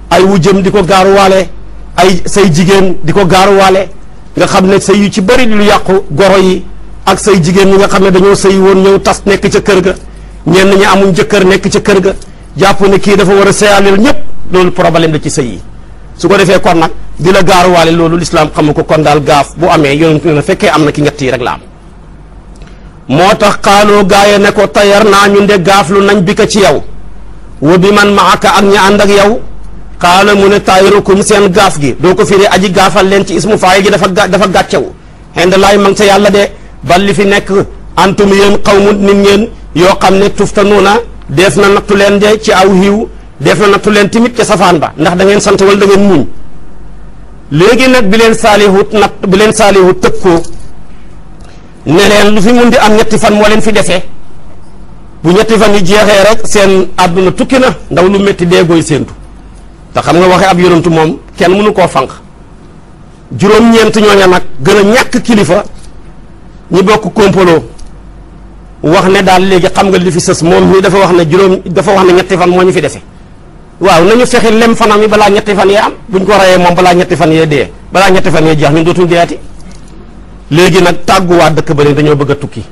ay wujjëm di ko gaaruwaale ay say jigéen di ko gaaruwaale nga xam ne say yu ci bëri lu yàqu goro yi ak say jigéen ñi nga xam ne dañoo sëy woon ñëw tas nekk ca kër ga ñenn ñi amuñ jëkkër nekk ca kër ga jàpp ne kii dafa war a seyaaleel ñëpp loolu problème da ci sëy yi su ko defee kon nag di la gaaruwaale loolu lislaam xamu ko kon daal gaaf bu amee yonent ne fekkee am na ki ñett yi rek la am moo tax xaaloo gaaye ne ko tayar naa ñun de gaaflu nañ bi ko ci yow wa bi man maaka ak ñi ànd ak yow xaala mu ne taayirukum seen gaaf gi doo ko firi aji gaafal leen ci ismu faay gi dafa dafa gàccew xend yàlla de ban li fi nekk antum xaw xawmu nit ngeen yoo xam ne naa def na nattu leen de ci aw xiiw def na nattu leen timit ca safaan ba ndax da sant wala da ngeen muñ léegi nag bi leen saalihut natt bi leen saalihut tëkkoo ne leen lu fi mun di am ñetti fan moo leen fi defee bu ñetti fan yi jeexee rek seen àdduna tukki na ndaw lu métti deegooy séentu te xam nga waxee ab yonantu moom kenn mënu koo fànq juróom-ñeent ñooña nag gën a ñàkk kilifa ñi bokk complot wax ne daal léegi xam nga li fi sës moom ñii dafa wax ne juróom dafa wax ne ñetti fan moo ñu fi dese waaw nañu fexe lem fanam yi balaa ñetti fan yee am buñ ko rayee moom balaa ñetti fan yee dee balaa ñetti fan yee jeex ñun dootuñ deeati léegi nag tàgguwaat dëkk ba ne dañoo bëgg a tukki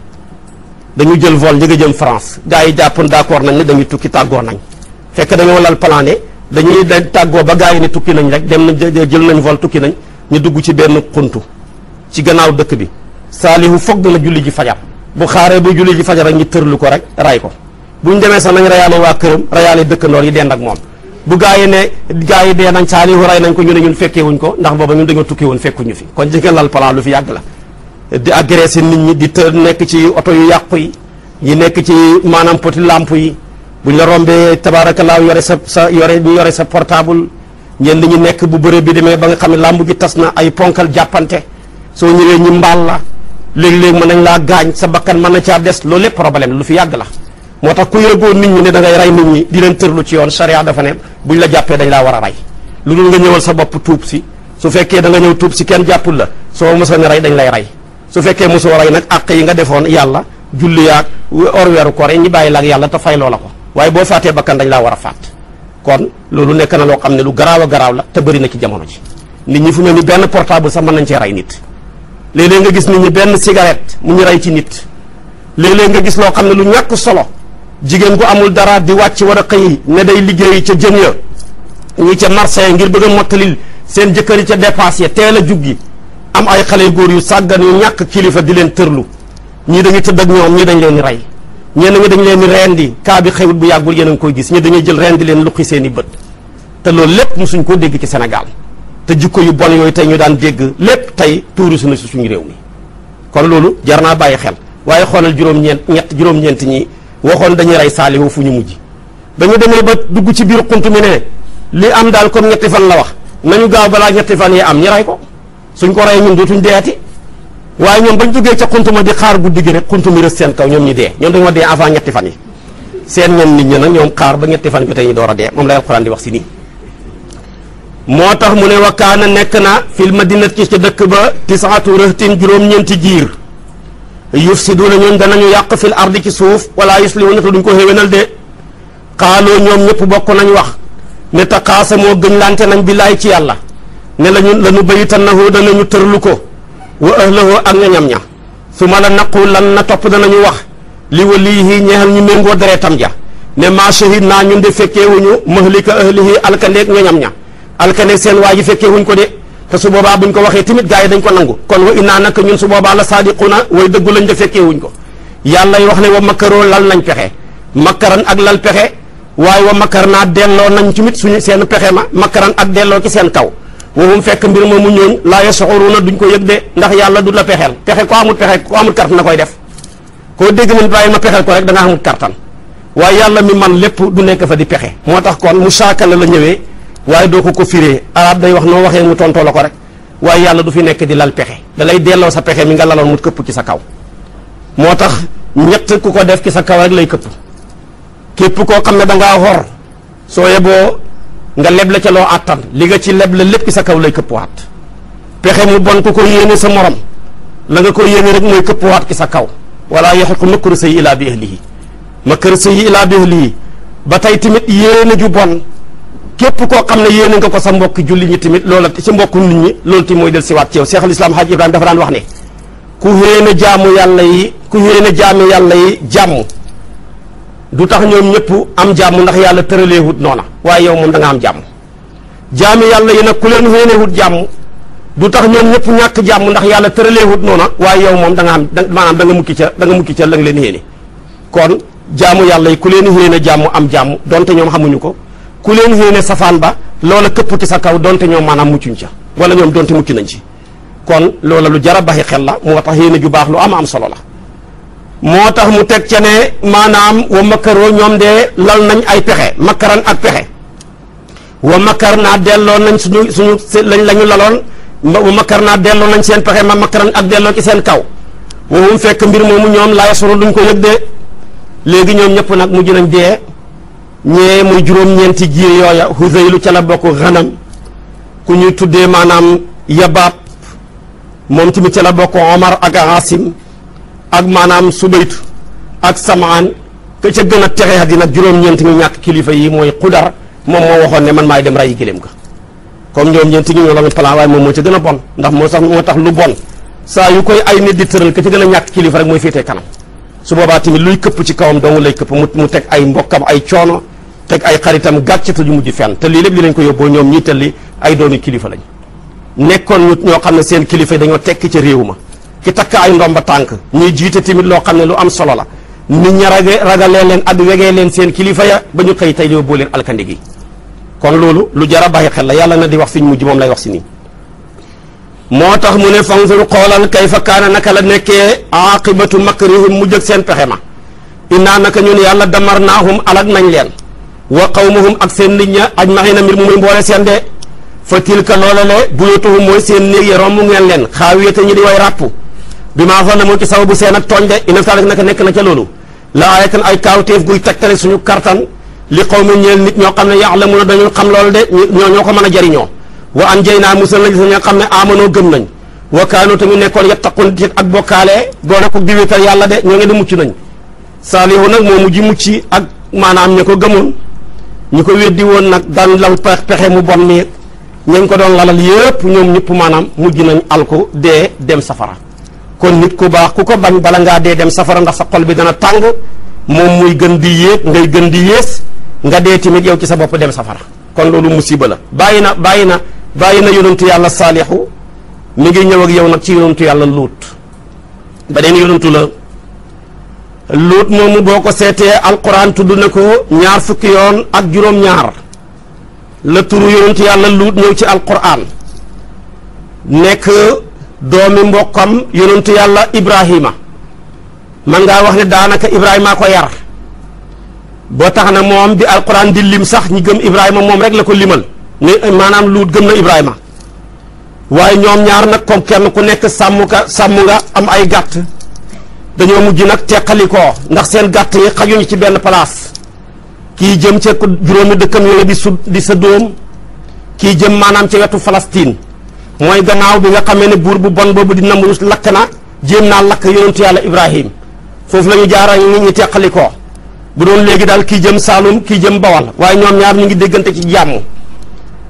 dañu jël vol ñi jëm France gars yi jàppoon d'accord nañ ne dañuy tukki tàggoo nañ fekk dañoo lal plané dañuy dañ tàggoo ba gars yi ne tukki nañ rek dem nañ jël nañ vol tukki nañ ñu dugg ci benn xuntu ci gannaaw dëkk bi saalihu foog dana julli ji fajar bu xaaree bu julli ji fajar rek ñu tërlu ko rek ray ko buñ demee sax nañ rayaale waa këram rayaale dëkkandoor yi dend ak moom bu gaa yi ne gaa yi dee nañ saalihu ray nañ ko ñu ne ñun fekkee wuñ ko ndax booba ñun dañoo tukkee woon fekkuñu fi kon jënga lal plan lu fi yàgg la di agressé nit ñi di tër nekk ci oto yu yàqu yi yi nekk ci maanaam poti lamp yi buñ la rombee tabaarakalaaw yore sa sa yore ñu yore sa portable ñenn ñi nekk bu bëre bi demee ba nga xam ne làmb gi tas na ay ponkal jàppante soo ñëwee ñi mbaal la léeg-léeg mën nañ laa gaañ sa bakkan mën na caa des loolu lépp problème lu fi yàgg la moo tax kuy rëboo nit ñi ne da ngay rey nit ñi di leen tërlu ci yoon charia dafa ne buñ la jàppee dañ laa war a rey lu dul nga ñëwal sa bopp tuub si su fekkee danga ñëw tuub si kenn jàppul la soo mosoo ne rey dañ lay rey su fekkee mosoo rey nag àq yi nga defoon yàlla julli yaag or weeru ko yi ñi bàyyi la yàlla te fay loola ko waaye boo fàttee bakkan dañ laa war a fàtt kon loolu nekk na loo xam ne lu garaaw a garaaw la te bëri na ci jamono ji nit ñi fu mel ni benn portable sax mën nañ cee rey nit léeg nga gis nit ñi benn cigarette mu ñu rey ci nit léeg nga gis loo xam ne lu ñàkk solo jigéen gu amul dara di wàcc war a xëy ne day liggéey ca jëm ya ñi ca marché ngir bëgg a mottalil seen jëkkër ca dépasse ya teel a jug gi am ay xale yu góor yu sàggan yu ñàkk kilifa di leen tërlu ñii dañuy tëdd ak ñoom ñii dañ leen di rey ñenn ñi dañ leen di rendi kaa bi xewut bu yàggul yéen a ngi koy gis ñi dañuy jël rendi leen luqi seen i bët te loolu lépp mosuñ koo dégg ci Sénégal te jikko yu bon yooyu tey ñu daan dégg lépp tey tuuru si na si suñu réew mi kon loolu jar naa bàyyi xel waaye xoolal juróom-ñeent ñett juróom-ñeent ñi waxoon dañuy rey saalihu fu ñu mujj ba ñu demee ba dugg ci biir xunt mi ne li am daal comme ñetti fan la wax nañu gaaw balaa ñetti fan yi am ñu rey ko suñ ko rey ñun dootuñ deeti waaye ñoom bañ duggee ca xunt ma di xaar guddi gi rek xunt mi seen kaw ñoom ñu dee ñoom dañoo dee avant ñetti fan yi seen ñoom nit ñi nag ñoom ñu door a dee wax si nii moo tax mu ne wakkaana nekk na fil madinati ci dëkk ba tisaatu rëhtin juróom-ñeenti jiir si yufsiduuna ñoom danañu yàq fil ardi ci suuf wala yuslihuuna te duñ ko xéwénal de xaaloo ñoom ñëpp bokk nañu wax ne taqaasa moo gën lante nañ billaay ci yàlla ne lañu lanu dana ñu tërlu ko wa ahlahu ak ñañam ña su ma la naqu lan na topp danañu wax li waliihi ñeexal ñu méngoo deretam ja ne maa shahid naa ñun de fekkee wuñu mahlika ahlihi alkandeeg ña alkane seen waa ji fekkee wuñ ko de te su boobaa buñ ko waxee tamit gars yi dañ ko nangu kon wa innaa nak ñun su boobaa la saadiquuna way dëggu lañ da fekkee wuñ ko yàlla wax ne wa makkaroo lal nañ pexe makkaran ak lal pexe waaye wa makkar naa delloo nañ tamit suñu seen pexe ma makkaran ak delloo ci seen kaw wowum fekk mbir mu ñooñ laa yash'uruuna duñ ko yëg de ndax yàlla du la pexeel pexe ko amul pexe ko amul kartan na koy def koo dégg man ma pexeel ko rek da nga amul yàlla man lépp du nekk fa di pexe moo tax kon mu saakala la ñëwee waaye doo ko ko firee arab day wax noo waxee mu tontoo la ko rek waaye yàlla du fi nekk di lal pexe dalay delloo sa pexe mi nga laloon mu këpp ci sa kaw moo tax ñett ku ko def ci sa kaw rek lay këpp képp koo xam ne dangaa xor soo yeboo nga leble ca loo àttan li nga ci leble lépp ci sa kaw lay këppwaat pexe mu bon ku ko yéene sa morom la nga ko yéene rek mooy këppwaat ci sa kaw wala yaxiqu ko sayyi ilaa bi ahlihi makru sayyi ilaa bi ahlihi ba tey tamit yéene ju bon képp koo xam ne yéene nga ko sa mbokk julli ñi tamit loola ci mbokk nit ñi loolu tamit mooy del siwaat ci yow Seexul Islaam Haaj Ibrahima dafa daan wax ne ku yéene jaamu yàlla yi ku yéene jaami yàlla yi jàmm du tax ñoom ñëpp am jàmm ndax yàlla tëraleewut noona waaye yow moom da nga am jàmm jaami yàlla yi nag ku leen yéenewut jàmm du tax ñoom ñëpp ñàkk jàmm ndax yàlla tëraleewut noona waaye yow moom da nga am maanaam da nga mukki ca da nga mukki ca la leen yéene kon jaamu yàlla yi ku leen yéene jàmm am jàmm donte ñoom xamuñu ko ku leen yéene safaan ba loola këpp ci sa kaw donte ñoom maanaam muccuñ ca wala ñoom donte mucc nañ ci kon loola lu jar a xel la moo tax yéene ju baax lu am am solo la moo tax mu teg ca ne maanaam wa makkaroo ñoom de lal nañ ay pexe makkaran ak pexe wa makkar naa delloo nañ suñu suñu lañ la ñu laloon wa makar naa delloo nañ seen pexe ma makkaran ak delloo ci seen kaw wowum fekk mbir moomu ñoom laay soro luñ ko yëg de léegi ñoom ñëpp nag mujj nañ dee ñee muy juróom-ñeenti giir yooya Huzaylu ca la bokk xanam ku ñuy tuddee maanaam yabaab moom tamit ca la bokk Omar ak Asim ak maanaam subaytu ak samaan ka ca gën texe at yi nag juróom-ñeenti ñu ñàkk kilifa yi mooy xudar moom moo waxoon ne man maay dem rayi giléem ga comme ñoom ñeenti ñu ñoo la plan waaye moom moo ca gën a bon ndax moo sax moo tax lu bon saa yu koy ay nit di tëral ka ca gën ñàkk kilifa rek mooy féetee kanam su boobaa tamit luy këpp ci kawam dong lay këpp mu mu teg ay mbokkam ay coono teg ay xaritam gàcce te du mujj fenn te lii lépp li lañ ko yóbboo ñoom ñii telli ay doomi kilifa lañ nekkoon ñu ñoo xam ne seen kilifa dañoo tekk ci réew ma ki takk ay ndomba tànk ñuy jiite tamit loo xam ne lu am solo la nit ña rage ragalee leen ak wegee leen seen kilifa ya ba ñu xëy tey ñoo boo leen alkandi gi kon loolu lu jar a bàyyi xel la yàlla na di wax fi mujj moom lay wax si nii moo tax mu ne fanzur xoolal kayfa kaana naka la nekkee aqibatu makrihim mu jëg seen pexe ma innaa ñun yàlla damar naahum alag nañ leen wa qawmuhum ak seen nit ña ajmaxiina mbir mu muy mboole seen de fa tilka loola le buyutuhum mooy seen néeg ya romb ngeen leen xaawiyata ñi di way ràpp bi maa fa na mu ci bu seen ak tooñ de ina saalik naka nekk na ca loolu la ayatan ay kaawteef guy tegtale suñu kartan li qawmin ñeel nit ñoo xam ne la a dañu xam loolu de ñoo ñoo ko mën a jariñoo wa anjaynaa musal lañ sax ñoo xam ne aamanoo gëm nañ wa kaanu te ñu nekkoon yattaqun ci ak bokkaale boole ko diwital yàlla de ñoo ngi di mucc nañ saalihu nag moo mujj mucc ak maanaam ña ko gëmoon ñu ko weddi woon nag daan lal pexe mu bon mi ñañ ko doon lalal yépp ñoom ñëpp maanaam mujj nañu alku dee dem safara kon nit ku baax ku ko bañ bala ngaa dee dem safara ndax sa xol bi dana tàng moom muy gën di yéeg ngay gën di yées nga dee tamit yow ci sa bopp dem safara kon loolu musiba la bàyyi na bàyyi na bàyyi na yonantu yàlla saalixu mu ngi ñëw ak yow nag ci yonantu yàlla luut beneen yonantu la luut moomu boo ko seetee alquran tudd na ko ñaar fukki yoon ak juróom-ñaar la turu yonent yàlla luut ñëw ci alquran nekk doomi mbokkam yonent yàlla Ibrahima man ngaa wax ne daanaka Ibrahima ko yar boo tax na moom bi alquran di lim sax ñi gëm Ibrahima moom rek la ko limal ni maanaam luut gëm na Ibrahima waaye ñoom ñaar nag comme kenn ku nekk sàmm ka sàmm nga am ay gàtt. dañoo mujj nag teqalikoo ndax seen gàtt yi xajuñu ci benn place kii jëm ca juróomi dëkkam yooyu di su di sa dóom kii jëm maanaam ci wetu Palestine mooy gannaaw bi nga xamee ne buur bu bon boobu di Namrus lakk na jéem naa lakk yonentu yàlla Ibrahim foofu la ñu jaara ñi ñu teqalikoo bu doon léegi daal kii jëm Saalum kii jëm Bawal waaye ñoom ñaar ñu ngi déggante ci jàmm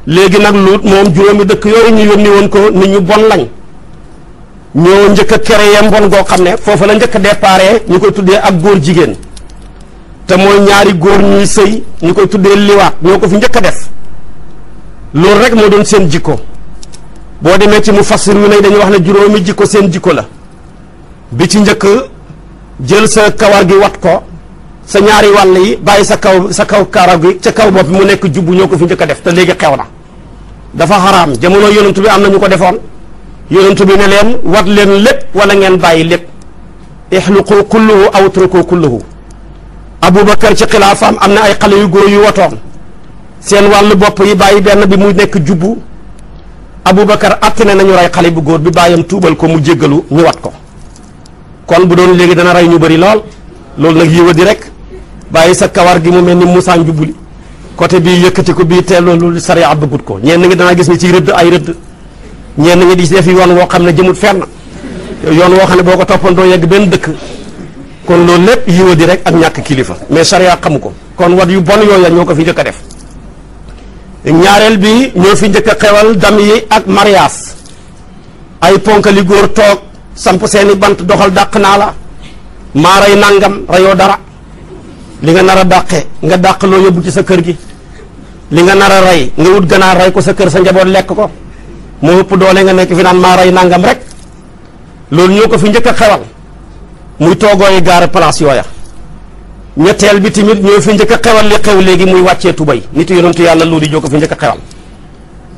léegi nag Luut moom juróomi dëkk yooyu ñu yónni ko nit ñu bon lañ ñoo njëkk a créé bon goo xam ne foofa la njëkk a déparé ñu koy tuddee ak góor jigéen te mooy ñaari góor ñuy sëy ñu koy tuddee liwaat ñoo ko fi njëkk a def loolu rek moo doon seen jikko boo demee ci mu fassir yu ne dañuy wax ne juróomi jikko seen jikko la bi ci njëkk jël sa kawar gi wat ko sa ñaari wàll yi bàyyi sa kaw sa kaw karaw gi ca kaw bopp mu nekk jubbu ñoo ko fi njëkk a def te léegi xew na dafa xaraam jamono yonent bi am na ñu ko defoon yonentu bi ne leen wat leen lépp wala ngeen bàyyi lépp ixluqu kulluhu aw truku kulluhu aboubacar ci xilaafaam am na ay xale yu góor yu wotoon seen wàll bopp yi bàyyi benn bi mu nekk jubbu aboubacar atte ne nañu rey xale bu góor bi bàyyi tuubal ko mu jéggalu ñu wat ko kon bu doon léegi dana rey ñu bari lool loolu nag yiwa di rek bàyyi sa kawar gi mu mel ni Moussa njubbuli côté bii yëkkati ko bii teel loolu sariya bëggut ko ñenn ngi danaa gis ni ci rëdd ay rëdd ñenn ñi di def yoon woo xam ne jëmut fenn yoon woo xam ne boo ko toppandoo yegg benn dëkk kon loolu lépp yiwa di rek ak ñàkk kilifa mais sariya xamu ko kon wat yu bon yooya ñoo ko fi njëkk a def ñaareel bi ñoo fi njëkk a xewal dam yi ak mariage ay ponkali góor toog samp seeni bant doxal dàq naa la maa rey nangam reyoo dara li nga nar a dàqe nga dàq loo yóbbu ci sa kër gi li nga nar a rey nga wut ganaar rey ko sa kër sa njaboot lekk ko moo ëpp doole nga nekk fi naan maa nangam rek loolu ñoo ko fi njëkk a xewal muy toogooyi gaare place yooya ñetteel bi tamit ñoo fi njëkk a xewal li xew léegi muy wàccee tubay nit yonentu yàlla di joo ko fi njëkk a xewal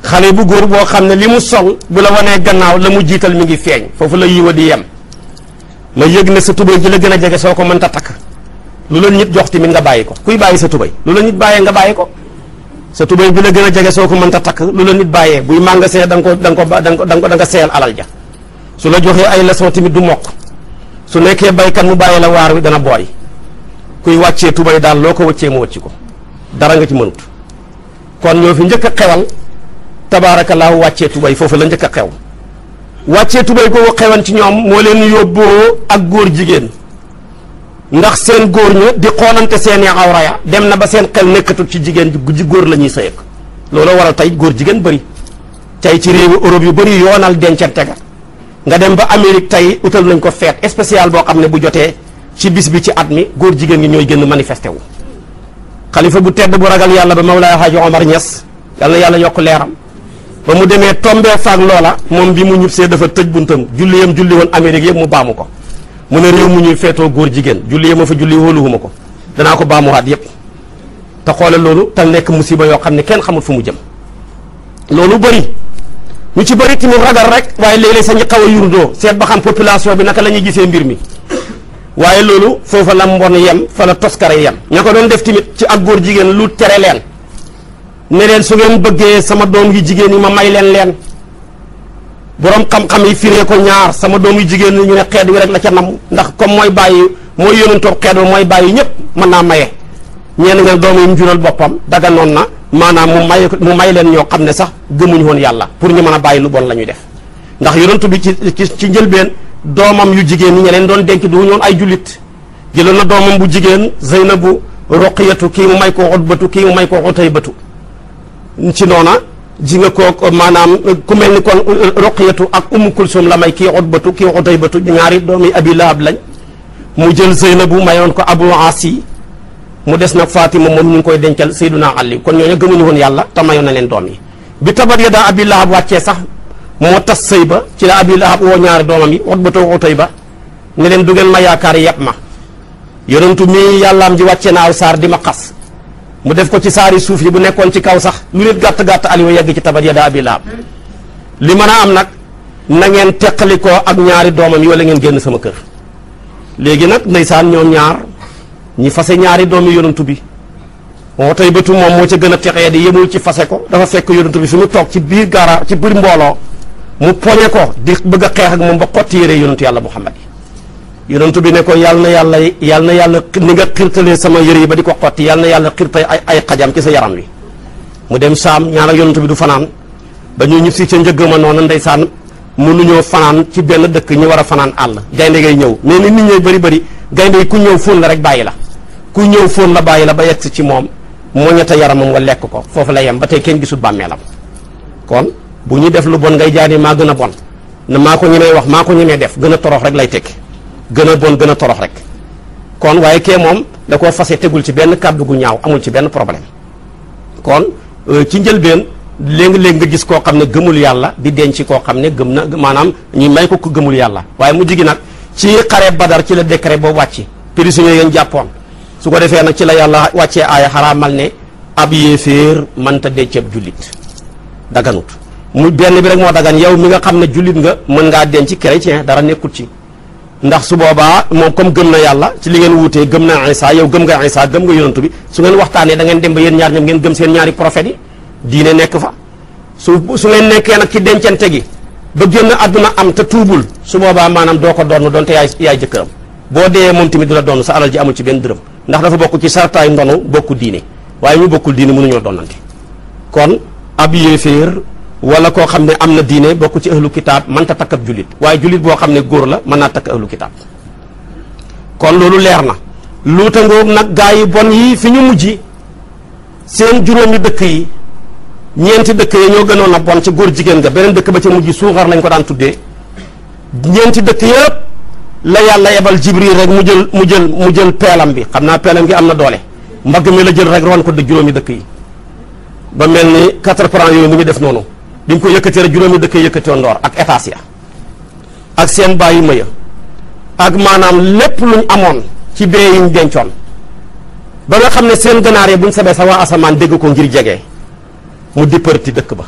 xale bu góor boo xam ne li mu sol bu la wanee gannaaw la mu jiital mi ngi feeñ foofu la yiwa di yem nga yëg ne sa tubay ji la gën a jege soo ko mënta takk lu la nit jox tamit nga bàyyi ko kuy bàyyi sa tubay lu la nit bàyyee nga bàyyi ko sa tubéy bi la gën a jege soo ko mënta takk lu la nit bàyyee buy magasin da nga ko da nga ko da ko da nga seyal alal ja su la joxee ay leçon tamit du mokk su nekkee baykat mu bàyyi la waar wi dana booy kuy wàccee tubéy daal loo ko wàccee mu wàcc ko dara nga ci mënut kon ñoo fi njëkk a xewal tabaarakallaahu wàccee tubéy foofu la njëkk a xew wàccee tubéy googu xewan ci ñoom moo leen yóbboo ak góor jigéen ndax seen góor ña di xoolante seeni awra ya dem na ba seen xel nekkatul ci jigéen ji góor la ñuy sëyeeg war a tey góor jigéen bëri tey ci réewu Europe yu bëri yoonal dencante ga nga dem ba Amérique tey utal nañ ko feet spécial boo xam ne bu jotee ci bis bi ci at mi góor jigéen ñi ñooy gën manifesté wu xalifa bu tedd bu ragal yàlla ba Mawlaay Haaji Omar Niass yàlla na yàlla yokk leeram ba mu demee tombee faak loola moom bi mu ñibbisee dafa tëj buntam julli yam julli woon Amérique yëpp mu baamu ko mu ne réew mu ñuy feetoo góor jigéen julli ma fa julli wóoluwuma ko danaa ko baamuwaat yépp te xoolal loolu te nekk musiba yoo xam ne kenn xamul fu mu jëm loolu bari ñu ci bëri tamit ragal rek waaye léeg-léeg sañu xaw a yurdoo seet ba xam population bi naka la ñuy gisee mbir mi waaye loolu foofa la mbon yem fa la toskar yem ña ko doon def tamit ci ak góor jigéen lu tere leen ne su ngeen bëggee sama doom yi jigéen yi ma may leen leen borom xam-xam yi firee ko ñaar sama doom yu jigéen ñu ne xeet wi rek la ca nam ndax comme mooy bàyyi mooy yónentoo xeet ba mooy bàyyi ñëpp mën naa maye ñeen na doom yi mu jural boppam daga noon na maanaam mu may mu may leen ñoo xam ne sax gëmuñu woon yàlla pour ñu mën a bàyyi lu bon la ñuy def ndax yonentu bi ci ci njëlbeen doomam yu jigéen ñi ñe doon denc du ñoon ay jullit jëloo na doomam bu jigéen Zeynabu Roqiyatu kii mu may ko Utbatu kii mu may ko Utaybatu ci noona ji nga koo maanaam ku mel ni kon Ruqiyatu ak Umu Kulsum la may kii Utbatu kii Utaybatu ñaari doomi Abi Lahab lañ mu jël Zeynabu mayoon ko Abu Asi mu des nag Fatima moom ñu ngi koy dencal Seyduna Ali kon ñooñu gëmuñu woon yàlla te mayoon na leen doom yi bi tabat ya daa Abi Lahab wàccee sax moo tas sëy ba ci la Abi Lahab woo ñaari doomam yi Utbatu Utayba ba leen du ngeen ma yaakaar yàpp ma yonentu mii yàllaam ji wàccee na aw saar di ma xas mu def ko ci saari suuf yi bu nekkoon ci kaw sax lu nit gàtt-gàtt aliwa yegg ci tabat ya daa bi li mën a am nag na ngeen teqali ko ak ñaari doomam yi wala ngeen génn sama kër léegi nag ndeysaan ñoom ñaar ñi fase ñaari doomi yonantu bi moo tey bëtu moom moo ca gën a texee di yemul ci fase ko dafa fekk yonantu bi su mu toog ci biir gara ci biir mbooloo mu poñe ko di bëgg a xeex ak moom ba xotti yére yonantu yàlla Muhammad yi yonentu bi ne ko yàlla na yàlla yàlla na yàlla ni nga xirtalee sama yëre yi ba di ko xotti yàlla na yàlla xirta ay ay xajam ci sa yaram wi mu dem saam ñaan ak yonentu bi du fanaan ba ñu ñib si ca njëgg ma noonu ndeysaan mënuñoo fanaan ci benn dëkk ñu war a fanaan àll gaynde ngay ñëw mais ni nit ñee bëri bëri gaynde yi ku ñëw fóon la rek bàyyi la ku ñëw fóon la bàyyi la ba yegg si ci moom moo moñata yaramam nga lekk ko foofu la yem ba tey kenn gisul bàmmeelam kon bu ñu def lu bon ngay jaani maa gën a bon na maa ko wax maa ko ñemee def gën a torox rek lay tekki gën a bon gën a torox rek kon waaye kee moom da koo fase tegul ci benn kàddu gu ñaaw amul ci benn problème kon euh, ci njëlbeen léegi-léegi nga gis koo xam ne gëmul yàlla di denc koo xam ne gëm na maanaam ñu may ko ko gëmul yàlla waaye mu jigi nag ci xare badar ci la décret boobu wàcc prisonnier yéen jàppoon su ko defee nag ci la yàlla wàccee aaya xaraamal ne ab yéeféer mënta denc ab jullit daganut mu benn bi rek moo dagan yow mi nga xam ne jullit nga mën ngaa denc chrétien dara nekkut ci ndax su boobaa moom comme gëm na yàlla ci li ngeen wuutee gëm na Isa yow gëm nga Isa gëm nga yonantu bi su ngeen waxtaanee da ngeen dem ba yéen ñaar ñoom ngeen gëm seen ñaari prophètes yi diine nekk fa su su ngeen nekkee nag ci dencante gi ba génn àdduna am te tuubul su boobaa maanaam doo ko doon donte yaay yaay jëkkëram boo dee moom tamit du la doon sa alal ji amul ci benn dërëm ndax dafa bokk ci sartaay ndonu bokku diine waaye ñu bokkul diine mënuñoo donnante kon ab yéeféer wala koo xam ne am na diine bokk ci ahlu kitaab mënta takk ab jullit waaye jullit boo xam ne góor la mën naa takk ahlu kitaab kon loolu leer na luuta ngoog nag gaa yi bon yi fi ñu mujj seen juróomi dëkk yi ñeenti dëkk yi ñoo gënoon a bon ci góor jigéen nga beneen dëkk ba ci mujj suuxar lañ ko daan tuddee ñeenti dëkk yëpp la yàlla yebal jibril rek mu jël mu jël mu jël peelam bi xam naa peelam gi am na doole mbagg mi la jël rek ron ko juróomi dëkk yi ba mel ni quatre francs yooyu mu ñu def noonu bi ñu ko yëkkatee rek juróomi dëkk yëkkatee ndoor ak états ya ak seen bàyyi ma ya ak maanaam lépp luñ amoon ci bee yiñ dencoon ba nga xam ne seen ganaar bu buñ sabee sa waa asamaan dégg ko ngir jege mu dipparti dëkk ba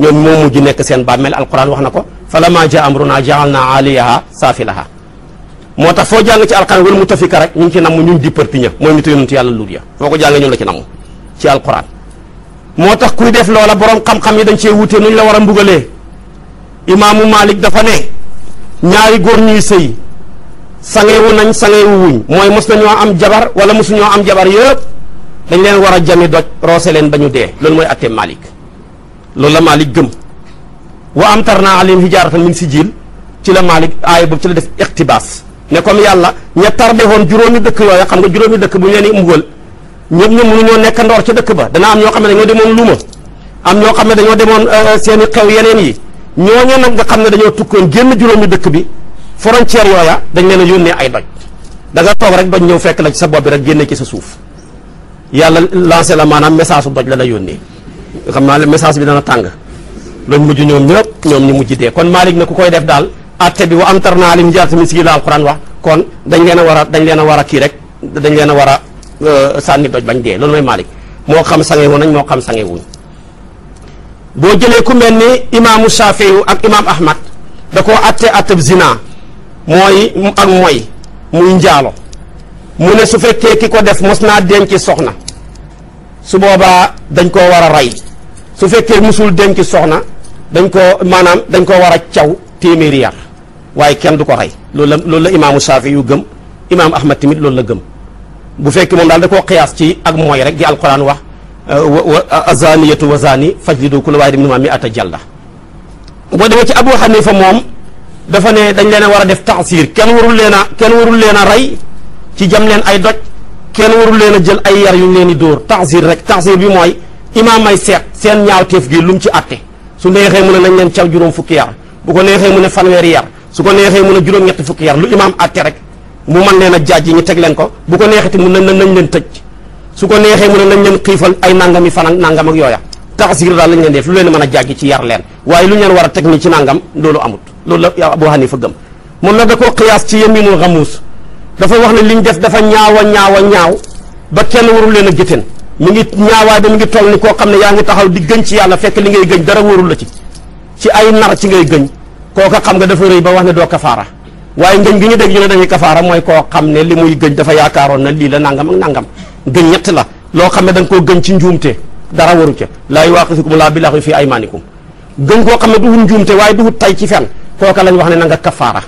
ñoom moo mujj nekk seen bàmmeel alquran wax na ko falammaa jaa amrunaa ja'alnaa 'aaliyahaa saafilahaa moo tax foo jàng ci alquran wal mutafika rek ñu ngi ci namm ñun dipparti ña mooy nitu yonent yàlla luut ya foo ko jàngee ñun la ci namm ci alquran moo tax kuy def loola boroom xam-xam yi dañ cee wute nuñ la war a mbugalee imaamu Malik dafa ne ñaari góor ñuy sëy sangewu nañ sangewu wuñ mooy mos nañoo am jabar wala mosuñoo am jabar yëpp dañ leen war a jami doj roose leen ba ñu dee loolu mooy atte Malik loolu la Malik gëm wa am tar naa alim hijaaratan min sijil ci la Malik aaya boobu ci la def iqtibaas ne comme yàlla ña tardé woon juróomi dëkk yooyu xam nga juróomi dëkk bu ñu leen i mbugal ñëpp ñoom nekk ndoor ca dëkk ba dana am ñoo xam ne dañoo demoon luuma am ñoo xam ne dañoo demoon euh, euh, seen xew yeneen yi ñooñu nag nga xam ne dañoo tukkoon génn juróomi dëkk bi frontière yooya dañ leen a yónnee ay doj da nga toog rek doj ñëw fekk la ci sa bopp bi rek génne ci sa suuf yàlla lancé la maanaam message su doj la la yónnee xam naa ne message bi dana tàng lañ mujj ñoom ñëpp ñoom ñu mujj dee kon Malick na ku koy def daal atte bi wa am tar naa lim jaartami si gi la alquran wax kon dañ leen a war a dañ leen a war a kii rek dañ leen a war a sànni doj bañ dee loolu mooy Malik moo xam sangewu nañ moo xam sangewuñ boo jëlee ku mel ni imaamu Shaafiyu ak imaam Ahmad da koo atte attab zina mooy ak mooy muy njaalo mu ne su fekkee ki ko def mos naa denc soxna su boobaa dañ koo war a rey su fekkee musul denc soxna dañ koo maanaam dañ koo war a caw téeméeri yar waaye kenn du ko rey loolu la loolu la imaamu Shaafi yu gëm imaam Ahmad tamit loolu la gëm bu fekkee moom daal da koo xiyaas ci ak mooy rek al alquran wax euh, azaniyatu wa faj zani fajlidu kulla mi at a jalda boo demee ci Abu Hanifa moom dafa ne dañ leen a war a def taxsiir kenn warul leen a kenn warul leen a rey ci jam leen ay doj kenn warul leen a jël ay yar yu ñu leen di dóor taxsiir rek taxsiir bi mooy imaam may seet seen ñaawteef gi lum ci atte su neexee mu ne nañ leen caw juróom fukki yar bu ko neexee mu ne fanweeri yar su ko neexee mu ne juróom-ñetti fukki yar lu imaam atte mu mën leen a jaaj yi ñu teg leen ko bu ko neexeti mun nañ nañ leen tëj su ko neexee mu ne nañ leen xiifal ay nangami fan ak nangam ak yooya taxsir daal lañ leen def lu leen mën a jàggi ci yar leen waaye lu ñu leen war a teg ni ci nangam loolu amut loolu la Abu Hanifa gëm moom nag da koo xiyaas ci yaminul xamuus dafa wax ne liñ def dafa ñaaw a ñaaw a ñaaw ba kenn warul leen a géttéen mi ngi ñaawaay ba mi ngi toll ni koo xam ne yaa ngi taxaw di gëñ ci yàlla fekk li ngay gëñ dara warul la ci ci ay nar ci ngay gëñ kooka xam nga dafa rëy ba wax ne doo kafaara waaye ngëñ gi ñu dégg ñu ne dañuy kafaara mooy koo xam ne li muy gëñ dafa yaakaaroon na lii la nangam ak nangam gëñ ñett la loo xam ne da nga koo gëñ ci njuumte dara waru ca laa yuwaaxizukumu laahu bil-lagwi fii aymaanikum gëñ koo xam ne duhul njuumte waaye duhul tay ci fen kooka lañ wax ne na nga kafaara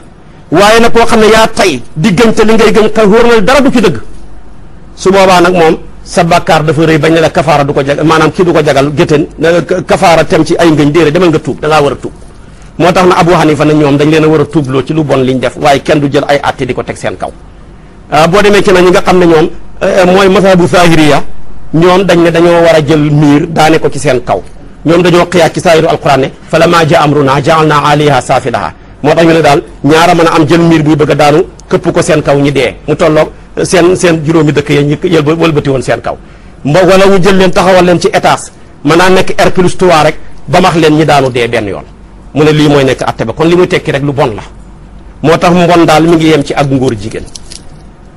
waaye nag koo xam ne yaa tay di gëñ te li ngay gëñ xëy wóor na dara du ci dëgg su boobaa nag moom sa bàkkaar dafa rëy bañ ne la kafaara du ko jag maanaam kii du ko jagal géttéen kafaara tem ci ay ngëñ déere demal nga tuub da ngaa war a tuub moo tax na Abu Hanifa na ñoom dañ leen a war a tuubloo ci lu bon liñ def waaye kenn du jël ay àtte di ko teg seen kaw ah, boo demee ci na ñi nga xam ne ñoom eh, mooy mazhabu zahiriya ñoom dañ ne dañoo war a jël miir daane ko ci seen kaw ñoom dañoo xiyaat ci saayiru alquran ne fa la maa ja amruna jaal naa aliha saafilaha moo tax ñu ne daal ñaara mën a am jël miir buy bëgg a daanu këpp ko seen kaw ñi dee mu tolloog seen seen juróomi dëkk ya ñu yël wëlbati woon seen kaw wala ñu jël leen taxawal leen ci étage mën naa nekk R plus 3 ba max leen ñi daanu dee benn yoon mu ne lii mooy nekk atte ba kon li muy tekki rek lu bon la moo tax mbon daal mi ngi yem ci ak ngóor jigéen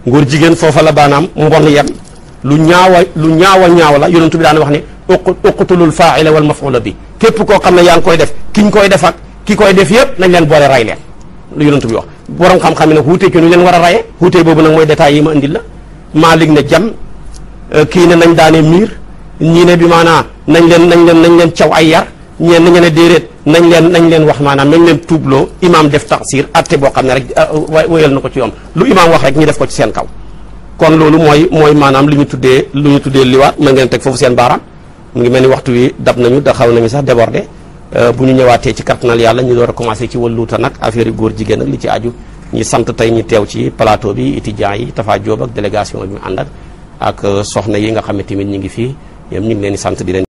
ngóor jigéen foofa la baanaam mbon yem lu ñaawa lu ñaawa ñaaw la yonentu bi daan wax ne uqtulul faaila wal mafula bi képp koo xam ne yaa ngi koy def ki ñu koy def ak ki koy def yëpp nañ leen boole ray leen lu yonentu bi wax borom xam-xam ne nag wuute ci ñu leen war a raye wuute boobu nag mooy détails yi ma indil la Maalik ne jam euh, kii ne nañ daane mi ñii ne bi maanaa nañ leen nañ leen nañ leen caw ay yar ñeen nañu ne déeréet nañ leen nañ leen wax maanaam nañ leen tuubloo imaam def tafsir atte boo xam ne rek ah, wéyal na ko ci yoon lu imaam wax rek ñu def ko ci seen kaw kon loolu mooy mooy maanaam lu ñu tuddee lu ñu tuddee liwaat mën ngeen teg foofu seen baaraam mu ngi mel ni waxtu wi dab nañu da xaw nañu sax débordé euh, bu ñu ñëwaatee ci kartanal yàlla ñu door a commencé ci walluuta nag affaire góor jigéen ak li ci aju ñi sant tey ñu teew ci plateau bi étudiants yi Tafa Joob ak délégation bi mu ak euh, soxna yi nga xam ne ñu ngi fii ñoom ñu ngi leen di sant di leen